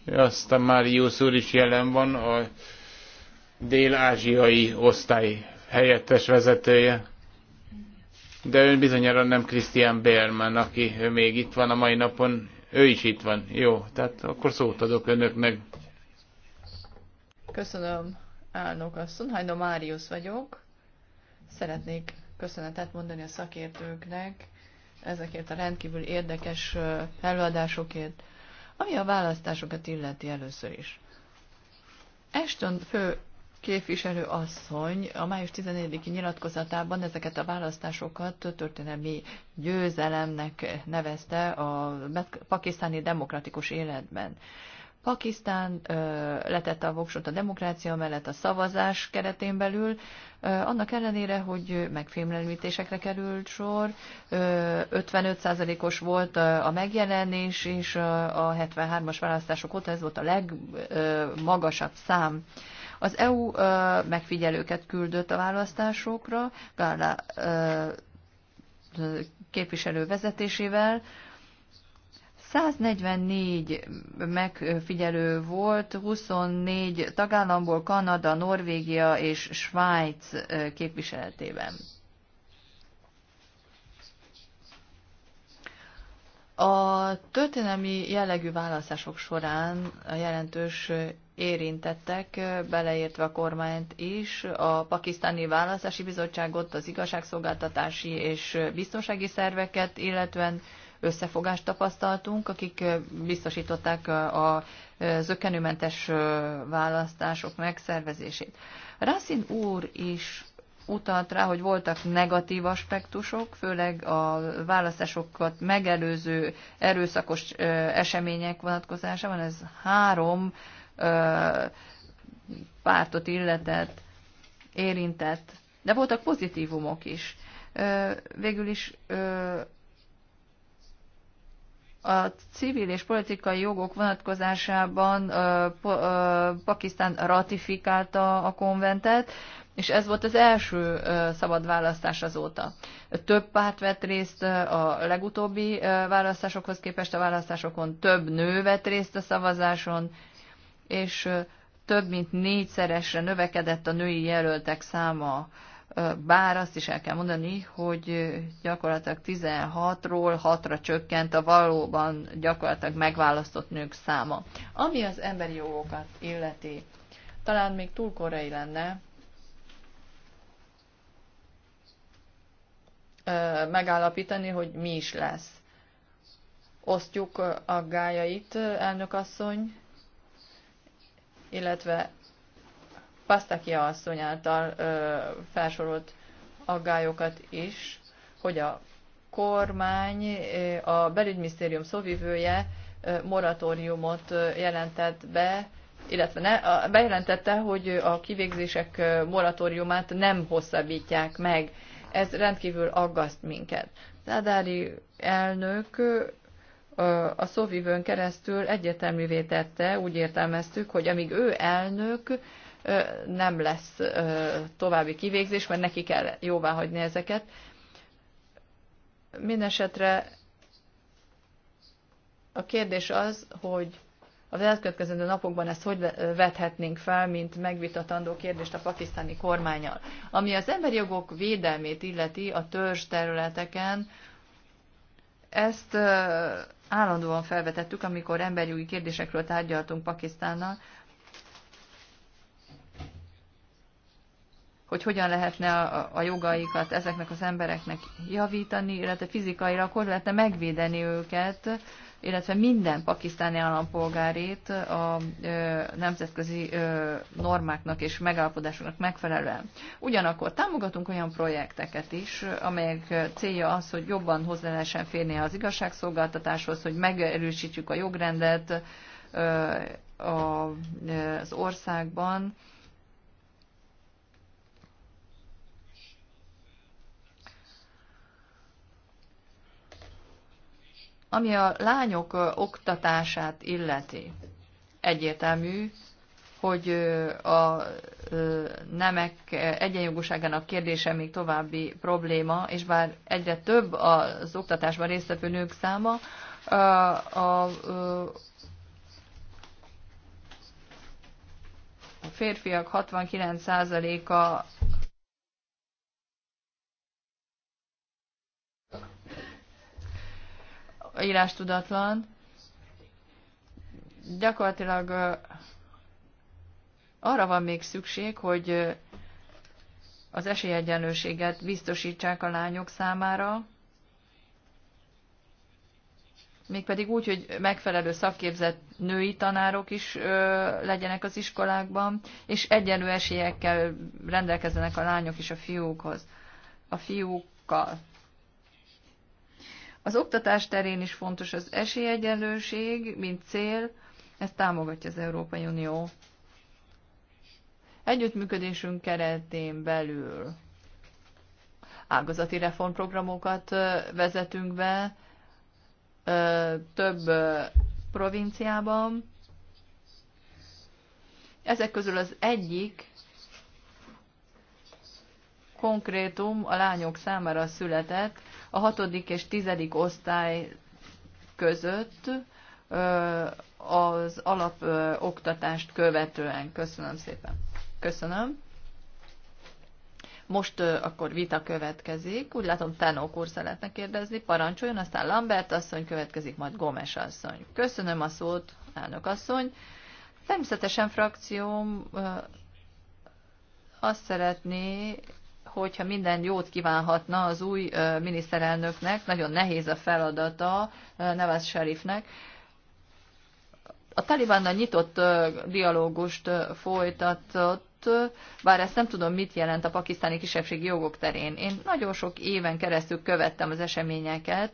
Aztán már úr is jelen van, a dél-ázsiai osztály helyettes vezetője. De ön bizonyára nem Christian Bérman, aki még itt van a mai napon, ő is itt van. Jó, tehát akkor szót adok önöknek. Köszönöm, elnök asszony. Hajnó Máriusz vagyok. Szeretnék köszönetet mondani a szakértőknek ezekért a rendkívül érdekes előadásokért, ami a választásokat illeti először is. Eston fő képviselő asszony a május 14-i nyilatkozatában ezeket a választásokat történelmi győzelemnek nevezte a pakisztáni demokratikus életben. Pakisztán ö, letette a voksot a demokrácia mellett a szavazás keretén belül, ö, annak ellenére, hogy megfémlelmítésekre került sor, 55%-os volt a megjelenés, és a 73-as választások óta ez volt a legmagasabb szám. Ö, az EU megfigyelőket küldött a választásokra, Gála képviselő vezetésével, 144 megfigyelő volt, 24 tagállamból Kanada, Norvégia és Svájc képviseletében. A történelmi jellegű választások során a jelentős érintettek, beleértve a kormányt is, a pakisztáni választási bizottságot, az igazságszolgáltatási és biztonsági szerveket, illetve összefogást tapasztaltunk, akik biztosították a zökenőmentes választások megszervezését. Rassin úr is utalt rá, hogy voltak negatív aspektusok, főleg a választásokat megelőző erőszakos események vonatkozásában, ez három pártot illetett, érintett, de voltak pozitívumok is. Végül is a civil és politikai jogok vonatkozásában Pakisztán ratifikálta a konventet, és ez volt az első szabad választás azóta. Több párt vett részt a legutóbbi választásokhoz képest a választásokon, több nő vett részt a szavazáson, és több mint négyszeresre növekedett a női jelöltek száma. Bár azt is el kell mondani, hogy gyakorlatilag 16-ról 6-ra csökkent a valóban gyakorlatilag megválasztott nők száma. Ami az emberi jogokat illeti, talán még túl korai lenne megállapítani, hogy mi is lesz. Osztjuk a gájait, elnök asszony, illetve Pasztakia asszony által ö, felsorolt aggályokat is, hogy a kormány, a belügyminisztérium szóvivője moratóriumot jelentett be, illetve ne, bejelentette, hogy a kivégzések moratóriumát nem hosszabbítják meg. Ez rendkívül aggaszt minket. Zádári elnök a szóvivőn keresztül egyértelművé tette, úgy értelmeztük, hogy amíg ő elnök, nem lesz további kivégzés, mert neki kell jóvá hagyni ezeket. Mindenesetre a kérdés az, hogy az elkövetkező napokban ezt hogy vethetnénk fel, mint megvitatandó kérdést a pakisztáni kormányal. Ami az emberi jogok védelmét illeti a törzs területeken, ezt állandóan felvetettük, amikor emberi jogi kérdésekről tárgyaltunk Pakisztánnal, hogy hogyan lehetne a, a jogaikat ezeknek az embereknek javítani, illetve fizikailag hogy lehetne megvédeni őket, illetve minden pakisztáni állampolgárét a nemzetközi normáknak és megállapodásoknak megfelelően. Ugyanakkor támogatunk olyan projekteket is, amelyek célja az, hogy jobban hozzá lehessen férni az igazságszolgáltatáshoz, hogy megerősítjük a jogrendet az országban, Ami a lányok oktatását illeti, egyértelmű, hogy a nemek egyenjogúságának kérdése még további probléma, és bár egyre több az oktatásban résztvevő nők száma, a, a, a férfiak 69%-a tudatlan. gyakorlatilag arra van még szükség, hogy az esélyegyenlőséget biztosítsák a lányok számára, mégpedig úgy, hogy megfelelő szakképzett női tanárok is ö, legyenek az iskolákban, és egyenlő esélyekkel rendelkezzenek a lányok és a fiúkhoz. A fiúkkal. Az oktatás terén is fontos az esélyegyenlőség, mint cél, ezt támogatja az Európai Unió. Együttműködésünk keretén belül ágazati reformprogramokat vezetünk be több provinciában. Ezek közül az egyik konkrétum a lányok számára született, a hatodik és tizedik osztály között az alapoktatást követően. Köszönöm szépen. Köszönöm. Most akkor vita következik. Úgy látom, Tenók úr szeretne kérdezni. Parancsoljon, aztán Lambert asszony következik, majd Gomes asszony. Köszönöm a szót, elnök asszony. Természetesen frakcióm azt szeretné, hogyha minden jót kívánhatna az új miniszterelnöknek, nagyon nehéz a feladata Nevaz Sharifnek. A Talibánnal nyitott dialógust folytatott, bár ezt nem tudom, mit jelent a pakisztáni kisebbségi jogok terén. Én nagyon sok éven keresztül követtem az eseményeket,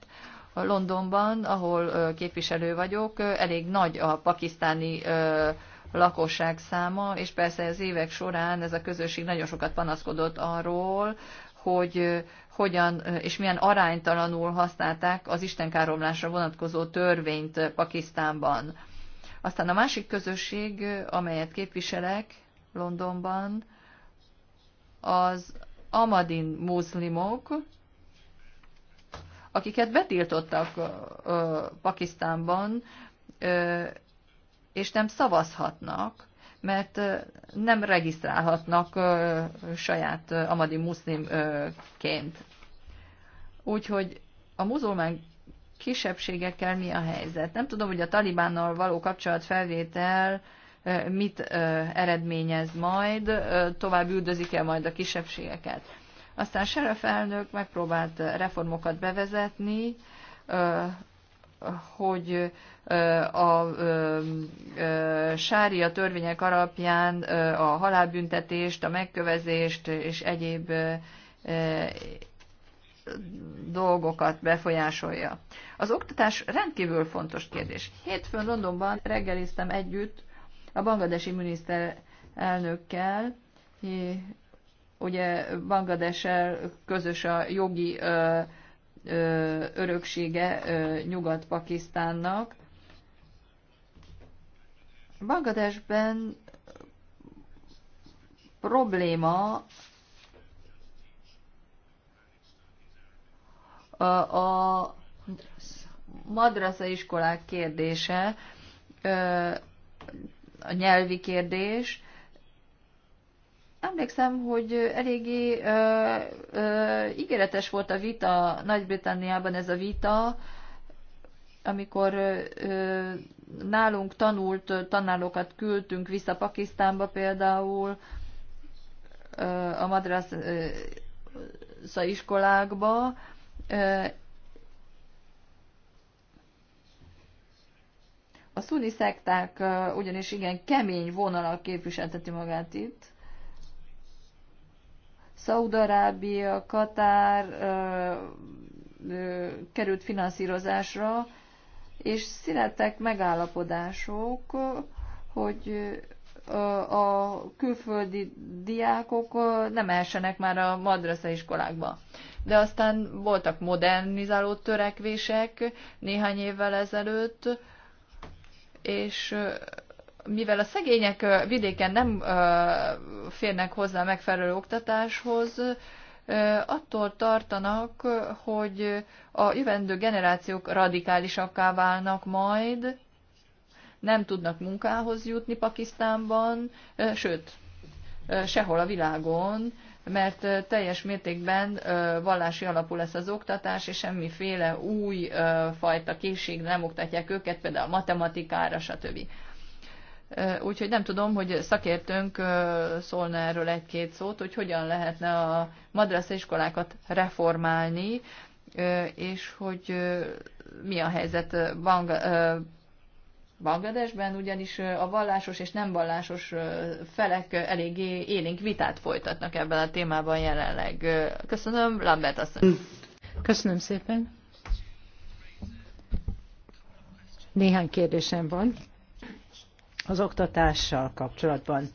Londonban, ahol képviselő vagyok, elég nagy a pakisztáni lakosság száma, és persze az évek során ez a közösség nagyon sokat panaszkodott arról, hogy hogyan és milyen aránytalanul használták az istenkáromlásra vonatkozó törvényt Pakisztánban. Aztán a másik közösség, amelyet képviselek Londonban, az Amadin muszlimok, akiket betiltottak ö, Pakisztánban, ö, és nem szavazhatnak, mert nem regisztrálhatnak saját amadi muszlimként. Úgyhogy a muzulmán kisebbségekkel mi a helyzet? Nem tudom, hogy a talibánnal való kapcsolatfelvétel mit eredményez majd, tovább üldözik-e majd a kisebbségeket. Aztán Seref elnök megpróbált reformokat bevezetni, hogy a sária törvények alapján a halálbüntetést, a megkövezést és egyéb dolgokat befolyásolja. Az oktatás rendkívül fontos kérdés. Hétfőn Londonban reggeliztem együtt a bangladesi miniszterelnökkel, ugye Bangladessel közös a jogi öröksége Nyugat-Pakisztánnak, Bangladesben probléma a madrasza iskolák kérdése, a nyelvi kérdés. Emlékszem, hogy eléggé ö, ö, ígéretes volt a vita, Nagy-Britanniában ez a vita, amikor nálunk tanult tanárokat küldtünk vissza Pakisztánba például, a madrasza iskolákba, A szuni szekták ugyanis igen kemény vonalak képviselteti magát itt. Szaudarábia, Katár került finanszírozásra, és születtek megállapodások, hogy a külföldi diákok nem elsenek már a madrasza iskolákba. De aztán voltak modernizáló törekvések néhány évvel ezelőtt, és mivel a szegények vidéken nem férnek hozzá megfelelő oktatáshoz, attól tartanak, hogy a jövendő generációk radikálisakká válnak majd, nem tudnak munkához jutni Pakisztánban, sőt, sehol a világon, mert teljes mértékben vallási alapú lesz az oktatás, és semmiféle új fajta készség nem oktatják őket, például a matematikára, stb. Úgyhogy nem tudom, hogy szakértőnk szólna erről egy-két szót, hogy hogyan lehetne a madrasz iskolákat reformálni, és hogy mi a helyzet Bang Bangladesben, ugyanis a vallásos és nem vallásos felek eléggé élénk vitát folytatnak ebben a témában jelenleg. Köszönöm, Lambert asszony. Köszönöm szépen. Néhány kérdésem van az oktatással kapcsolatban.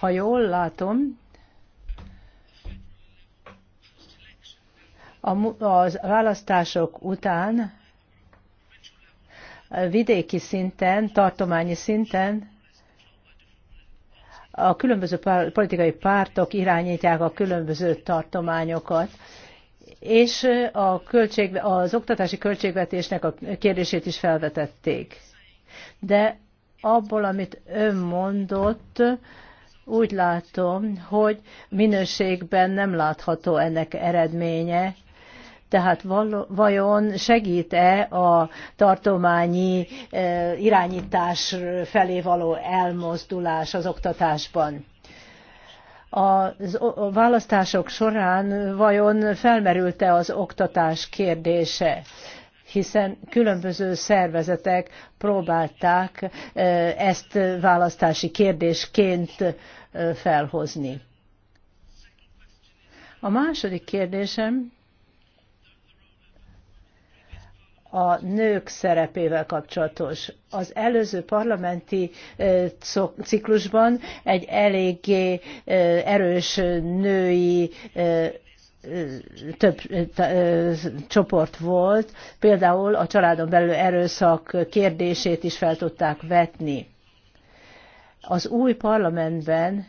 Ha jól látom, a, az választások után vidéki szinten, tartományi szinten a különböző politikai pártok irányítják a különböző tartományokat, és a költség, az oktatási költségvetésnek a kérdését is felvetették. De abból, amit ön mondott, úgy látom, hogy minőségben nem látható ennek eredménye. Tehát vajon segít-e a tartományi eh, irányítás felé való elmozdulás az oktatásban? A választások során vajon felmerült-e az oktatás kérdése? hiszen különböző szervezetek próbálták ezt választási kérdésként felhozni. A második kérdésem a nők szerepével kapcsolatos. Az előző parlamenti ciklusban egy eléggé erős női több csoport volt, például a családon belül erőszak kérdését is fel tudták vetni. Az új parlamentben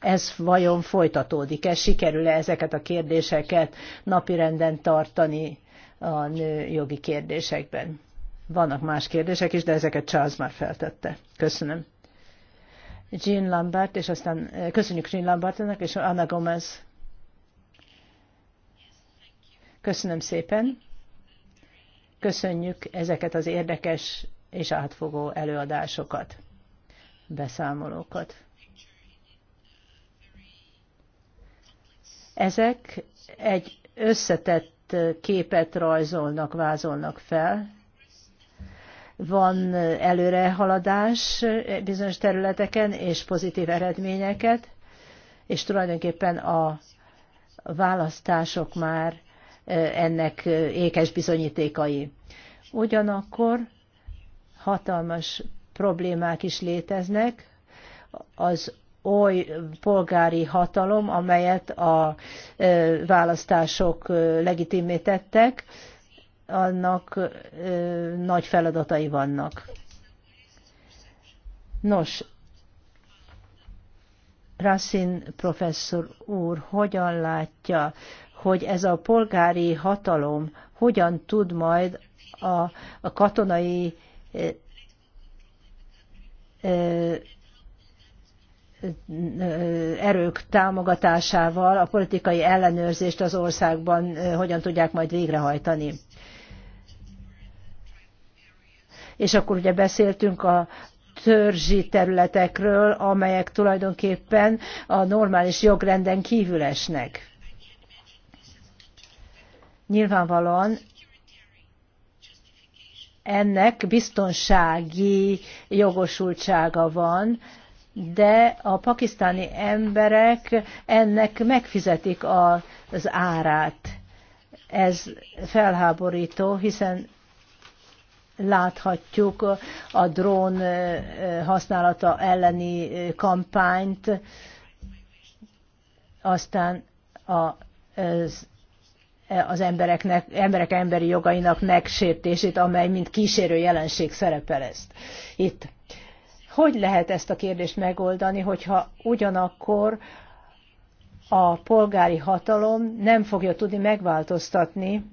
ez vajon folytatódik-e, sikerül-e ezeket a kérdéseket napirenden tartani a nő jogi kérdésekben? Vannak más kérdések is, de ezeket Charles már feltette. Köszönöm. Jean Lambert, és aztán köszönjük Jean Lambertnek, és Anna Gomez Köszönöm szépen. Köszönjük ezeket az érdekes és átfogó előadásokat, beszámolókat. Ezek egy összetett képet rajzolnak, vázolnak fel. Van előrehaladás bizonyos területeken, és pozitív eredményeket, és tulajdonképpen a választások már ennek ékes bizonyítékai. Ugyanakkor hatalmas problémák is léteznek, az oly polgári hatalom, amelyet a választások legitimítettek, annak nagy feladatai vannak. Nos, Rassin professzor úr hogyan látja hogy ez a polgári hatalom hogyan tud majd a, a katonai erők támogatásával a politikai ellenőrzést az országban hogyan tudják majd végrehajtani. És akkor ugye beszéltünk a törzsi területekről, amelyek tulajdonképpen a normális jogrenden kívül esnek nyilvánvalóan ennek biztonsági jogosultsága van, de a pakisztáni emberek ennek megfizetik az árát. Ez felháborító, hiszen láthatjuk a drón használata elleni kampányt, aztán az az embereknek, emberek emberi jogainak megsértését, amely mint kísérő jelenség szerepel ezt. Itt. Hogy lehet ezt a kérdést megoldani, hogyha ugyanakkor a polgári hatalom nem fogja tudni megváltoztatni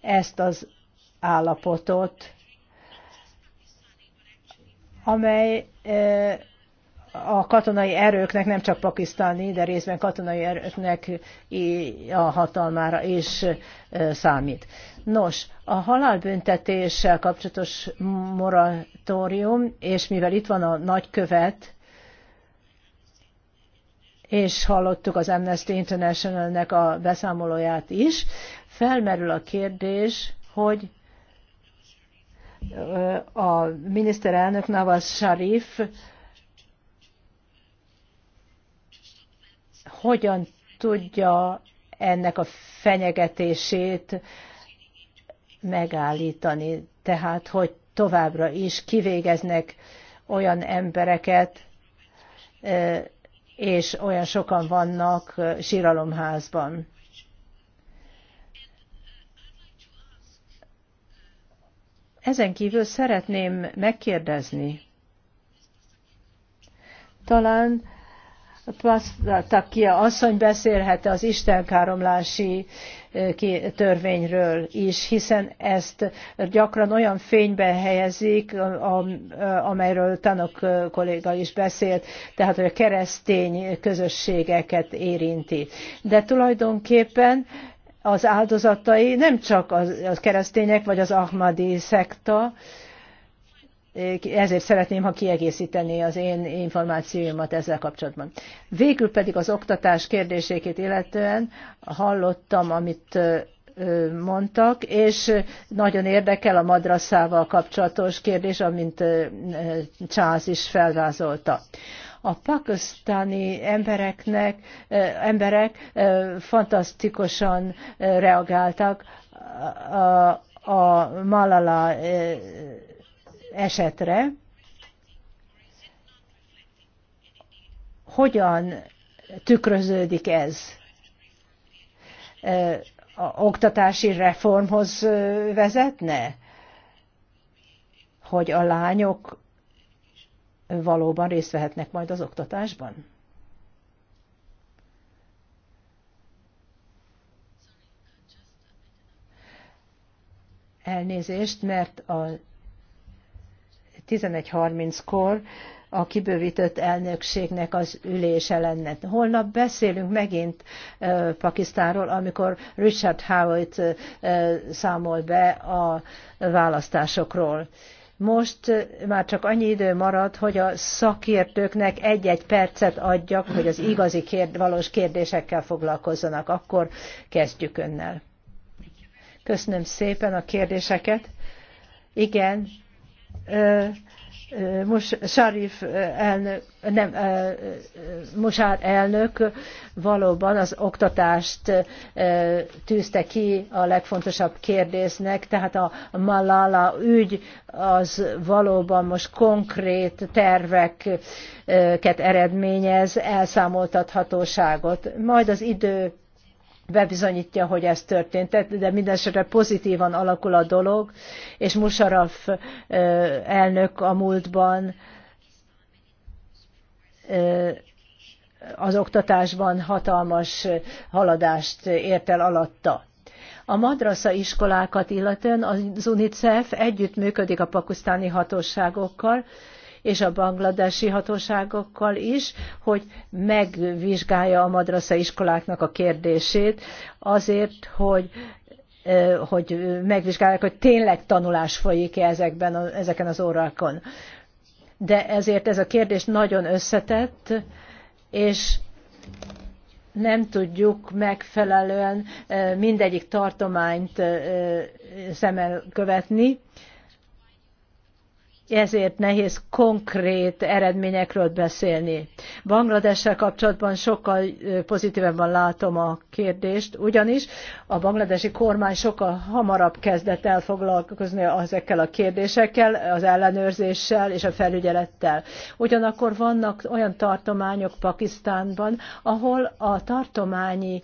ezt az állapotot, amely a katonai erőknek, nem csak pakisztáni, de részben katonai erőknek a hatalmára is számít. Nos, a halálbüntetéssel kapcsolatos moratórium, és mivel itt van a nagykövet, és hallottuk az Amnesty International-nek a beszámolóját is, felmerül a kérdés, hogy a miniszterelnök Navas Sharif hogyan tudja ennek a fenyegetését megállítani. Tehát, hogy továbbra is kivégeznek olyan embereket, és olyan sokan vannak síralomházban. Ezen kívül szeretném megkérdezni, talán Plasztakia asszony beszélhet az istenkáromlási törvényről is, hiszen ezt gyakran olyan fénybe helyezik, amelyről tanok kolléga is beszélt, tehát hogy a keresztény közösségeket érinti. De tulajdonképpen az áldozatai nem csak a keresztények vagy az ahmadi szekta, ezért szeretném, ha kiegészíteni az én információimat ezzel kapcsolatban. Végül pedig az oktatás kérdésékét illetően hallottam, amit mondtak, és nagyon érdekel a madraszával kapcsolatos kérdés, amint Csász is felvázolta. A pakisztáni embereknek, emberek fantasztikusan reagáltak a Malala esetre hogyan tükröződik ez? A oktatási reformhoz vezetne? Hogy a lányok valóban részt vehetnek majd az oktatásban? Elnézést, mert a 11.30-kor a kibővített elnökségnek az ülése lenne. Holnap beszélünk megint Pakisztánról, amikor Richard Howard számol be a választásokról. Most már csak annyi idő marad, hogy a szakértőknek egy-egy percet adjak, hogy az igazi kérd, valós kérdésekkel foglalkozzanak. Akkor kezdjük önnel. Köszönöm szépen a kérdéseket. Igen, most Sharif elnök, nem, Musár elnök valóban az oktatást tűzte ki a legfontosabb kérdésnek, tehát a Malala ügy az valóban most konkrét terveket eredményez, elszámoltathatóságot. Majd az idő bebizonyítja, hogy ez történt, de mindenesetre pozitívan alakul a dolog, és Musaraf elnök a múltban az oktatásban hatalmas haladást ért el alatta. A madrasza iskolákat illetően az UNICEF együttműködik a pakisztáni hatóságokkal, és a bangladesi hatóságokkal is, hogy megvizsgálja a madrasza iskoláknak a kérdését azért, hogy hogy megvizsgálják, hogy tényleg tanulás folyik-e ezekben, ezeken az órákon. De ezért ez a kérdés nagyon összetett, és nem tudjuk megfelelően mindegyik tartományt szemmel követni, ezért nehéz konkrét eredményekről beszélni. Bangladessel kapcsolatban sokkal pozitívebben látom a kérdést, ugyanis a bangladesi kormány sokkal hamarabb kezdett el foglalkozni ezekkel a kérdésekkel, az ellenőrzéssel és a felügyelettel. Ugyanakkor vannak olyan tartományok Pakisztánban, ahol a tartományi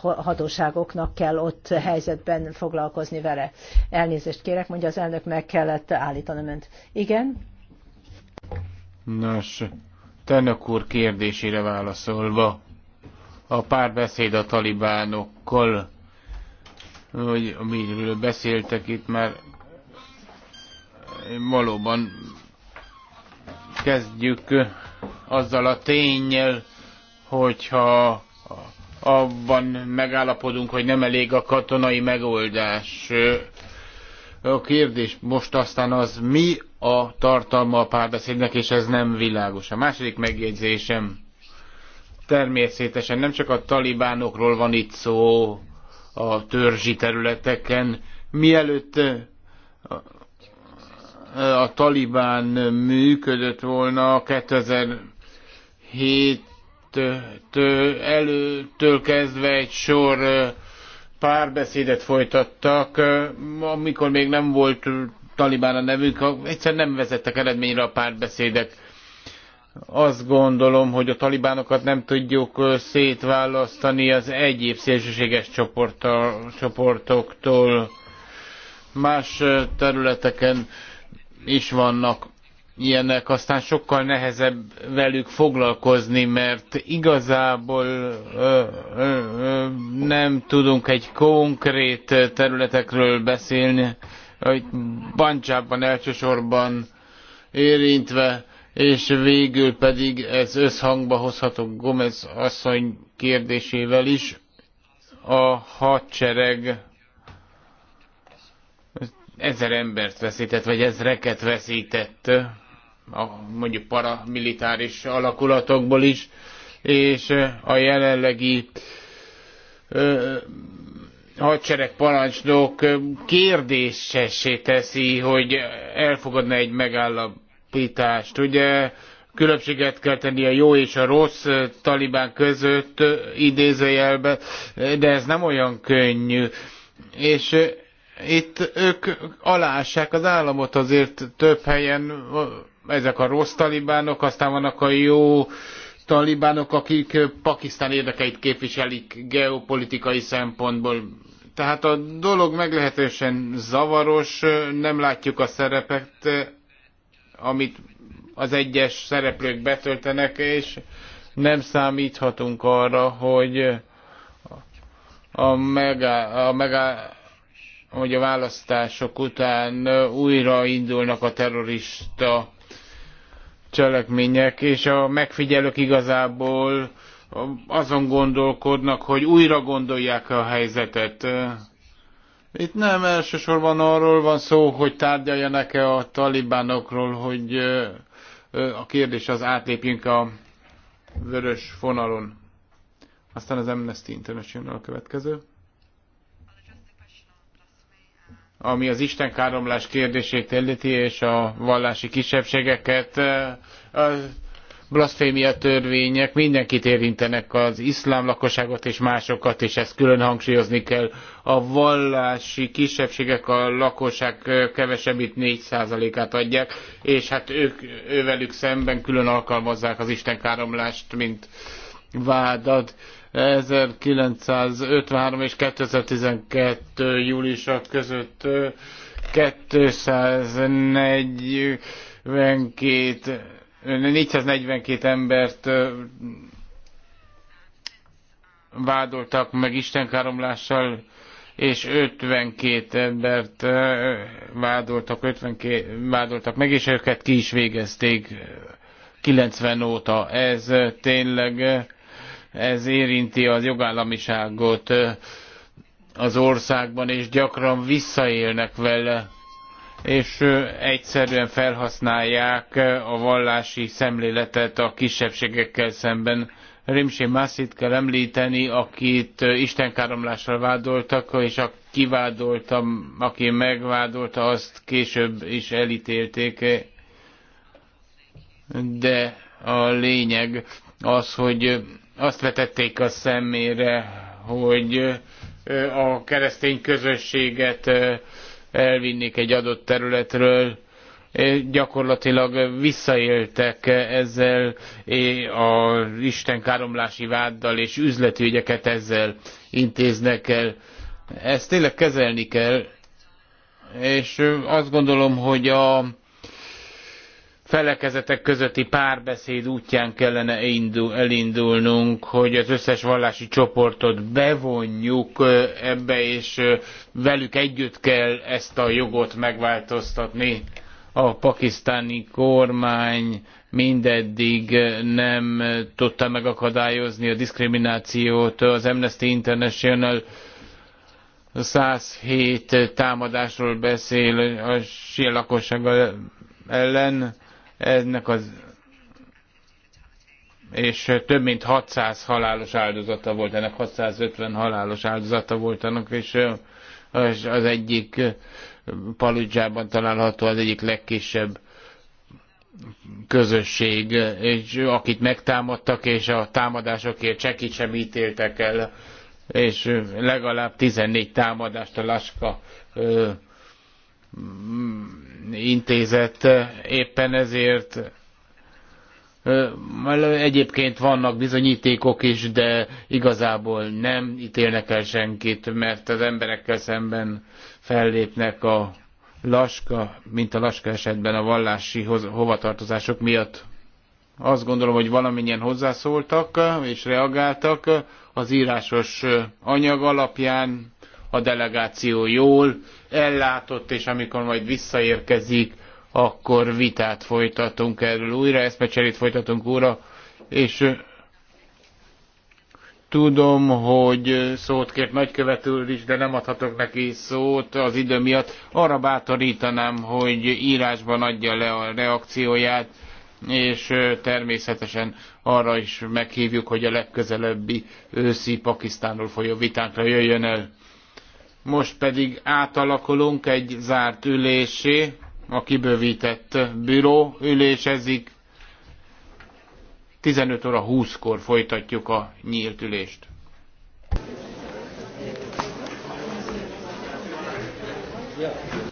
hadóságoknak kell ott helyzetben foglalkozni vele. Elnézést kérek, mondja az elnök, meg kellett állítanom önt. Igen? Nos, Tannak úr kérdésére válaszolva, a párbeszéd a talibánokkal, hogy amiről beszéltek itt már, valóban kezdjük azzal a tényel, hogyha abban megállapodunk, hogy nem elég a katonai megoldás, a kérdés most aztán az, mi a tartalma a párbeszédnek, és ez nem világos. A második megjegyzésem, természetesen nem csak a talibánokról van itt szó a törzsi területeken, mielőtt a Talibán működött volna 2007 előttől kezdve egy sor párbeszédet folytattak, amikor még nem volt Talibán a nevük, egyszerűen nem vezettek eredményre a párbeszédek. Azt gondolom, hogy a talibánokat nem tudjuk szétválasztani az egyéb szélsőséges csoportoktól. Más területeken is vannak ilyenek, aztán sokkal nehezebb velük foglalkozni, mert igazából ö, ö, ö, nem tudunk egy konkrét területekről beszélni, hogy Bancsában elsősorban érintve, és végül pedig ez összhangba hozható Gomez asszony kérdésével is, a hadsereg ezer embert veszített, vagy ezreket veszített a, mondjuk paramilitáris alakulatokból is, és a jelenlegi ö, hadsereg parancsnok kérdésessé teszi, hogy elfogadna egy megállapítást. Ugye különbséget kell tenni a jó és a rossz talibán között idézőjelbe, de ez nem olyan könnyű. És itt ők alássák az államot azért több helyen ezek a rossz talibánok, aztán vannak a jó talibánok, akik eh, Pakisztán érdekeit képviselik geopolitikai szempontból. Tehát a dolog meglehetősen zavaros, eh, nem látjuk a szerepet, eh, amit az egyes szereplők betöltenek, és nem számíthatunk arra, hogy a, megá, a, megá, hogy a választások után újra indulnak a terrorista cselekmények, és a megfigyelők igazából azon gondolkodnak, hogy újra gondolják a helyzetet. Itt nem elsősorban arról van szó, hogy tárgyaljanak-e a talibánokról, hogy a kérdés az átlépjünk a vörös fonalon. Aztán az Amnesty International a következő. ami az Isten káromlás kérdését illeti, és a vallási kisebbségeket, a blasfémia törvények mindenkit érintenek, az iszlám lakosságot és másokat, és ezt külön hangsúlyozni kell. A vallási kisebbségek a lakosság kevesebb, mint 4%-át adják, és hát ők ővelük szemben külön alkalmazzák az Isten káromlást, mint vádad. 1953 és 2012 júliusa között 242 442 embert vádoltak meg istenkáromlással, és 52 embert vádoltak, 52 vádoltak meg, és őket ki is végezték 90 óta. Ez tényleg ez érinti az jogállamiságot az országban, és gyakran visszaélnek vele, és egyszerűen felhasználják a vallási szemléletet a kisebbségekkel szemben. Rimsi Massit kell említeni, akit istenkáromlással vádoltak, és a kivádoltam, aki megvádolta, azt később is elítélték. De a lényeg az, hogy azt vetették a szemére, hogy a keresztény közösséget elvinnék egy adott területről, gyakorlatilag visszaéltek ezzel az Isten káromlási váddal, és üzleti ügyeket ezzel intéznek el. Ezt tényleg kezelni kell, és azt gondolom, hogy a felekezetek közötti párbeszéd útján kellene elindulnunk, hogy az összes vallási csoportot bevonjuk ebbe, és velük együtt kell ezt a jogot megváltoztatni. A pakisztáni kormány mindeddig nem tudta megakadályozni a diszkriminációt. Az Amnesty International 107 támadásról beszél a sír lakossága ellen ennek az és több mint 600 halálos áldozata volt ennek, 650 halálos áldozata volt annak, és az egyik Paludzsában található az egyik legkisebb közösség, és akit megtámadtak, és a támadásokért csekit sem ítéltek el, és legalább 14 támadást a Laska intézet. Éppen ezért Egyébként vannak bizonyítékok is, de igazából nem ítélnek el senkit, mert az emberekkel szemben fellépnek a laska, mint a laska esetben a vallási hovatartozások miatt. Azt gondolom, hogy valamennyien hozzászóltak és reagáltak az írásos anyag alapján a delegáció jól ellátott, és amikor majd visszaérkezik, akkor vitát folytatunk erről újra, eszmecserét folytatunk újra, és tudom, hogy szót kért nagykövet is, de nem adhatok neki szót az idő miatt. Arra bátorítanám, hogy írásban adja le a reakcióját, és természetesen arra is meghívjuk, hogy a legközelebbi őszi Pakisztánról folyó vitánkra jöjjön el. Most pedig átalakulunk egy zárt ülésé, a kibővített büró ülésezik. 15 óra 20-kor folytatjuk a nyílt ülést. Yeah.